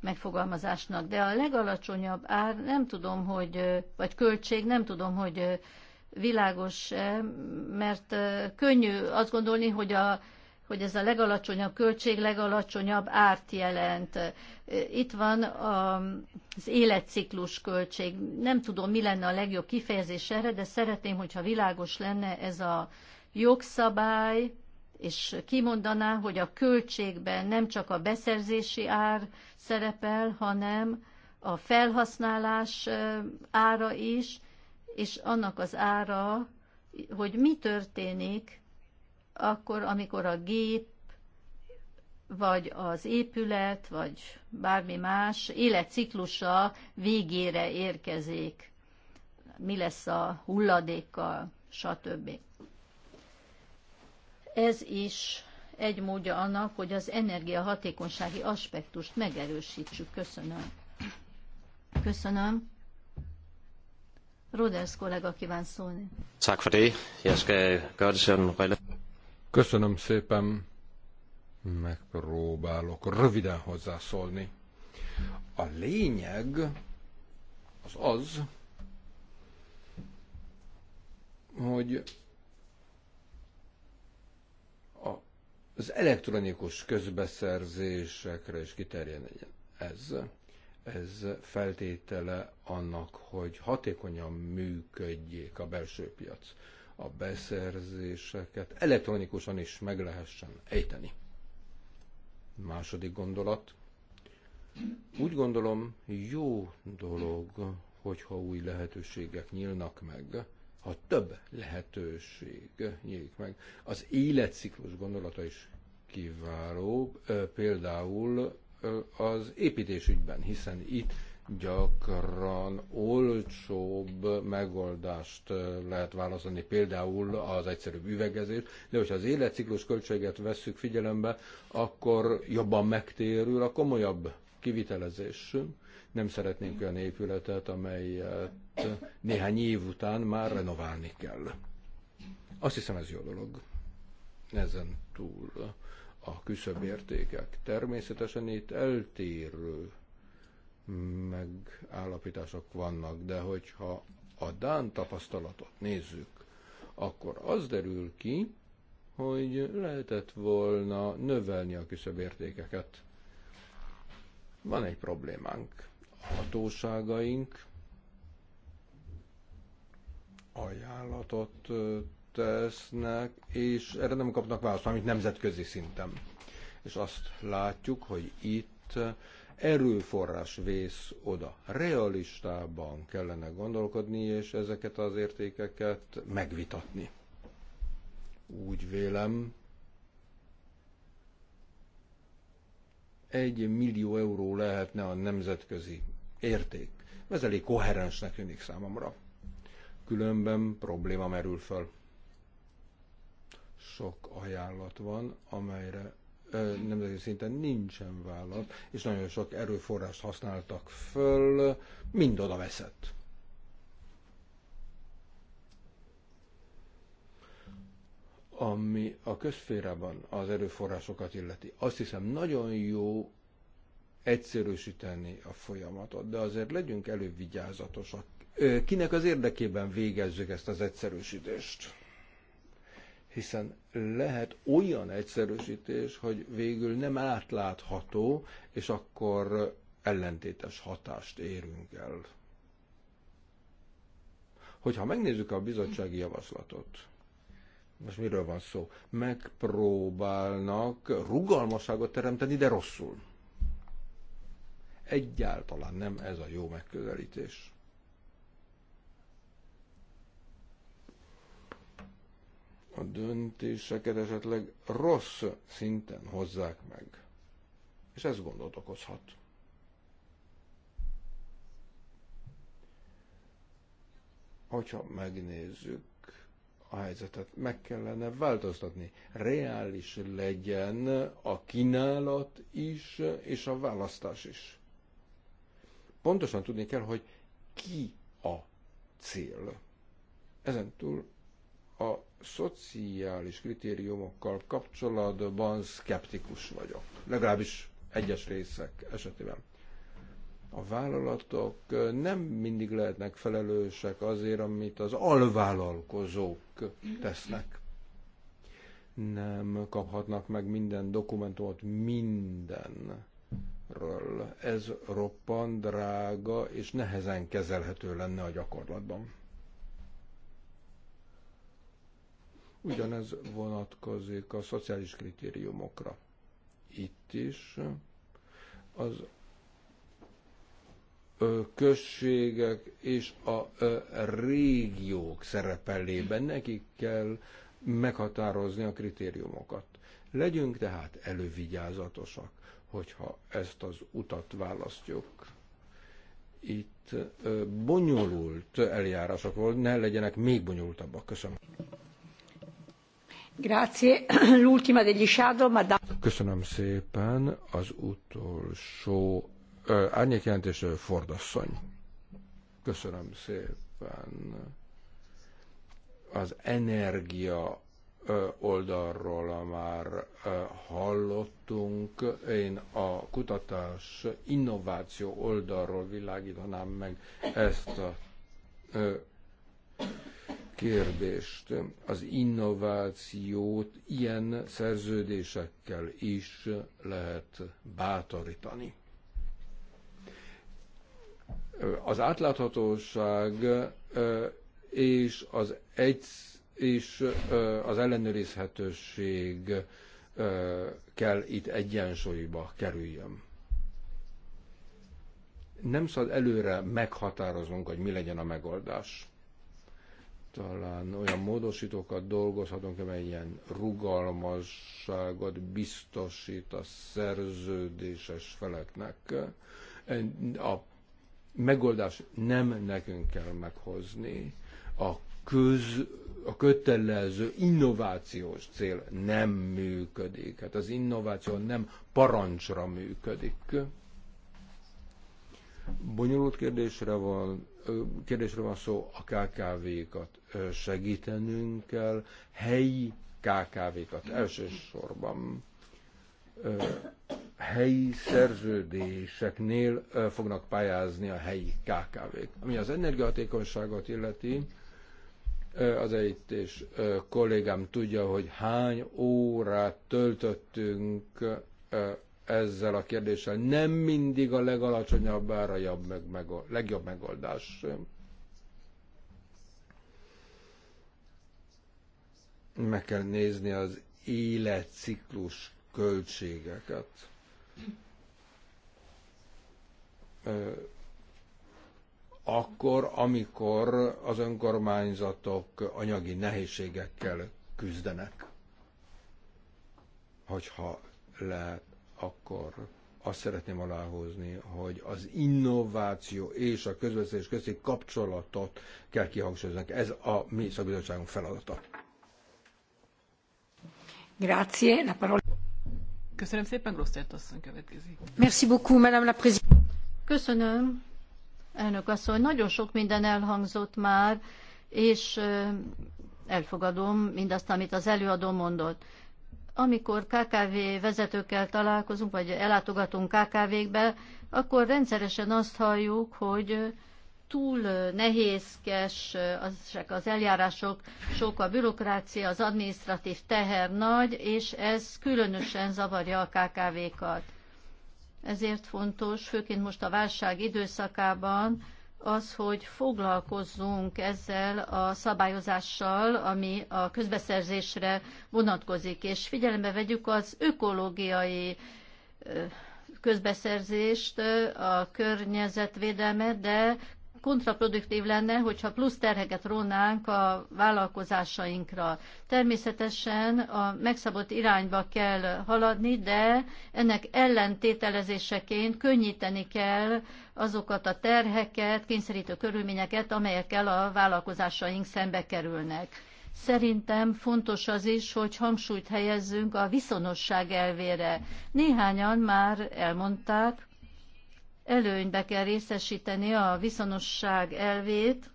megfogalmazásnak, de a legalacsonyabb ár nem tudom, hogy, vagy költség nem tudom, hogy világos -e, mert könnyű azt gondolni, hogy a hogy ez a legalacsonyabb költség legalacsonyabb árt jelent. Itt van az életciklus költség. Nem tudom, mi lenne a legjobb kifejezés erre, de szeretném, hogyha világos lenne ez a jogszabály, és kimondaná, hogy a költségben nem csak a beszerzési ár szerepel, hanem a felhasználás ára is, és annak az ára, hogy mi történik akkor, amikor a gép, vagy az épület, vagy bármi más életciklusa végére érkezik, mi lesz a hulladékkal, stb. Ez is egy módja annak, hogy az energiahatékonysági aspektust megerősítsük. Köszönöm. Köszönöm. Roders kollega kíván szólni. for Köszönöm szépen. Megpróbálok röviden hozzászólni. A lényeg az az, hogy az elektronikus közbeszerzésekre is kiterjedjen ez. Ez feltétele annak, hogy hatékonyan működjék a belső piac. A beszerzéseket elektronikusan is meg lehessen ejteni. Második gondolat. Úgy gondolom, jó dolog, hogyha új lehetőségek nyílnak meg, ha több lehetőség nyílik meg. Az életciklus gondolata is legkiválóbb, például az építésügyben, hiszen itt gyakran olcsóbb megoldást lehet választani, például az egyszerűbb üvegezés, de hogyha az életciklus költséget vesszük figyelembe, akkor jobban megtérül a komolyabb kivitelezés. Nem szeretnénk olyan épületet, amelyet néhány év után már renoválni kell. Azt hiszem ez jó dolog. Ezen túl a küszöbb értékek. Természetesen itt eltérő megállapítások vannak, de hogyha a Dán tapasztalatot nézzük, akkor az derül ki, hogy lehetett volna növelni a küszöbb értékeket. Van egy problémánk. A hatóságaink ajánlatot tesznek, és erre nem kapnak választ, amit nemzetközi szinten. És azt látjuk, hogy itt erőforrás vész oda. Realistában kellene gondolkodni, és ezeket az értékeket megvitatni. Úgy vélem, egy millió euró lehetne a nemzetközi érték. Ez elég koherensnek tűnik számomra. Különben probléma merül föl sok ajánlat van, amelyre nemzeti szinten nincsen vállalat, és nagyon sok erőforrást használtak föl, mind oda veszett. Ami a közférában az erőforrásokat illeti, azt hiszem nagyon jó egyszerűsíteni a folyamatot, de azért legyünk elővigyázatosak. Kinek az érdekében végezzük ezt az egyszerűsítést? hiszen lehet olyan egyszerűsítés, hogy végül nem átlátható, és akkor ellentétes hatást érünk el. Hogyha megnézzük a bizottsági javaslatot, most miről van szó? Megpróbálnak rugalmasságot teremteni, de rosszul. Egyáltalán nem ez a jó megközelítés. a döntéseket esetleg rossz szinten hozzák meg. És ez gondot okozhat. Hogyha megnézzük a helyzetet, meg kellene változtatni. Reális legyen a kínálat is, és a választás is. Pontosan tudni kell, hogy ki a cél. Ezen túl a szociális kritériumokkal kapcsolatban szkeptikus vagyok, legalábbis egyes részek esetében. A vállalatok nem mindig lehetnek felelősek azért, amit az alvállalkozók tesznek nem kaphatnak meg minden dokumentumot mindenről. Ez roppant drága és nehezen kezelhető lenne a gyakorlatban. Ugyanez vonatkozik a szociális kritériumokra. Itt is az községek és a régiók szerepelében nekik kell meghatározni a kritériumokat. Legyünk tehát elővigyázatosak, hogyha ezt az utat választjuk. Itt bonyolult eljárások volt, ne legyenek még bonyolultabbak. Köszönöm. Köszönöm szépen az utolsó árnyékjelentés fordasszony. Köszönöm szépen. Az energia oldalról már hallottunk. Én a kutatás innováció oldalról világítanám meg ezt a kérdést. Az innovációt ilyen szerződésekkel is lehet bátorítani. Az átláthatóság és az, egy, és az ellenőrizhetőség kell itt egyensúlyba kerüljön. Nem szabad előre meghatároznunk, hogy mi legyen a megoldás talán olyan módosítókat dolgozhatunk, amely ilyen rugalmasságot biztosít a szerződéses feleknek. A megoldás nem nekünk kell meghozni, a köz, a kötelező innovációs cél nem működik. Hát az innováció nem parancsra működik. Bonyolult kérdésre van kérdésről van szó, a KKV-kat segítenünk kell, helyi KKV-kat elsősorban helyi szerződéseknél fognak pályázni a helyi KKV-k. Ami az energiahatékonyságot illeti, az itt és kollégám tudja, hogy hány órát töltöttünk ezzel a kérdéssel. Nem mindig a legalacsonyabb ára jobb meg, meg, a legjobb megoldás. Meg kell nézni az életciklus költségeket. Akkor, amikor az önkormányzatok anyagi nehézségekkel küzdenek, hogyha lehet akkor azt szeretném aláhozni, hogy az innováció és a közvetés közti kapcsolatot kell kihangsúlyozni. Ez a mi szakbizottságunk feladata. Grazie, la parola. Köszönöm szépen, Grosztert asszony következik. Merci beaucoup, madame la présidente. Köszönöm, elnök asszony. Nagyon sok minden elhangzott már, és elfogadom mindazt, amit az előadó mondott amikor KKV vezetőkkel találkozunk, vagy elátogatunk KKV-kbe, akkor rendszeresen azt halljuk, hogy túl nehézkes az, az eljárások, sok a bürokrácia, az adminisztratív teher nagy, és ez különösen zavarja a KKV-kat. Ezért fontos, főként most a válság időszakában, az, hogy foglalkozzunk ezzel a szabályozással, ami a közbeszerzésre vonatkozik, és figyelembe vegyük az ökológiai közbeszerzést, a környezetvédelmet, de kontraproduktív lenne, hogyha plusz terheket rónánk a vállalkozásainkra. Természetesen a megszabott irányba kell haladni, de ennek ellentételezéseként könnyíteni kell azokat a terheket, kényszerítő körülményeket, amelyekkel a vállalkozásaink szembe kerülnek. Szerintem fontos az is, hogy hangsúlyt helyezzünk a viszonosság elvére. Néhányan már elmondták, előnybe kell részesíteni a viszonosság elvét,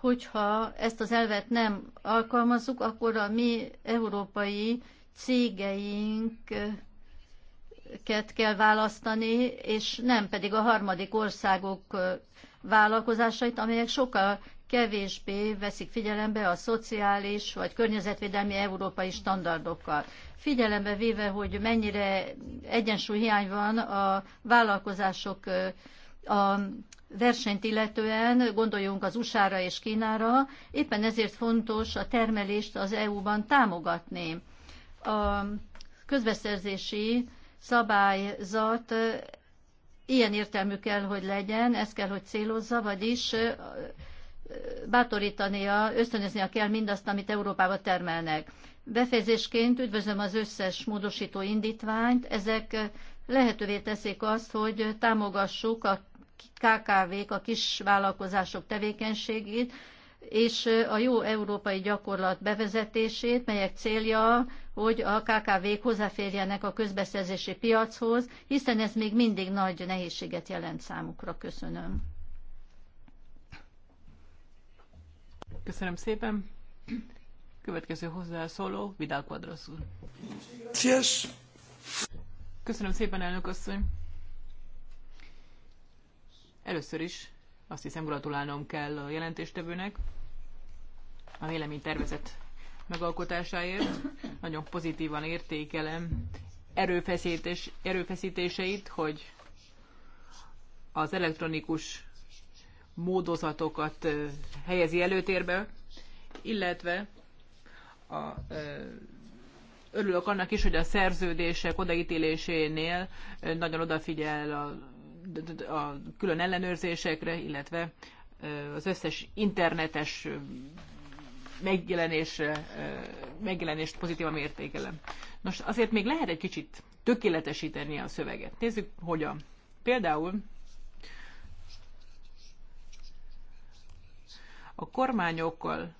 hogyha ezt az elvet nem alkalmazzuk, akkor a mi európai cégeinket kell választani, és nem pedig a harmadik országok vállalkozásait, amelyek sokkal kevésbé veszik figyelembe a szociális vagy környezetvédelmi európai standardokat. Figyelembe véve, hogy mennyire egyensúlyhiány van a vállalkozások a versenyt illetően, gondoljunk az USA-ra és Kínára, éppen ezért fontos a termelést az EU-ban támogatni. A közbeszerzési szabályzat ilyen értelmű kell, hogy legyen, ez kell, hogy célozza, vagyis bátorítania, ösztönöznia kell mindazt, amit Európába termelnek. Befejezésként üdvözlöm az összes módosító indítványt. Ezek lehetővé teszik azt, hogy támogassuk a KKV-k, a kisvállalkozások tevékenységét, és a jó európai gyakorlat bevezetését, melyek célja, hogy a KKV-k hozzáférjenek a közbeszerzési piachoz, hiszen ez még mindig nagy nehézséget jelent számukra. Köszönöm. Köszönöm szépen. Következő hozzászóló, Vidal Quadros úr. Yes. Köszönöm szépen, elnök asszony. Először is azt hiszem gratulálnom kell a jelentéstevőnek a véleménytervezet megalkotásáért. Nagyon pozitívan értékelem erőfeszítés, erőfeszítéseit, hogy az elektronikus módozatokat helyezi előtérbe, illetve a, örülök annak is, hogy a szerződések odaítélésénél nagyon odafigyel a, a külön ellenőrzésekre, illetve az összes internetes megjelenés, megjelenést pozitívan értékelem. Nos, azért még lehet egy kicsit tökéletesíteni a szöveget. Nézzük, hogyan. Például a kormányokkal,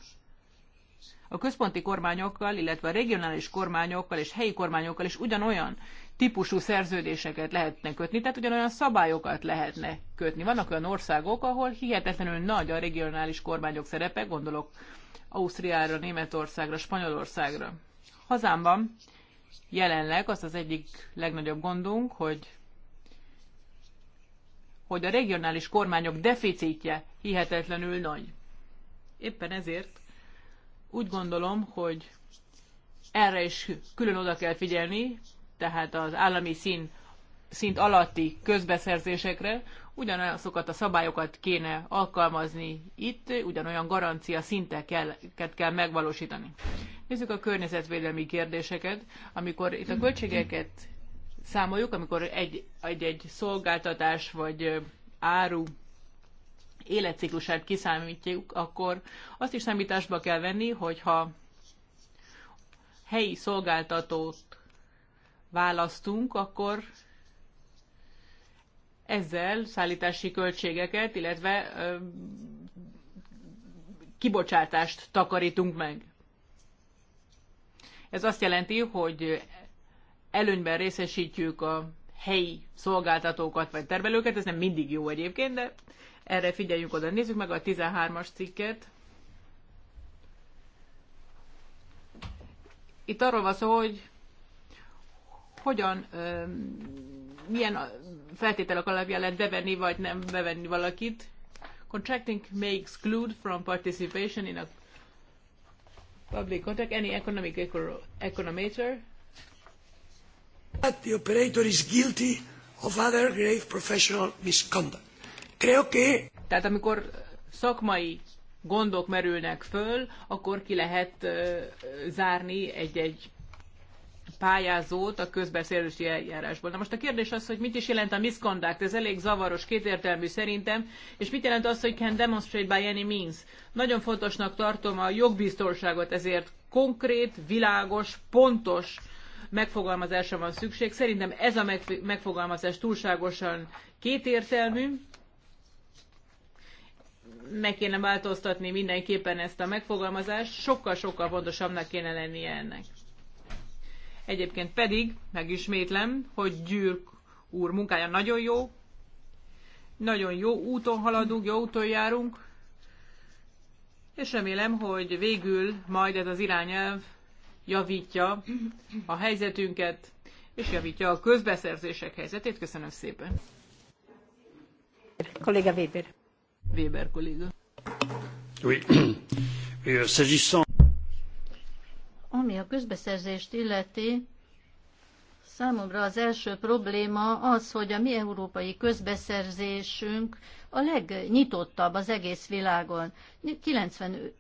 a központi kormányokkal, illetve a regionális kormányokkal és helyi kormányokkal is ugyanolyan típusú szerződéseket lehetne kötni, tehát ugyanolyan szabályokat lehetne kötni. Vannak olyan országok, ahol hihetetlenül nagy a regionális kormányok szerepe, gondolok Ausztriára, Németországra, Spanyolországra. Hazámban jelenleg az az egyik legnagyobb gondunk, hogy hogy a regionális kormányok deficitje hihetetlenül nagy. Éppen ezért úgy gondolom, hogy erre is külön oda kell figyelni, tehát az állami szín, szint alatti közbeszerzésekre ugyanazokat a szabályokat kéne alkalmazni itt, ugyanolyan garancia szinteket kell megvalósítani. Nézzük a környezetvédelmi kérdéseket. Amikor itt a költségeket számoljuk, amikor egy-egy szolgáltatás vagy áru életciklusát kiszámítjuk, akkor azt is számításba kell venni, hogyha helyi szolgáltatót választunk, akkor ezzel szállítási költségeket, illetve ö, kibocsátást takarítunk meg. Ez azt jelenti, hogy előnyben részesítjük a helyi szolgáltatókat vagy termelőket, ez nem mindig jó egyébként, de erre figyeljünk oda. Nézzük meg a 13-as cikket. Itt arról van szó, hogy hogyan, milyen feltételek alapján lehet bevenni vagy nem bevenni valakit. Contracting may exclude from participation in a public contract any economic econometer but the operator is guilty of other grave professional misconduct. Creo que... Tehát amikor szakmai gondok merülnek föl, akkor ki lehet uh, zárni egy-egy pályázót a közbeszélési eljárásból. Na most a kérdés az, hogy mit is jelent a misconduct, ez elég zavaros, kétértelmű szerintem, és mit jelent az, hogy can demonstrate by any means. Nagyon fontosnak tartom a jogbiztonságot, ezért konkrét, világos, pontos megfogalmazásra van szükség. Szerintem ez a megfogalmazás túlságosan kétértelmű, meg kéne változtatni mindenképpen ezt a megfogalmazást, sokkal-sokkal fontosabbnak kéne lennie ennek. Egyébként pedig, megismétlem, hogy Gyürk úr munkája nagyon jó, nagyon jó úton haladunk, jó úton járunk, és remélem, hogy végül majd ez az irányelv javítja a helyzetünket, és javítja a közbeszerzések helyzetét. Köszönöm szépen. Kolléga Weber. Weber kolléga. Oui. Euh, s'agissant... Ami a közbeszerzést illeti, számomra az első probléma az, hogy a mi európai közbeszerzésünk a legnyitottabb az egész világon. 95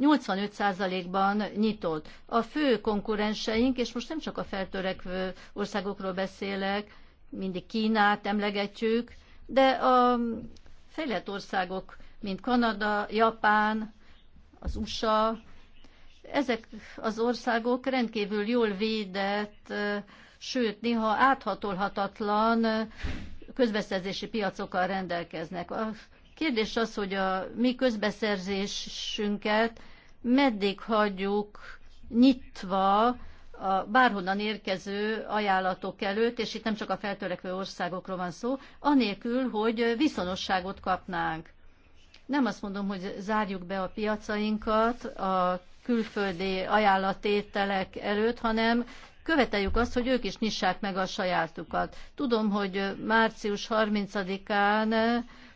85%-ban nyitott. A fő konkurenseink, és most nem csak a feltörekvő országokról beszélek, mindig Kínát emlegetjük, de a fejlett országok, mint Kanada, Japán, az USA, ezek az országok rendkívül jól védett, sőt, néha áthatolhatatlan közbeszerzési piacokkal rendelkeznek. A kérdés az, hogy a mi közbeszerzésünket meddig hagyjuk nyitva a bárhonnan érkező ajánlatok előtt, és itt nem csak a feltörekvő országokról van szó, anélkül, hogy viszonosságot kapnánk. Nem azt mondom, hogy zárjuk be a piacainkat a külföldi ajánlatételek előtt, hanem követeljük azt, hogy ők is nyissák meg a sajátukat. Tudom, hogy március 30-án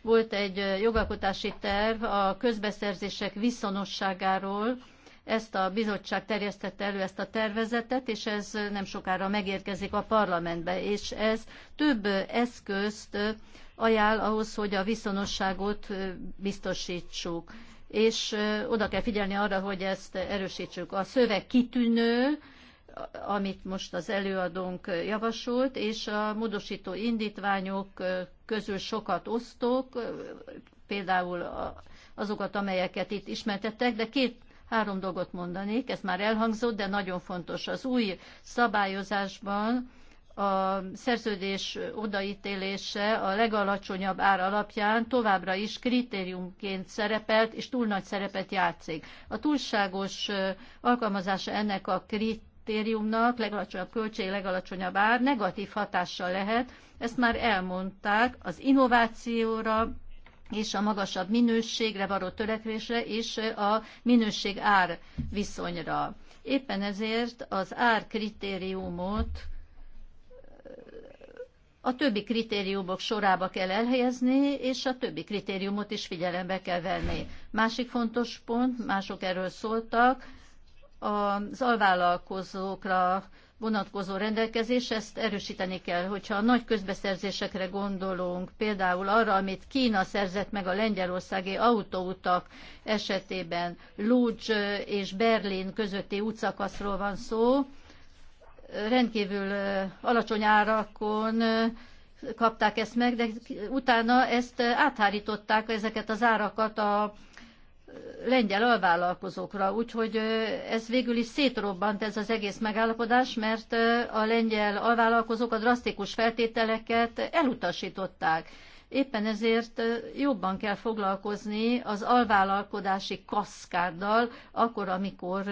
volt egy jogalkotási terv a közbeszerzések viszonosságáról, ezt a bizottság terjesztette elő ezt a tervezetet, és ez nem sokára megérkezik a parlamentbe, és ez több eszközt ajánl ahhoz, hogy a viszonosságot biztosítsuk és oda kell figyelni arra, hogy ezt erősítsük. A szöveg kitűnő, amit most az előadónk javasolt, és a módosító indítványok közül sokat osztok, például azokat, amelyeket itt ismertettek, de két Három dolgot mondanék, ez már elhangzott, de nagyon fontos. Az új szabályozásban a szerződés odaítélése a legalacsonyabb ár alapján továbbra is kritériumként szerepelt, és túl nagy szerepet játszik. A túlságos alkalmazása ennek a kritériumnak, legalacsonyabb költség, legalacsonyabb ár negatív hatással lehet, ezt már elmondták az innovációra, és a magasabb minőségre való törekvésre és a minőség ár viszonyra. Éppen ezért az ár kritériumot a többi kritériumok sorába kell elhelyezni, és a többi kritériumot is figyelembe kell venni. Másik fontos pont, mások erről szóltak, az alvállalkozókra vonatkozó rendelkezés, ezt erősíteni kell. Hogyha a nagy közbeszerzésekre gondolunk, például arra, amit Kína szerzett meg a lengyelországi autóutak esetében, Lúcs és Berlin közötti útszakaszról van szó, rendkívül eh, alacsony árakon eh, kapták ezt meg, de utána ezt eh, áthárították ezeket az árakat a lengyel alvállalkozókra, úgyhogy ez végül is szétrobbant ez az egész megállapodás, mert a lengyel alvállalkozók a drasztikus feltételeket elutasították. Éppen ezért jobban kell foglalkozni az alvállalkodási kaszkáddal, akkor, amikor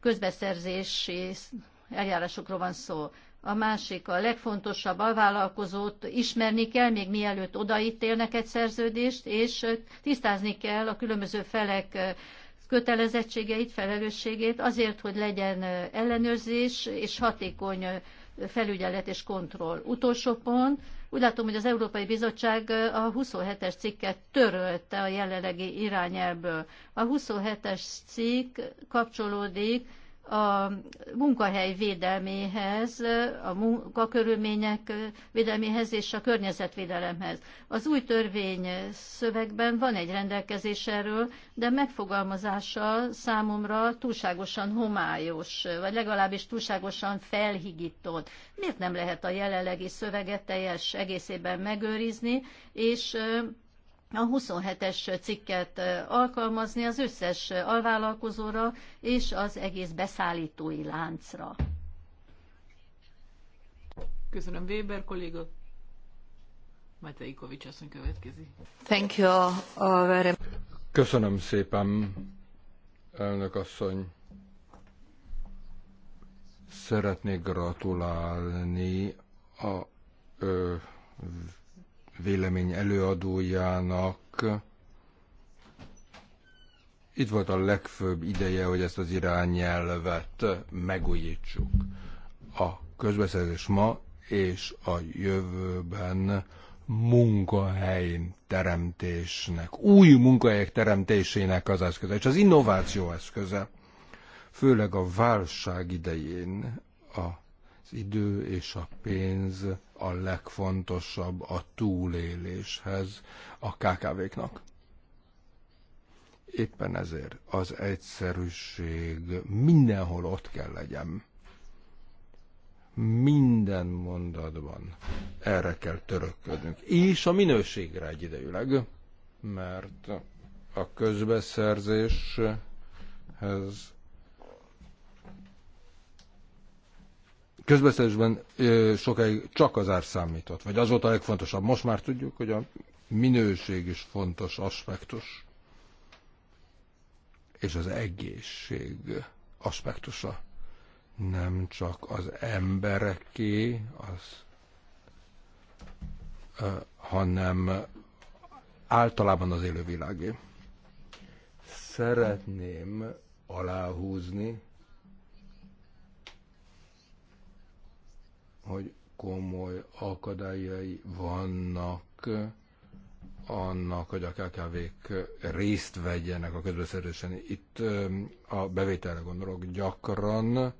közbeszerzési eljárásokról van szó a másik, a legfontosabb alvállalkozót ismerni kell, még mielőtt odaítélnek egy szerződést, és tisztázni kell a különböző felek kötelezettségeit, felelősségét azért, hogy legyen ellenőrzés és hatékony felügyelet és kontroll. Utolsó pont, úgy látom, hogy az Európai Bizottság a 27-es cikket törölte a jelenlegi irányelből. A 27-es cikk kapcsolódik a munkahely védelméhez, a munkakörülmények védelméhez és a környezetvédelemhez. Az új törvény szövegben van egy rendelkezés erről, de megfogalmazása számomra túlságosan homályos, vagy legalábbis túlságosan felhigított. Miért nem lehet a jelenlegi szöveget teljes egészében megőrizni, és a 27-es cikket alkalmazni az összes alvállalkozóra és az egész beszállítói láncra. Köszönöm Weber kolléga. Matejkovics asszony következik. Thank you very Köszönöm szépen, elnök asszony. Szeretnék gratulálni a ö, vélemény előadójának itt volt a legfőbb ideje, hogy ezt az irányelvet megújítsuk. A közbeszerzés ma és a jövőben munkahelyin teremtésnek, új munkahelyek teremtésének az eszköze, és az innováció eszköze, főleg a válság idején az idő és a pénz a legfontosabb a túléléshez a KKV-knak. Éppen ezért az egyszerűség mindenhol ott kell legyen. Minden mondatban erre kell törökködnünk. És a minőségre egyidejűleg, mert a közbeszerzéshez közbeszerzésben sokáig csak az ár számított, vagy az volt a legfontosabb. Most már tudjuk, hogy a minőség is fontos aspektus, és az egészség aspektusa. Nem csak az embereké, az, hanem általában az élővilágé. Szeretném aláhúzni, hogy komoly akadályai vannak eh, annak, hogy a KKV-k eh, részt vegyenek a közbeszerzésen. Itt eh, a bevételre gondolok gyakran.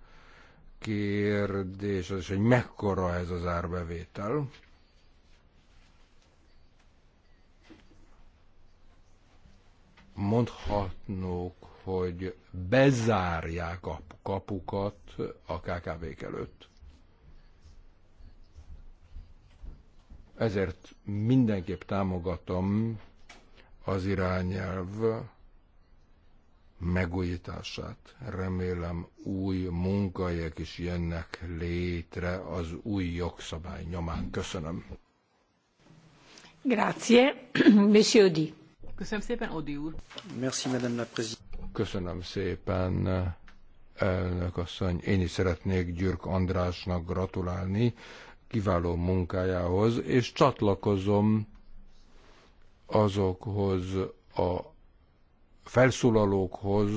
Kérdés az is, hogy mekkora ez az árbevétel. Mondhatnók, hogy bezárják a kapukat a KKV-k előtt Ezért mindenképp támogatom az irányelv megújítását. Remélem új munkahelyek is jönnek létre az új jogszabály nyomán. Köszönöm. Grazie, Monsieur Odi. Köszönöm szépen, Odi úr. Merci, Madame la Présidente. Köszönöm szépen, elnök asszony. Én is szeretnék Gyürk Andrásnak gratulálni kiváló munkájához, és csatlakozom azokhoz a felszólalókhoz,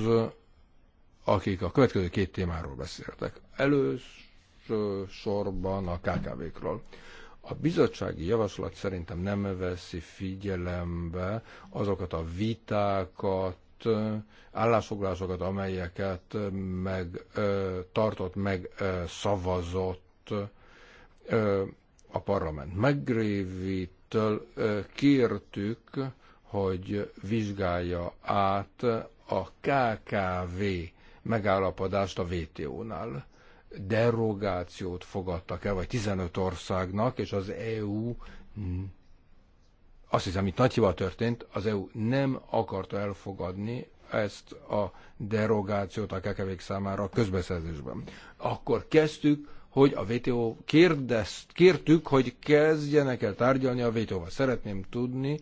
akik a következő két témáról beszéltek. először sorban a KKV-król. A bizottsági javaslat szerintem nem veszi figyelembe azokat a vitákat, állásfoglalásokat, amelyeket meg, tartott, meg szavazott a parlament megrévitől kértük, hogy vizsgálja át a KKV megállapodást a WTO-nál. Derogációt fogadtak el, vagy 15 országnak, és az EU azt hiszem, itt nagy hiba történt, az EU nem akarta elfogadni ezt a derogációt a kekevék számára a közbeszerzésben. Akkor kezdtük hogy a WTO kérdezt, kértük, hogy kezdjenek el tárgyalni a WTO-val. Szeretném tudni,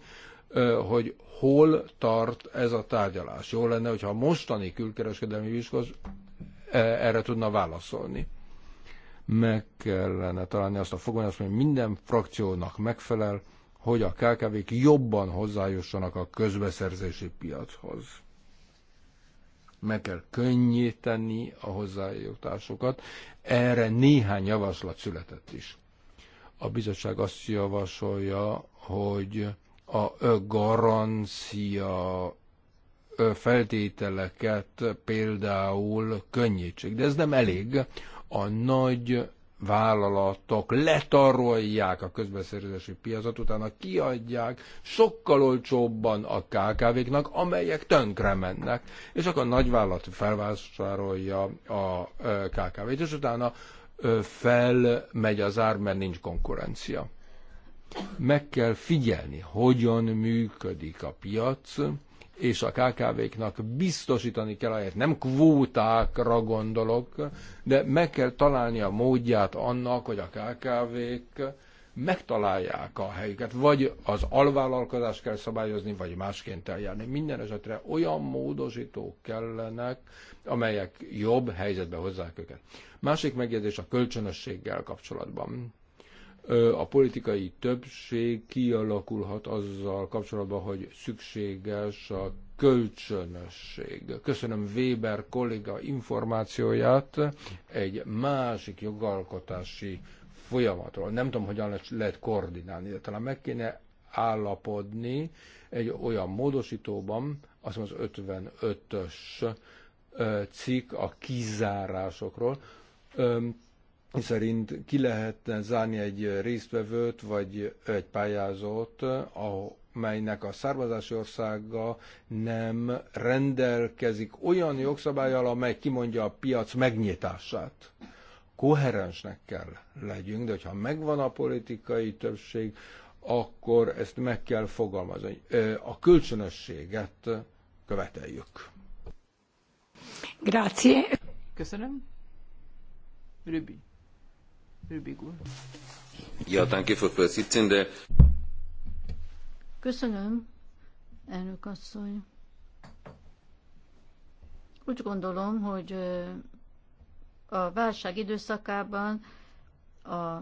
hogy hol tart ez a tárgyalás. Jó lenne, hogyha a mostani külkereskedelmi vizsgaz erre tudna válaszolni. Meg kellene találni azt a fogalmat, hogy minden frakciónak megfelel, hogy a KKV-k jobban hozzájussanak a közbeszerzési piachoz meg kell könnyíteni a hozzájutásokat. Erre néhány javaslat született is. A bizottság azt javasolja, hogy a garancia feltételeket például könnyítsék. De ez nem elég. A nagy vállalatok letarolják a közbeszerzési piacot, utána kiadják sokkal olcsóbban a KKV-knak, amelyek tönkre mennek, és akkor a nagyvállalat felvásárolja a KKV-t, és utána felmegy az ár, mert nincs konkurencia. Meg kell figyelni, hogyan működik a piac, és a KKV-knak biztosítani kell, ahelyett nem kvótákra gondolok, de meg kell találni a módját annak, hogy a KKV-k megtalálják a helyüket, vagy az alvállalkozást kell szabályozni, vagy másként eljárni. Minden esetre olyan módosítók kellenek, amelyek jobb helyzetbe hozzák őket. Másik megjegyzés a kölcsönösséggel kapcsolatban a politikai többség kialakulhat azzal kapcsolatban, hogy szükséges a kölcsönösség. Köszönöm Weber kolléga információját egy másik jogalkotási folyamatról. Nem tudom, hogyan lehet koordinálni, de talán meg kéne állapodni egy olyan módosítóban, azt az 55-ös cikk a kizárásokról, szerint ki lehet zárni egy résztvevőt vagy egy pályázót, melynek a származási országa nem rendelkezik olyan jogszabályal, amely kimondja a piac megnyitását. Koherensnek kell legyünk, de hogyha megvan a politikai többség, akkor ezt meg kell fogalmazni. A kölcsönösséget követeljük. Grazie. Köszönöm. Rübi. Ja, danke, Frau Vorsitzende. Köszönöm, elnök asszony. Úgy gondolom, hogy a válság időszakában a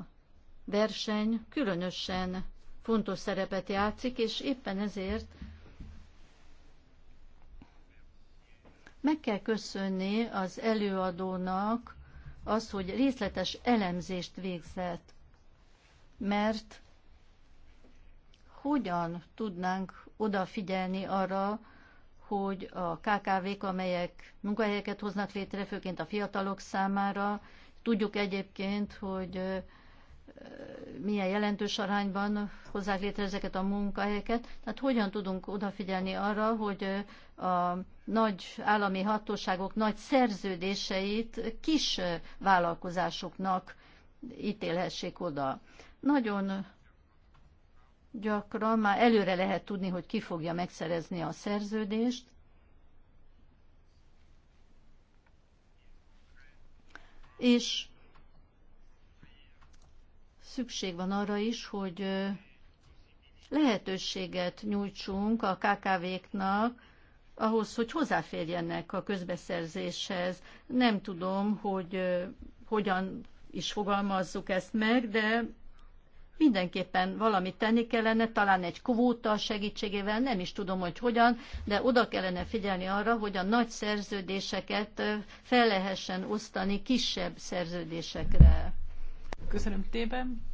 verseny különösen fontos szerepet játszik, és éppen ezért meg kell köszönni az előadónak az, hogy részletes elemzést végzett, mert hogyan tudnánk odafigyelni arra, hogy a KKV-k, amelyek munkahelyeket hoznak létre, főként a fiatalok számára, tudjuk egyébként, hogy milyen jelentős arányban hozzák létre ezeket a munkahelyeket. Tehát hogyan tudunk odafigyelni arra, hogy a nagy állami hatóságok nagy szerződéseit kis vállalkozásoknak ítélhessék oda. Nagyon gyakran már előre lehet tudni, hogy ki fogja megszerezni a szerződést. És szükség van arra is, hogy lehetőséget nyújtsunk a KKV-knak, ahhoz, hogy hozzáférjenek a közbeszerzéshez. Nem tudom, hogy hogyan is fogalmazzuk ezt meg, de mindenképpen valamit tenni kellene, talán egy kvóta segítségével, nem is tudom, hogy hogyan, de oda kellene figyelni arra, hogy a nagy szerződéseket fel lehessen osztani kisebb szerződésekre. Köszönöm tében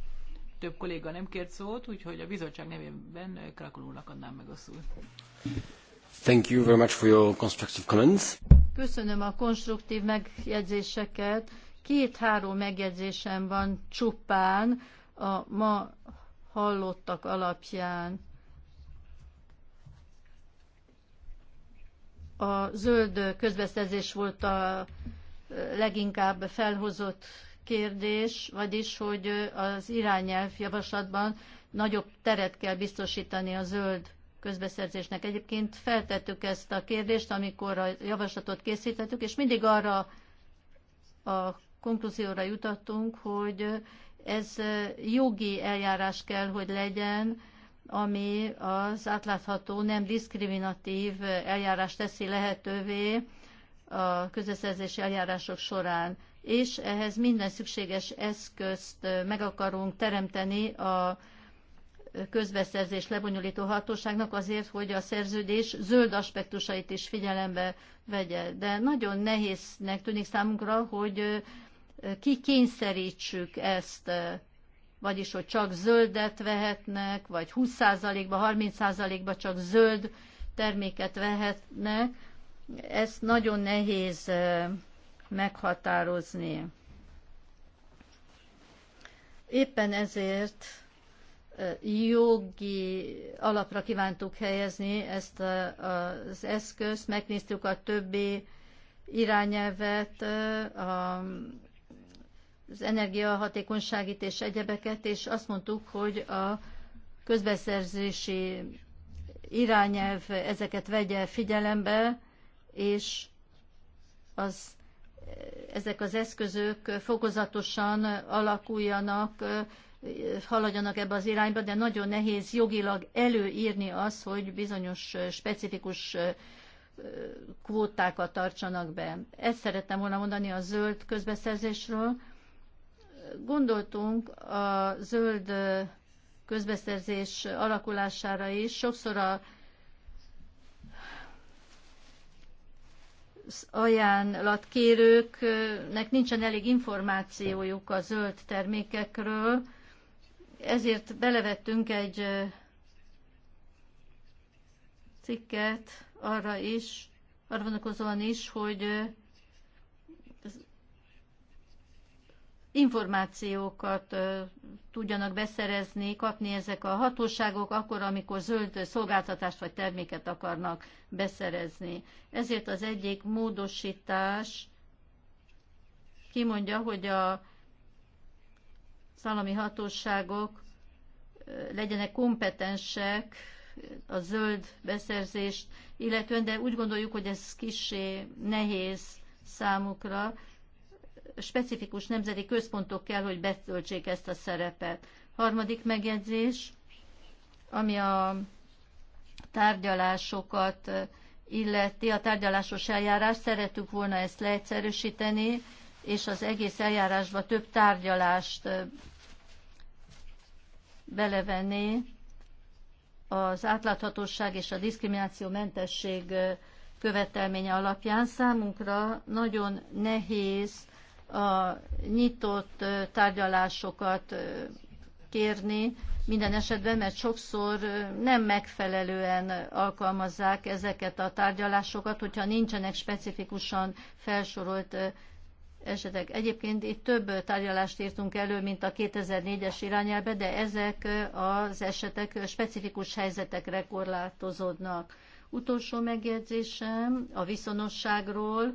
több kolléga nem kért szót, úgyhogy a bizottság nevében Krakulónak adnám meg a szót. Thank you very much for your constructive comments. Köszönöm a konstruktív megjegyzéseket. Két-három megjegyzésem van csupán a ma hallottak alapján. A zöld közbeszerzés volt a leginkább felhozott kérdés, vagyis, hogy az irányelv javaslatban nagyobb teret kell biztosítani a zöld közbeszerzésnek. Egyébként feltettük ezt a kérdést, amikor a javaslatot készítettük, és mindig arra a konklúzióra jutottunk, hogy ez jogi eljárás kell, hogy legyen, ami az átlátható, nem diszkriminatív eljárás teszi lehetővé a közbeszerzési eljárások során és ehhez minden szükséges eszközt meg akarunk teremteni a közbeszerzés lebonyolító hatóságnak azért, hogy a szerződés zöld aspektusait is figyelembe vegye. De nagyon nehéznek tűnik számunkra, hogy kikényszerítsük ezt, vagyis hogy csak zöldet vehetnek, vagy 20%-ba, 30%-ba csak zöld terméket vehetnek. Ezt nagyon nehéz meghatározni. Éppen ezért jogi alapra kívántuk helyezni ezt az eszközt, megnéztük a többi irányelvet, az energiahatékonyságit és egyebeket, és azt mondtuk, hogy a közbeszerzési irányelv ezeket vegye figyelembe, és az ezek az eszközök fokozatosan alakuljanak, haladjanak ebbe az irányba, de nagyon nehéz jogilag előírni azt, hogy bizonyos specifikus kvótákat tartsanak be. Ezt szerettem volna mondani a zöld közbeszerzésről. Gondoltunk a zöld közbeszerzés alakulására is. Sokszor a ajánlatkérőknek nincsen elég információjuk a zöld termékekről, ezért belevettünk egy cikket arra is, arra vonatkozóan is, hogy információkat tudjanak beszerezni, kapni ezek a hatóságok, akkor, amikor zöld szolgáltatást vagy terméket akarnak beszerezni. Ezért az egyik módosítás kimondja, hogy a szállami hatóságok legyenek kompetensek a zöld beszerzést, illetően, de úgy gondoljuk, hogy ez kisé nehéz számukra, specifikus nemzeti központok kell, hogy betöltsék ezt a szerepet. Harmadik megjegyzés, ami a tárgyalásokat eh, illeti, a tárgyalásos eljárás szeretük volna ezt leegyszerűsíteni, és az egész eljárásba több tárgyalást eh, belevenni az átláthatóság és a mentesség eh, követelménye alapján. Számunkra nagyon nehéz a nyitott tárgyalásokat kérni, minden esetben, mert sokszor nem megfelelően alkalmazzák ezeket a tárgyalásokat, hogyha nincsenek specifikusan felsorolt esetek. Egyébként itt több tárgyalást írtunk elő, mint a 2004-es irányelbe, de ezek az esetek specifikus helyzetekre korlátozódnak. Utolsó megjegyzésem a viszonosságról,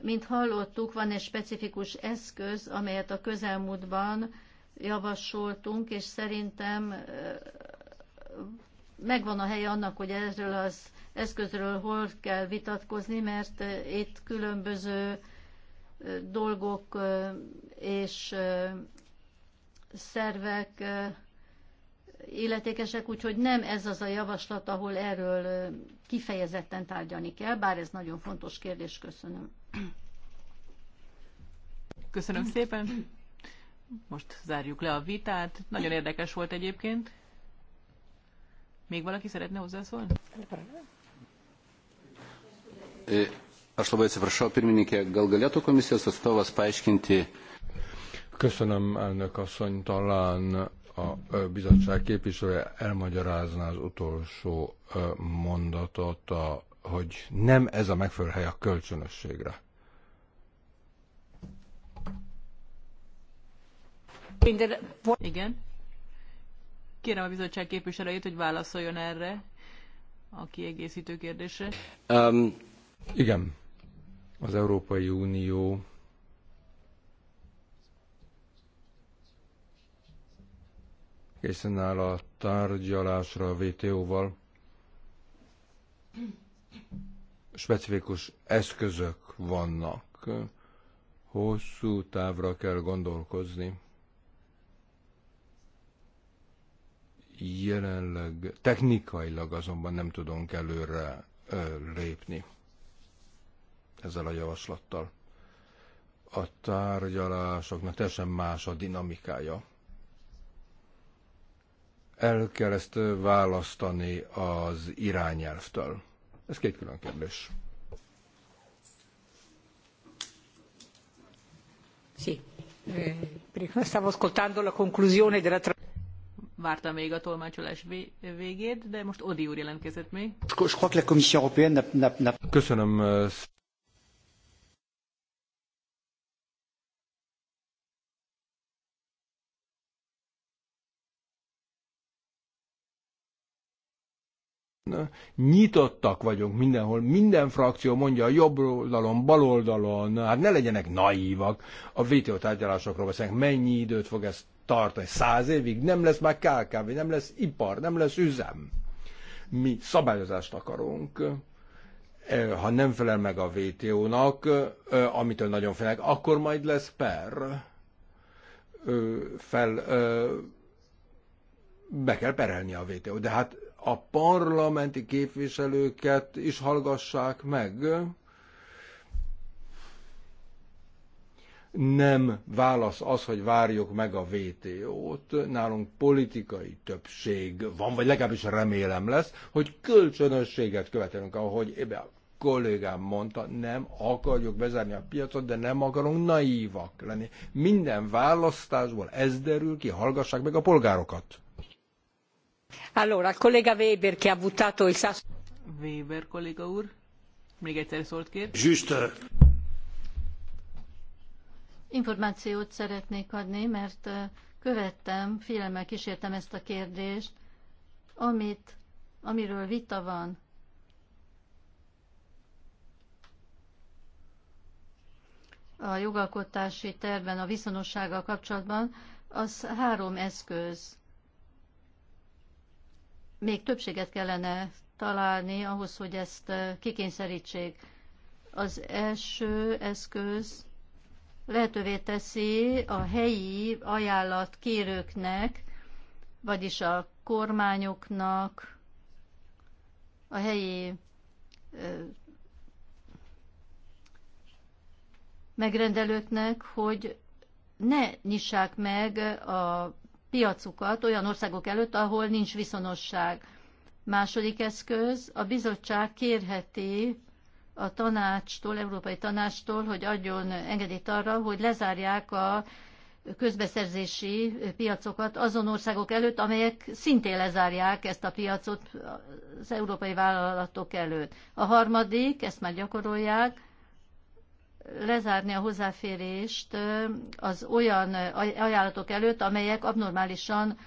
mint hallottuk, van egy specifikus eszköz, amelyet a közelmúltban javasoltunk, és szerintem megvan a helye annak, hogy erről az eszközről hol kell vitatkozni, mert itt különböző dolgok és szervek illetékesek, úgyhogy nem ez az a javaslat, ahol erről kifejezetten tárgyalni kell, bár ez nagyon fontos kérdés, köszönöm. Köszönöm szépen. Most zárjuk le a vitát. Nagyon érdekes volt egyébként. Még valaki szeretne hozzászólni? Aš labai atsiprašau, pirmininkė, gal galėtų komisijos atstovas paaiškinti. Köszönöm, elnök asszony, talán a bizottság képviselője elmagyarázná az utolsó mondatot a hogy nem ez a megfelelő hely a kölcsönösségre. Igen. Kérem a bizottság képviselőjét, hogy válaszoljon erre a kiegészítő kérdésre. Um, igen. Az Európai Unió készen áll a tárgyalásra a vto val specifikus eszközök vannak. Hosszú távra kell gondolkozni. Jelenleg technikailag azonban nem tudunk előre ö, lépni ezzel a javaslattal. A tárgyalásoknak teljesen más a dinamikája el kell ezt választani az irányelvtől. Ez két külön kérdés. Sí. Eh, Stavo még a tolmácsolás végét, de most Odi úr jelentkezett még. Köszönöm eh, nyitottak vagyunk mindenhol, minden frakció mondja a jobb oldalon, bal oldalon, hát ne legyenek naívak, a VTO tárgyalásokról beszélnek, mennyi időt fog ez tartani, száz évig, nem lesz már KKV, nem lesz ipar, nem lesz üzem. Mi szabályozást akarunk, ha nem felel meg a VTO-nak, amitől nagyon felel, akkor majd lesz per. Fel, be kell perelni a VTO. De hát a parlamenti képviselőket is hallgassák meg. Nem válasz az, hogy várjuk meg a VTO-t, nálunk politikai többség van, vagy legalábbis remélem lesz, hogy kölcsönösséget követelünk, ahogy a kollégám mondta, nem akarjuk bezárni a piacot, de nem akarunk naívak lenni. Minden választásból ez derül ki, hallgassák meg a polgárokat. Allora, a collega Weber che ha buttato il sasso... Weber kolléga úr, még egyszer szólt kér. Just. Információt szeretnék adni, mert követtem, figyelemmel kísértem ezt a kérdést, amit, amiről vita van. A jogalkotási tervben a viszonossággal kapcsolatban az három eszköz még többséget kellene találni ahhoz, hogy ezt eh, kikényszerítsék. Az első eszköz lehetővé teszi a helyi ajánlat kérőknek, vagyis a kormányoknak, a helyi eh, megrendelőknek, hogy ne nyissák meg a piacukat olyan országok előtt, ahol nincs viszonosság. Második eszköz, a bizottság kérheti a tanácstól, Európai Tanácstól, hogy adjon engedélyt arra, hogy lezárják a közbeszerzési piacokat azon országok előtt, amelyek szintén lezárják ezt a piacot az európai vállalatok előtt. A harmadik, ezt már gyakorolják, lezárni a hozzáférést az olyan ajánlatok előtt, amelyek abnormálisan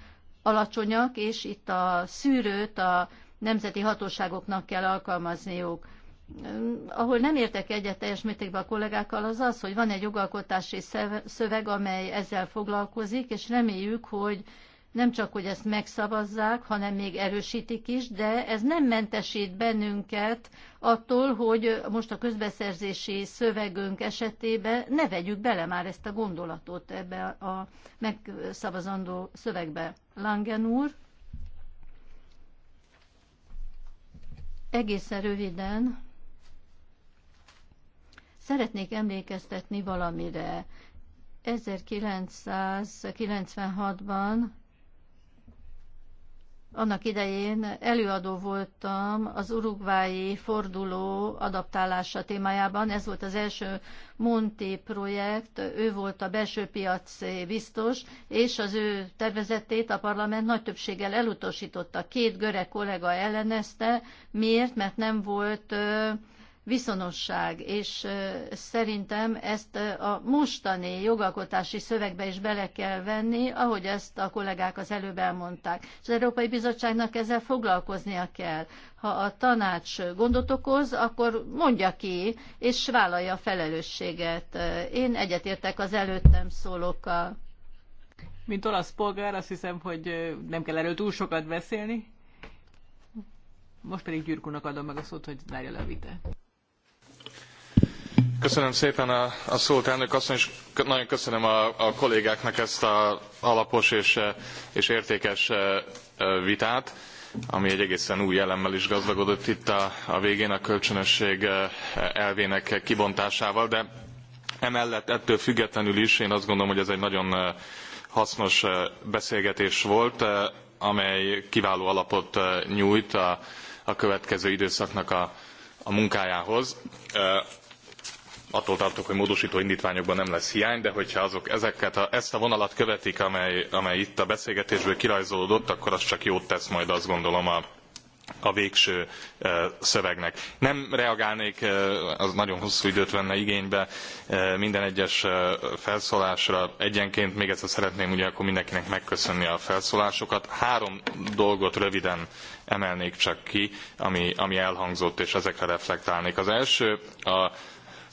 alacsonyak, és itt a szűrőt a nemzeti hatóságoknak kell alkalmazniuk. Ahol nem értek egyet teljes mértékben a kollégákkal, az az, hogy van egy jogalkotási szöveg, amely ezzel foglalkozik, és reméljük, hogy nem csak, hogy ezt megszavazzák, hanem még erősítik is, de ez nem mentesít bennünket attól, hogy most a közbeszerzési szövegünk esetében ne vegyük bele már ezt a gondolatot ebbe a megszavazandó szövegbe. Langen úr, egészen röviden szeretnék emlékeztetni valamire. 1996-ban annak idején előadó voltam az urugvái forduló adaptálása témájában. Ez volt az első Monti projekt, ő volt a belső piac biztos, és az ő tervezetét a parlament nagy többséggel elutasította. Két görög kollega ellenezte. Miért? Mert nem volt viszonosság, és szerintem ezt a mostani jogalkotási szövegbe is bele kell venni, ahogy ezt a kollégák az előbb elmondták. Az Európai Bizottságnak ezzel foglalkoznia kell. Ha a tanács gondot okoz, akkor mondja ki, és vállalja a felelősséget. Én egyetértek az előttem szólókkal. Mint olasz polgár, azt hiszem, hogy nem kell erről túl sokat beszélni. Most pedig Gyürkónak adom meg a szót, hogy zárja le a vitát. Köszönöm szépen a, a szót, elnök asszony, és nagyon köszönöm a, a kollégáknak ezt az alapos és, e, és értékes e, e, vitát, ami egy egészen új elemmel is gazdagodott itt a, a végén a kölcsönösség elvének kibontásával, de emellett ettől függetlenül is én azt gondolom, hogy ez egy nagyon hasznos beszélgetés volt, amely kiváló alapot nyújt a, a következő időszaknak a, a munkájához attól tartok, hogy módosító indítványokban nem lesz hiány, de hogyha azok ezeket a, ezt a vonalat követik, amely, amely itt a beszélgetésből kirajzolódott, akkor az csak jót tesz majd azt gondolom a, a végső e, szövegnek. Nem reagálnék, e, az nagyon hosszú időt venne igénybe e, minden egyes felszólásra. Egyenként még egyszer szeretném ugye akkor mindenkinek megköszönni a felszólásokat. Három dolgot röviden emelnék csak ki, ami, ami elhangzott, és ezekre reflektálnék. Az első a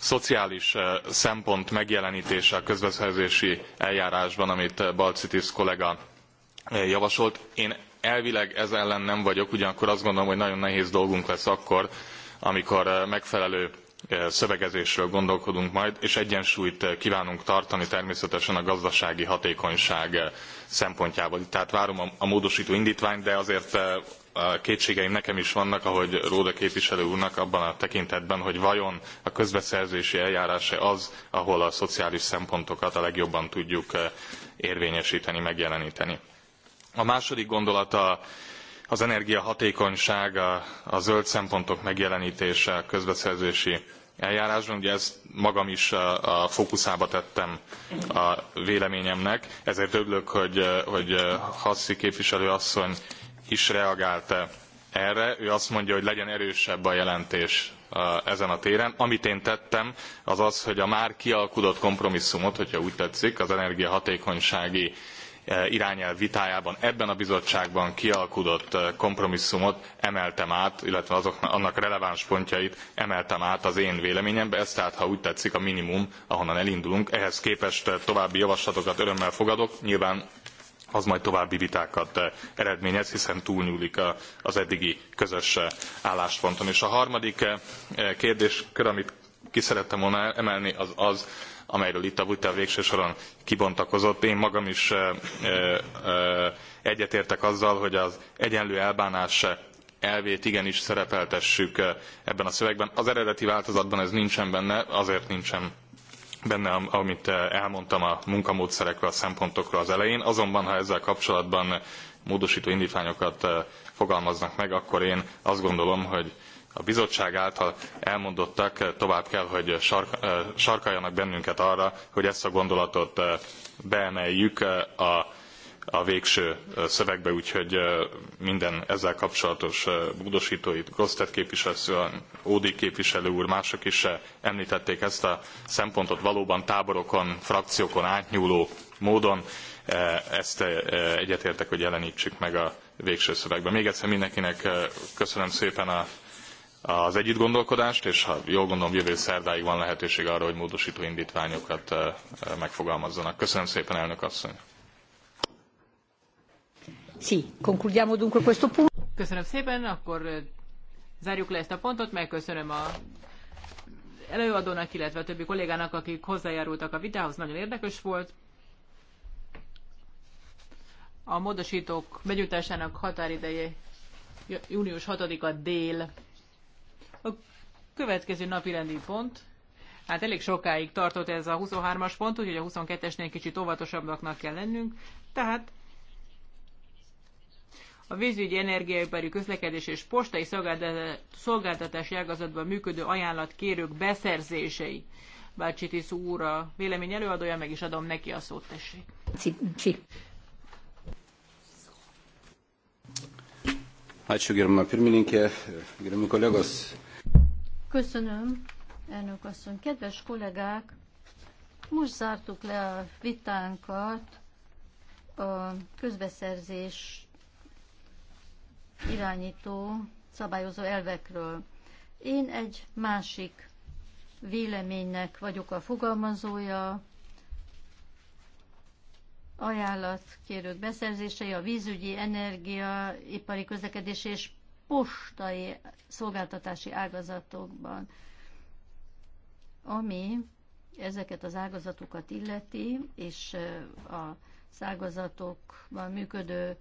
szociális eh, szempont megjelenítése a közbeszerzési eljárásban, amit eh, Balcitis kollega eh, javasolt. Én elvileg ez ellen nem vagyok, ugyanakkor azt gondolom, hogy nagyon nehéz dolgunk lesz akkor, amikor megfelelő szövegezésről gondolkodunk majd, és egyensúlyt kívánunk tartani természetesen a gazdasági hatékonyság szempontjából. Tehát várom a módosító indítványt, de azért a kétségeim nekem is vannak, ahogy Róda képviselő úrnak abban a tekintetben, hogy vajon a közbeszerzési eljárás -e az, ahol a szociális szempontokat a legjobban tudjuk eh, érvényesíteni, megjeleníteni. A második gondolata az energiahatékonyság, a, a zöld szempontok megjelenítése a közbeszerzési eljárásban. Ugye ezt magam is a, a fókuszába tettem a véleményemnek, ezért örülök, hogy, hogy eh, Hasszi asszony is reagált erre. Ő azt mondja, hogy legyen erősebb a jelentés ezen a téren. Amit én tettem, az az, hogy a már kialkudott kompromisszumot, hogyha úgy tetszik, az energiahatékonysági irányelv vitájában ebben a bizottságban kialkudott kompromisszumot emeltem át, illetve azok, annak releváns pontjait emeltem át az én véleményembe. Ez tehát, ha úgy tetszik, a minimum, ahonnan elindulunk. Ehhez képest további javaslatokat örömmel fogadok. Nyilván az majd további vitákat eh, eredményez, hiszen túlnyúlik eh, az eddigi közös eh, állásponton. És a harmadik kérdéskör, amit ki szerettem volna emelni, az az, amelyről itt a vita végső soron kibontakozott. Én magam is egyetértek azzal, hogy az egyenlő elbánás elvét igenis szerepeltessük ebben a szövegben. Az eredeti változatban ez nincsen benne, azért nincsen benne, amit eh, elmondtam a munkamódszerekről, a szempontokról az elején. Azonban, ha ezzel kapcsolatban módosító indítványokat eh, fogalmaznak meg, akkor én azt gondolom, hogy a bizottság által elmondottak eh, tovább kell, hogy sarkaljanak bennünket arra, hogy ezt a gondolatot beemeljük a a végső szövegbe, úgyhogy minden ezzel kapcsolatos módosítóit, Grosztet képviselő, Ódi képviselő úr, mások is említették ezt a szempontot valóban táborokon, frakciókon átnyúló módon. Ezt egyetértek, hogy jelenítsük meg a végső szövegbe. Még egyszer mindenkinek köszönöm szépen a, az együttgondolkodást, és ha jól gondolom, jövő szerdáig van lehetőség arra, hogy módosító indítványokat megfogalmazzanak. Köszönöm szépen, elnök asszony! Köszönöm szépen, akkor zárjuk le ezt a pontot, megköszönöm a előadónak, illetve a többi kollégának, akik hozzájárultak a vitához, nagyon érdekes volt. A módosítók benyújtásának határideje június 6-a dél. A következő napi rendi pont, hát elég sokáig tartott ez a 23-as pont, úgyhogy a 22-esnél kicsit óvatosabbaknak kell lennünk, tehát a vízügyi, energiaipari, közlekedés és postai szolgáltatás ágazatban működő ajánlatkérők beszerzései. Tiszú úr a vélemény előadója, meg is adom neki a szót, tessék. Csi. Ačiū, germa pirmininkė, Köszönöm, elnök asszony. Kedves kollégák, most zártuk le a vitánkat a közbeszerzés irányító, szabályozó elvekről. Én egy másik véleménynek vagyok a fogalmazója, kérők beszerzései, a vízügyi, energia, ipari közlekedés és postai szolgáltatási ágazatokban, ami ezeket az ágazatokat illeti, és a ágazatokban működő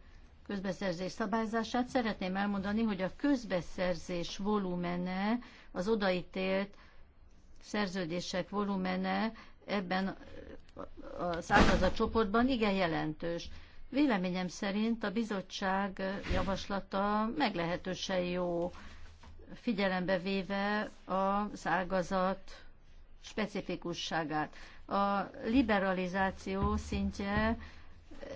közbeszerzés szabályzását. Szeretném elmondani, hogy a közbeszerzés volumene, az odaítélt szerződések volumene ebben az ágazatcsoportban igen jelentős. Véleményem szerint a bizottság javaslata meglehetősen jó, figyelembe véve az ágazat specifikusságát. A liberalizáció szintje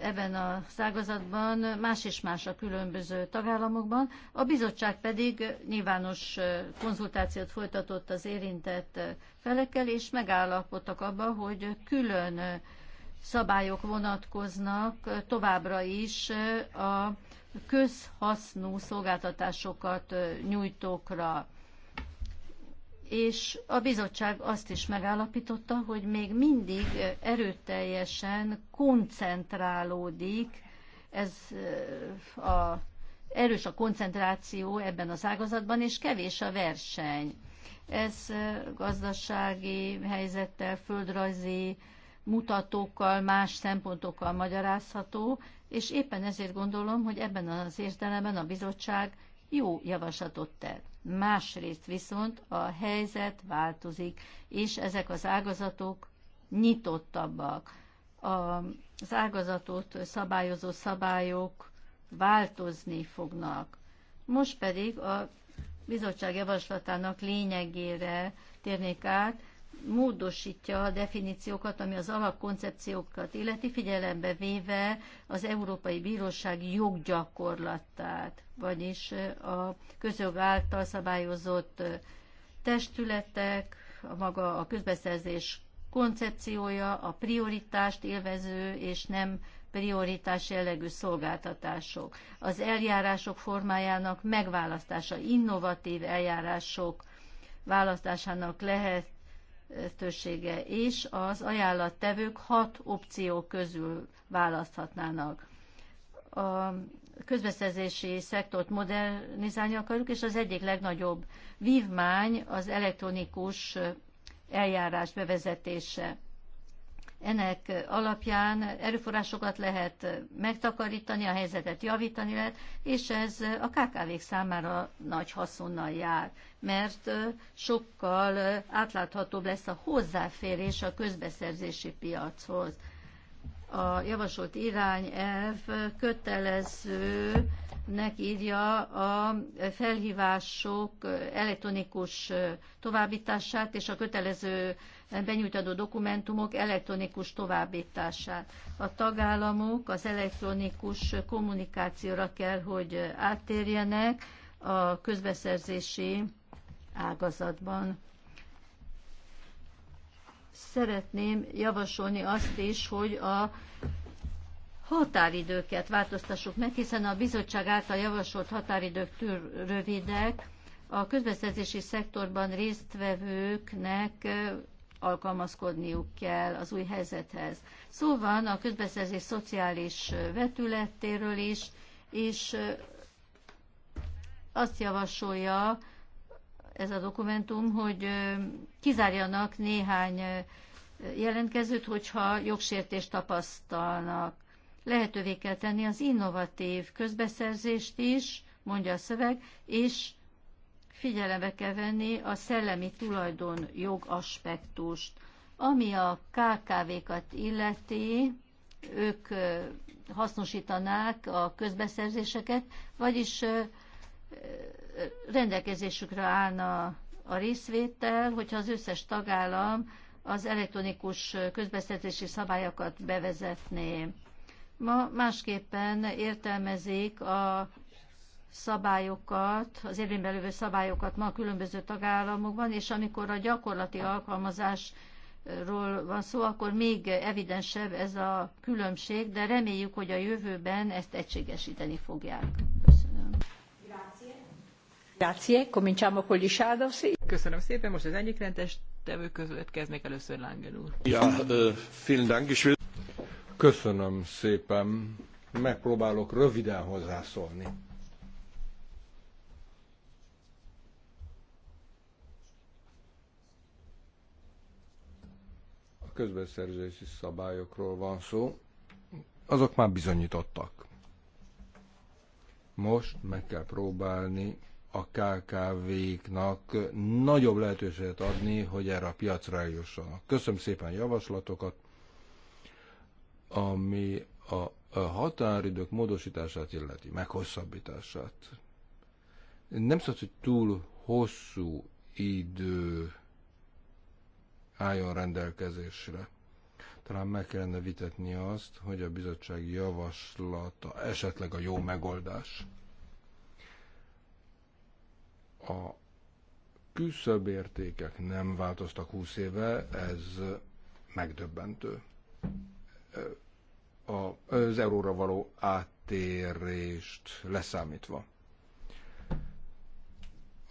ebben a szágazatban, más és más a különböző tagállamokban. A bizottság pedig nyilvános konzultációt folytatott az érintett felekkel, és megállapodtak abban, hogy külön szabályok vonatkoznak továbbra is a közhasznú szolgáltatásokat nyújtókra és a bizottság azt is megállapította, hogy még mindig erőteljesen koncentrálódik ez a, erős a koncentráció ebben az ágazatban, és kevés a verseny. Ez gazdasági helyzettel, földrajzi mutatókkal, más szempontokkal magyarázható, és éppen ezért gondolom, hogy ebben az értelemben a bizottság jó javaslatot tett. Másrészt viszont a helyzet változik, és ezek az ágazatok nyitottabbak. Az ágazatot szabályozó szabályok változni fognak. Most pedig a bizottság javaslatának lényegére térnék át, módosítja a definíciókat, ami az alapkoncepciókat illeti, figyelembe véve az Európai Bíróság joggyakorlatát, vagyis a közjog által szabályozott testületek, a maga a közbeszerzés koncepciója, a prioritást élvező és nem prioritás jellegű szolgáltatások, az eljárások formájának megválasztása, innovatív eljárások választásának lehet lehetősége is, az ajánlattevők hat opció közül választhatnának. A közbeszerzési szektort modernizálni akarjuk, és az egyik legnagyobb vívmány az elektronikus eljárás bevezetése ennek alapján erőforrásokat lehet megtakarítani, a helyzetet javítani lehet, és ez a KKV-k számára nagy haszonnal jár, mert sokkal átláthatóbb lesz a hozzáférés a közbeszerzési piachoz. A javasolt irányelv kötelezőnek írja a felhívások elektronikus továbbítását és a kötelező benyújtandó dokumentumok elektronikus továbbítását. A tagállamok az elektronikus kommunikációra kell, hogy áttérjenek a közbeszerzési ágazatban. Szeretném javasolni azt is, hogy a határidőket változtassuk meg, hiszen a bizottság által javasolt határidők tűr rövidek, a közbeszerzési szektorban résztvevőknek alkalmazkodniuk kell az új helyzethez. Szó szóval van a közbeszerzés szociális vetületéről is, és azt javasolja ez a dokumentum, hogy kizárjanak néhány jelentkezőt, hogyha jogsértést tapasztalnak. Lehetővé kell tenni az innovatív közbeszerzést is, mondja a szöveg, és figyelembe kell venni a szellemi tulajdon jog aspektust. Ami a KKV-kat illeti, ők hasznosítanák a közbeszerzéseket, vagyis rendelkezésükre állna a részvétel, hogyha az összes tagállam az elektronikus közbeszerzési szabályokat bevezetné. Ma másképpen értelmezik a szabályokat, az érvényben lévő szabályokat ma a különböző tagállamokban, és amikor a gyakorlati alkalmazásról van szó, akkor még evidensebb ez a különbség, de reméljük, hogy a jövőben ezt egységesíteni fogják. Köszönöm. Grazie. Cominciamo con gli shadows. Köszönöm szépen, most az egyik rendes tevő következnek először Langen úr. Ja, vielen Dank. Köszönöm szépen. Megpróbálok röviden hozzászólni közbeszerzési szabályokról van szó, azok már bizonyítottak. Most meg kell próbálni a KKV-knak nagyobb lehetőséget adni, hogy erre a piacra eljussanak. Köszönöm szépen javaslatokat, ami a határidők módosítását illeti, meghosszabbítását. Nem szabad, hogy túl hosszú idő álljon rendelkezésre. Talán meg kellene vitetni azt, hogy a bizottság javaslata esetleg a jó megoldás. A küszöbértékek nem változtak 20 éve, ez megdöbbentő. A, az euróra való áttérést leszámítva.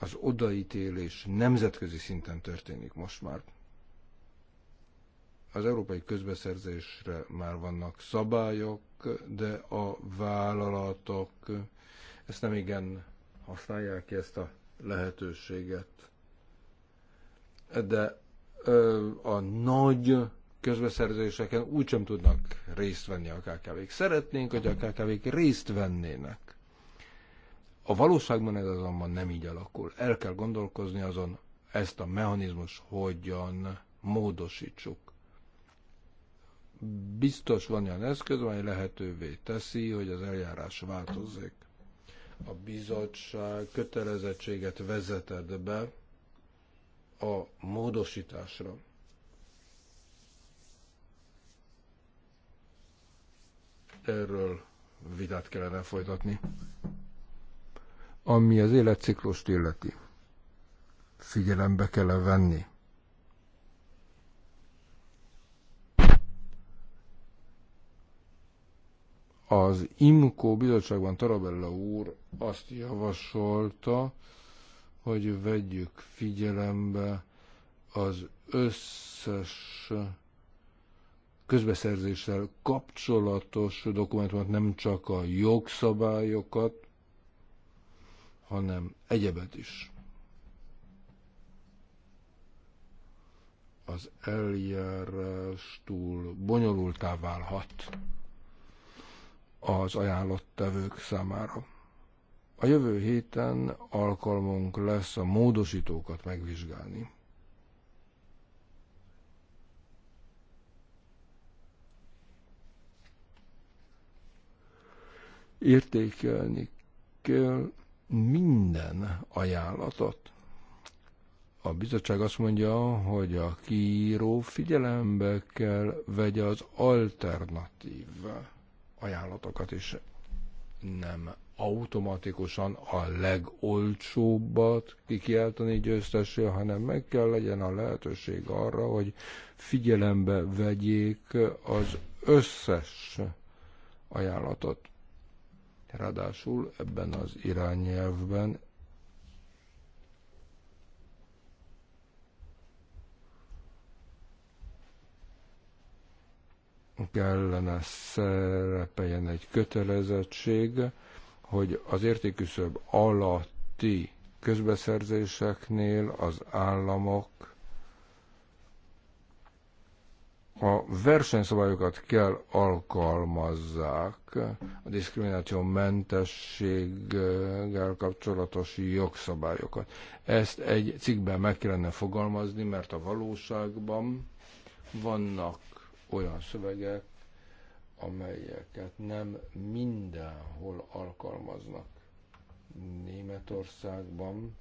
Az odaítélés nemzetközi szinten történik most már. Az európai közbeszerzésre már vannak szabályok, de a vállalatok ezt nem igen használják ki, ezt a lehetőséget. De a nagy közbeszerzéseken úgysem tudnak részt venni a KKV-k. Szeretnénk, hogy a KKV-k részt vennének. A valóságban ez azonban nem így alakul. El kell gondolkozni azon ezt a mechanizmus, hogyan módosítsuk biztos van olyan eszköz, amely lehetővé teszi, hogy az eljárás változzék. A bizottság kötelezettséget vezeted be a módosításra. Erről vitát kellene folytatni. Ami az életciklust illeti, figyelembe kell venni Az IMCO bizottságban Tarabella úr azt javasolta, hogy vegyük figyelembe az összes közbeszerzéssel kapcsolatos dokumentumot, nem csak a jogszabályokat, hanem egyebet is. Az eljárás túl bonyolultá válhat az ajánlott tevők számára. A jövő héten alkalmunk lesz a módosítókat megvizsgálni. Értékelni kell minden ajánlatot. A bizottság azt mondja, hogy a kiíró figyelembe kell vegye az alternatívvel ajánlatokat is nem automatikusan a legolcsóbbat kikiáltani győztesül, hanem meg kell legyen a lehetőség arra, hogy figyelembe vegyék az összes ajánlatot. Ráadásul ebben az irányelvben kellene szerepeljen egy kötelezettség, hogy az értéküszöb alatti közbeszerzéseknél az államok a versenyszabályokat kell alkalmazzák a diszkrimináció mentességgel kapcsolatos jogszabályokat. Ezt egy cikkben meg kellene fogalmazni, mert a valóságban vannak olyan szövegek, amelyeket nem mindenhol alkalmaznak. Németországban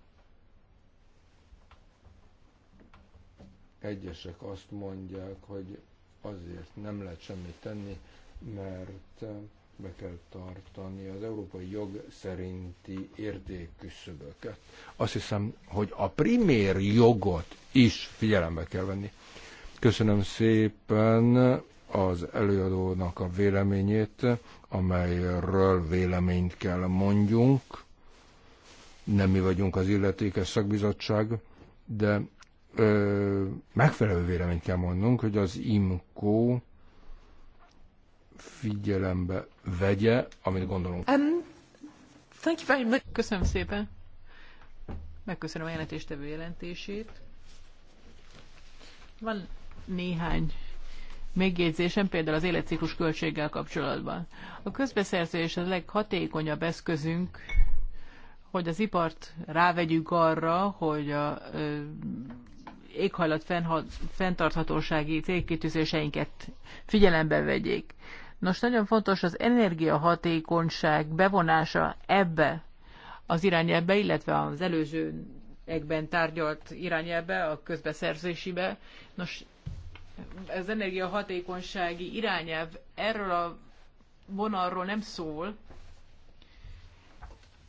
egyesek azt mondják, hogy azért nem lehet semmit tenni, mert be kell tartani az európai jog szerinti szövöket. Azt hiszem, hogy a primér jogot is figyelembe kell venni. Köszönöm szépen az előadónak a véleményét, amelyről véleményt kell mondjunk. Nem mi vagyunk az illetékes szakbizottság, de ö, megfelelő véleményt kell mondnunk, hogy az IMCO figyelembe vegye, amit gondolunk. Um, thank you very much. Köszönöm szépen. Megköszönöm a jelentéstevő jelentését. Van néhány megjegyzésem, például az életciklus költséggel kapcsolatban. A közbeszerzés a leghatékonyabb eszközünk, hogy az ipart rávegyük arra, hogy a ö, éghajlat fenntarthatósági célkitűzéseinket figyelembe vegyék. Nos, nagyon fontos az energiahatékonyság bevonása ebbe az irányelbe, illetve az előző egyben tárgyalt irányelbe, a közbeszerzésibe. Nos, az energiahatékonysági irányelv erről a vonalról nem szól.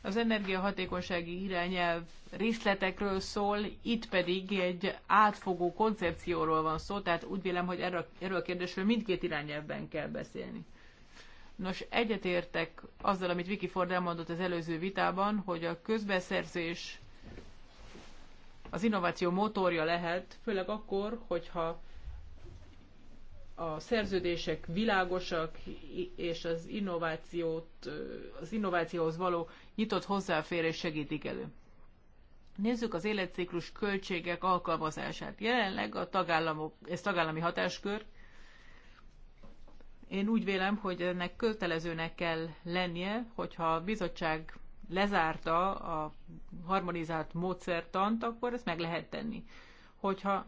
Az energiahatékonysági irányelv részletekről szól, itt pedig egy átfogó koncepcióról van szó, tehát úgy vélem, hogy erről, erről a kérdésről mindkét irányelvben kell beszélni. Nos, egyetértek azzal, amit Viki Ford elmondott az előző vitában, hogy a közbeszerzés az innováció motorja lehet, főleg akkor, hogyha a szerződések világosak, és az innovációt, az innovációhoz való nyitott hozzáférés segítik elő. Nézzük az életciklus költségek alkalmazását. Jelenleg a tagállamok, ez tagállami hatáskör. Én úgy vélem, hogy ennek kötelezőnek kell lennie, hogyha a bizottság lezárta a harmonizált módszertant, akkor ezt meg lehet tenni. Hogyha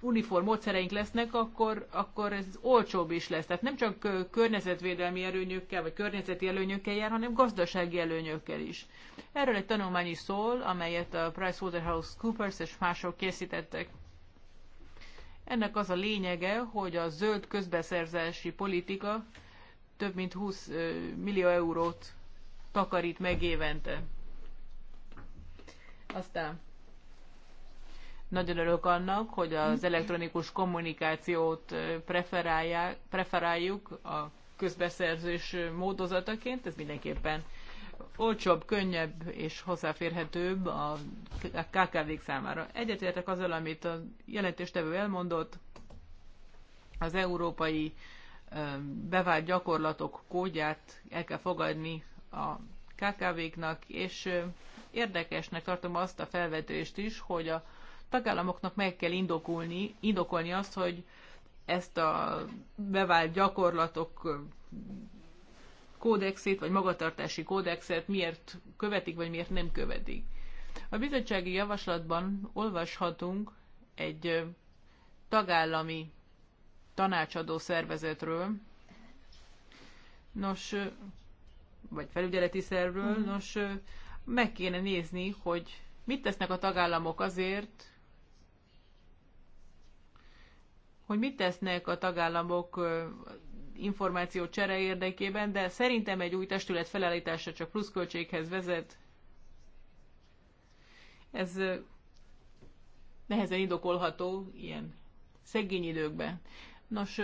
uniform módszereink lesznek, akkor, akkor ez olcsóbb is lesz. Tehát nem csak környezetvédelmi előnyökkel, vagy környezeti előnyökkel jár, hanem gazdasági előnyökkel is. Erről egy tanulmány is szól, amelyet a PricewaterhouseCoopers és mások készítettek. Ennek az a lényege, hogy a zöld közbeszerzési politika több mint 20 millió eurót takarít meg évente. Aztán nagyon örök annak, hogy az elektronikus kommunikációt preferáljuk a közbeszerzés módozataként, ez mindenképpen olcsóbb, könnyebb és hozzáférhetőbb a KKV-k számára. Egyetértek azzal, amit a jelentéstevő elmondott, az európai bevált gyakorlatok kódját el kell fogadni a KKV-knak, és érdekesnek tartom azt a felvetést is, hogy a tagállamoknak meg kell indokolni, indokolni azt, hogy ezt a bevált gyakorlatok kódexét, vagy magatartási kódexet miért követik, vagy miért nem követik. A bizottsági javaslatban olvashatunk egy tagállami tanácsadó szervezetről, nos, vagy felügyeleti szervről, hmm. nos, meg kéne nézni, hogy mit tesznek a tagállamok azért, hogy mit tesznek a tagállamok információ csere érdekében, de szerintem egy új testület felállítása csak pluszköltséghez vezet. Ez nehezen indokolható ilyen szegény időkben. Nos,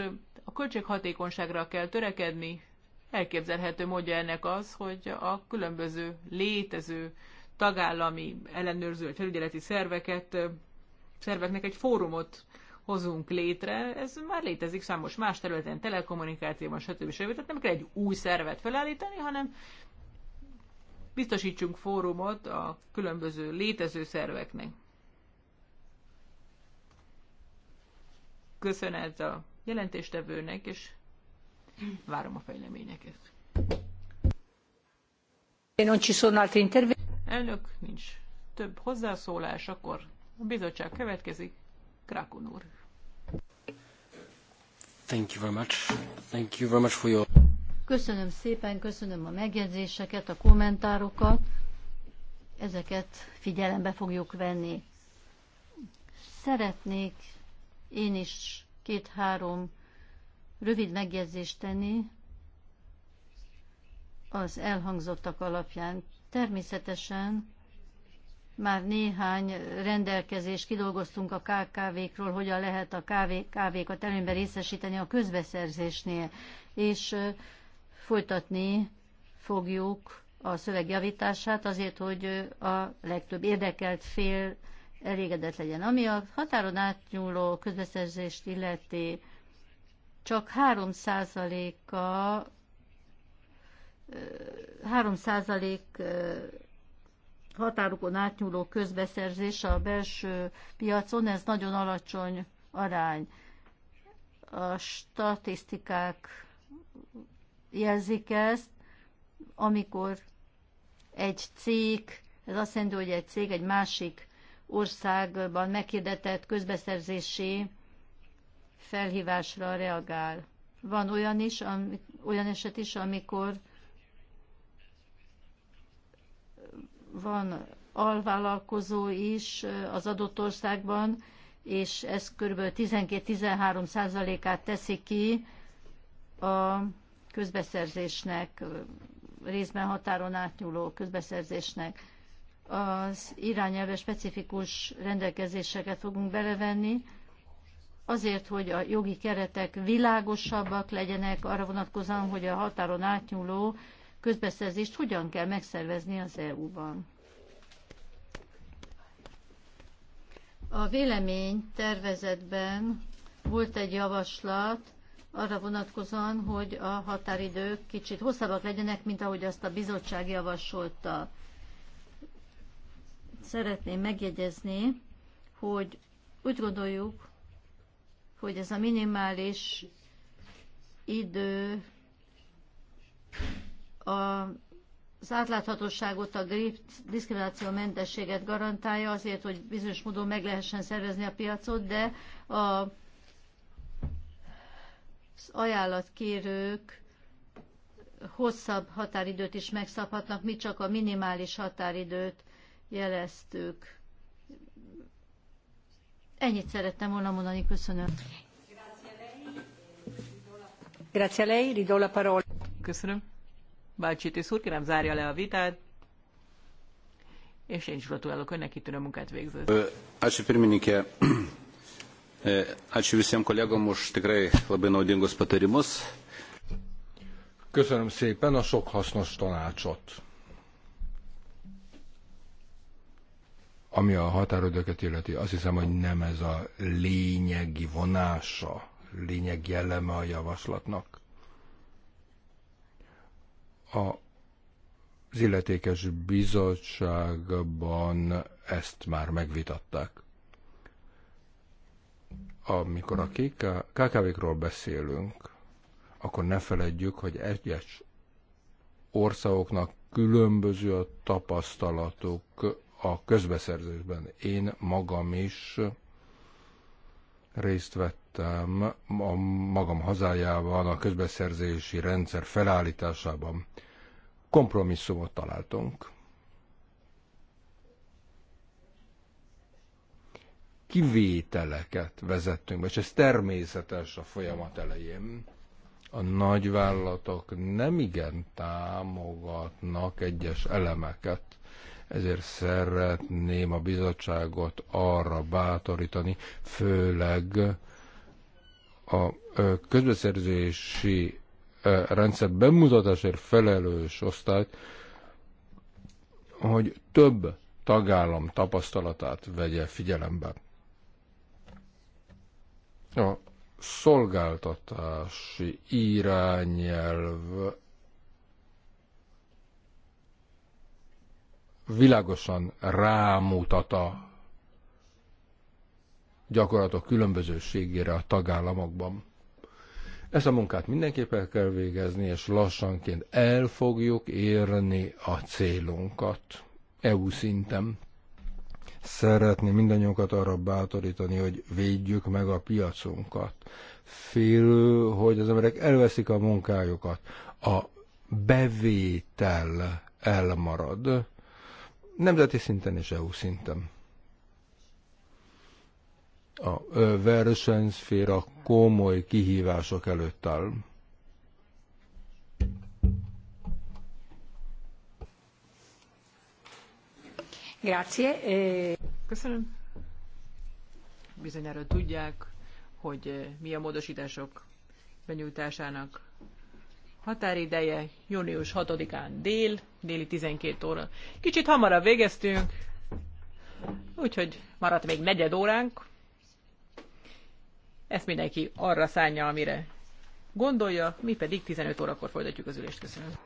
a költséghatékonyságra kell törekedni. Elképzelhető módja ennek az, hogy a különböző létező tagállami ellenőrző felügyeleti szerveket, szerveknek egy fórumot hozunk létre, ez már létezik számos más területen, telekommunikációban, stb. stb. Tehát nem kell egy új szervet felállítani, hanem biztosítsunk fórumot a különböző létező szerveknek. Köszönet a jelentéstevőnek, és várom a fejleményeket. Non ci sono altri Elnök, nincs több hozzászólás, akkor a bizottság következik úr. Thank you very much. Thank you very much for your... Köszönöm szépen, köszönöm a megjegyzéseket, a kommentárokat. Ezeket figyelembe fogjuk venni. Szeretnék én is két-három rövid megjegyzést tenni az elhangzottak alapján. Természetesen már néhány rendelkezést kidolgoztunk a KKV-król, hogyan lehet a KKV-kat előnyben részesíteni a közbeszerzésnél, és folytatni fogjuk a szövegjavítását, azért, hogy a legtöbb érdekelt fél elégedett legyen. Ami a határon átnyúló közbeszerzést illeti, csak 3%-a 3%-a határokon átnyúló közbeszerzés a belső piacon, ez nagyon alacsony arány. A statisztikák jelzik ezt, amikor egy cég, ez azt jelenti, hogy egy cég egy másik országban meghirdetett közbeszerzési felhívásra reagál. Van olyan is, am, olyan eset is, amikor van alvállalkozó is az adott országban, és ez kb. 12-13 százalékát teszi ki a közbeszerzésnek, részben határon átnyúló közbeszerzésnek. Az irányelve specifikus rendelkezéseket fogunk belevenni, azért, hogy a jogi keretek világosabbak legyenek arra vonatkozóan, hogy a határon átnyúló közbeszerzést hogyan kell megszervezni az EU-ban. A vélemény tervezetben volt egy javaslat arra vonatkozóan, hogy a határidők kicsit hosszabbak legyenek, mint ahogy azt a bizottság javasolta. Szeretném megjegyezni, hogy úgy gondoljuk, hogy ez a minimális idő a az átláthatóságot, a mentességet garantálja azért, hogy bizonyos módon meg lehessen szervezni a piacot, de a, az ajánlatkérők hosszabb határidőt is megszabhatnak, mi csak a minimális határidőt jeleztük. Ennyit szerettem volna mondani, köszönöm. Grazie lei, ridò la parola. Köszönöm tisz úr, kérem zárja le a vitát, és én is gratulálok önnek, a munkát végzett. Ačiū pirmininkė. Ačiū visiem kolegom už tikrai labai naudingus patarimus. Köszönöm szépen a sok hasznos tanácsot. Ami a határodöket illeti, azt hiszem, hogy nem ez a lényegi vonása, lényegi eleme a javaslatnak. A az illetékes bizottságban ezt már megvitatták. Amikor a KKV-król beszélünk, akkor ne feledjük, hogy egyes országoknak különböző a tapasztalatuk a közbeszerzésben. Én magam is részt vettem részletem a magam hazájában a közbeszerzési rendszer felállításában. Kompromisszumot találtunk. Kivételeket vezettünk be, és ez természetes a folyamat elején a nagyvállalatok nem igen támogatnak egyes elemeket, ezért szeretném a bizottságot arra bátorítani, főleg a közbeszerzési rendszer bemutatásért felelős osztályt, hogy több tagállam tapasztalatát vegye figyelembe. A szolgáltatási irányelv világosan rámutat a gyakorlatok különbözőségére a tagállamokban. Ezt a munkát mindenképp el kell végezni, és lassanként el fogjuk érni a célunkat EU szinten. Szeretném mindannyiunkat arra bátorítani, hogy védjük meg a piacunkat. Félő, hogy az emberek elveszik a munkájukat. A bevétel elmarad. Nemzeti szinten és EU szinten. A versenyszféra komoly kihívások előtt áll. Grazie. Eh. Köszönöm. Bizonyára tudják, hogy eh, mi a módosítások benyújtásának határideje június 6-án dél, déli 12 óra. Kicsit hamarabb végeztünk, úgyhogy maradt még negyed óránk. Ezt mindenki arra szánja, amire gondolja, mi pedig 15 órakor folytatjuk az ülést. Köszönöm.